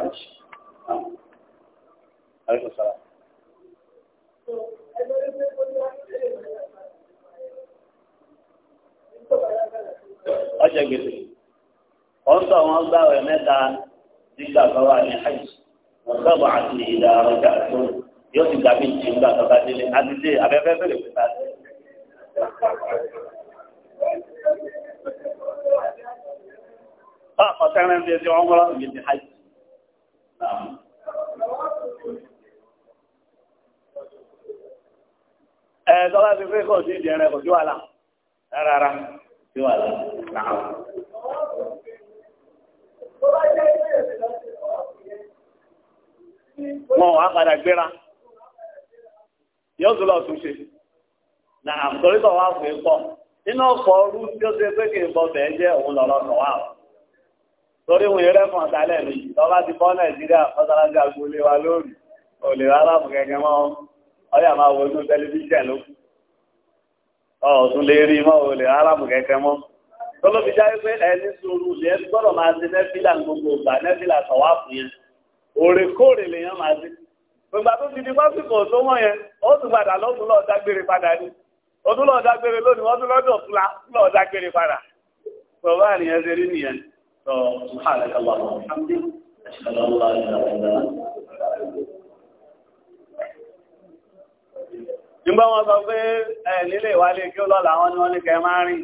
àjì. ọjà gbèsè ọsọ wọn gbàwé mẹ́ta nígbà tó wà ní hajj wọn sábà àti ìdá ọjà tó yóò ti gbà mí jì nígbà tó bá délé àti dé abẹ́fẹ́ fẹ́lẹ̀ pẹ̀lú àti. ọ̀sẹ̀rẹ̀ ń bí ẹsẹ̀ wọn wọ́n láti gbèsè hajj. ẹ tọ́lá ti fẹ́ kọ̀ sí ìdí ẹ̀rẹ́ kò sí wàhálà rárá sí wàhálà náà. wọn wàá padà gbéra yóò tún lọ túnṣe náà torí kọ̀ wá fún ẹ nínú ọ̀pọ̀ ọrú tí ó ṣe pé kì í bọ bẹ́ẹ̀ jẹ́ òun lọ́rọ́ sọ wà torí òun yẹrẹ fún ọ̀tálẹ̀ mi lọ́ba ti bọ́ nàìjíríà mọ́sálásí agboolé wa lórí òlè aláàbò kẹ̀kẹ́ mọ́ ọyà máa wo inú tẹlifíṣàn ló kù ọ̀tún lè rí mọ́ òlè aláàbò kẹ̀kẹ́ mọ́ tọ́lọ́bí jáwé pé ẹni sùúrù lè gbọ́dọ̀ máa ṣe nẹ́fílà gbogbo ìgbà nẹ́fílà sọ̀wá fún yẹn òrèkóòrè lèèyàn máa ṣe gbogbo àtúntì ní pásítọ̀ tó mọ̀ yẹn ó tún padà lọ́tún ọdún lọ dágbére lónìí wọn tún lọ́dọ̀ fúlá lọ dágbére padà sọ bá nìyẹn ṣe rí nìyẹn sọ sùhàlẹ kọlọ nígbà wọn sọ pé ẹ nílé ìwálé kí ó lọ́la wọn ni wọn ní kẹ máa rìn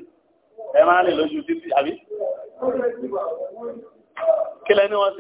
ẹ máa rìn lójú títí àbí kí lẹ ní wọn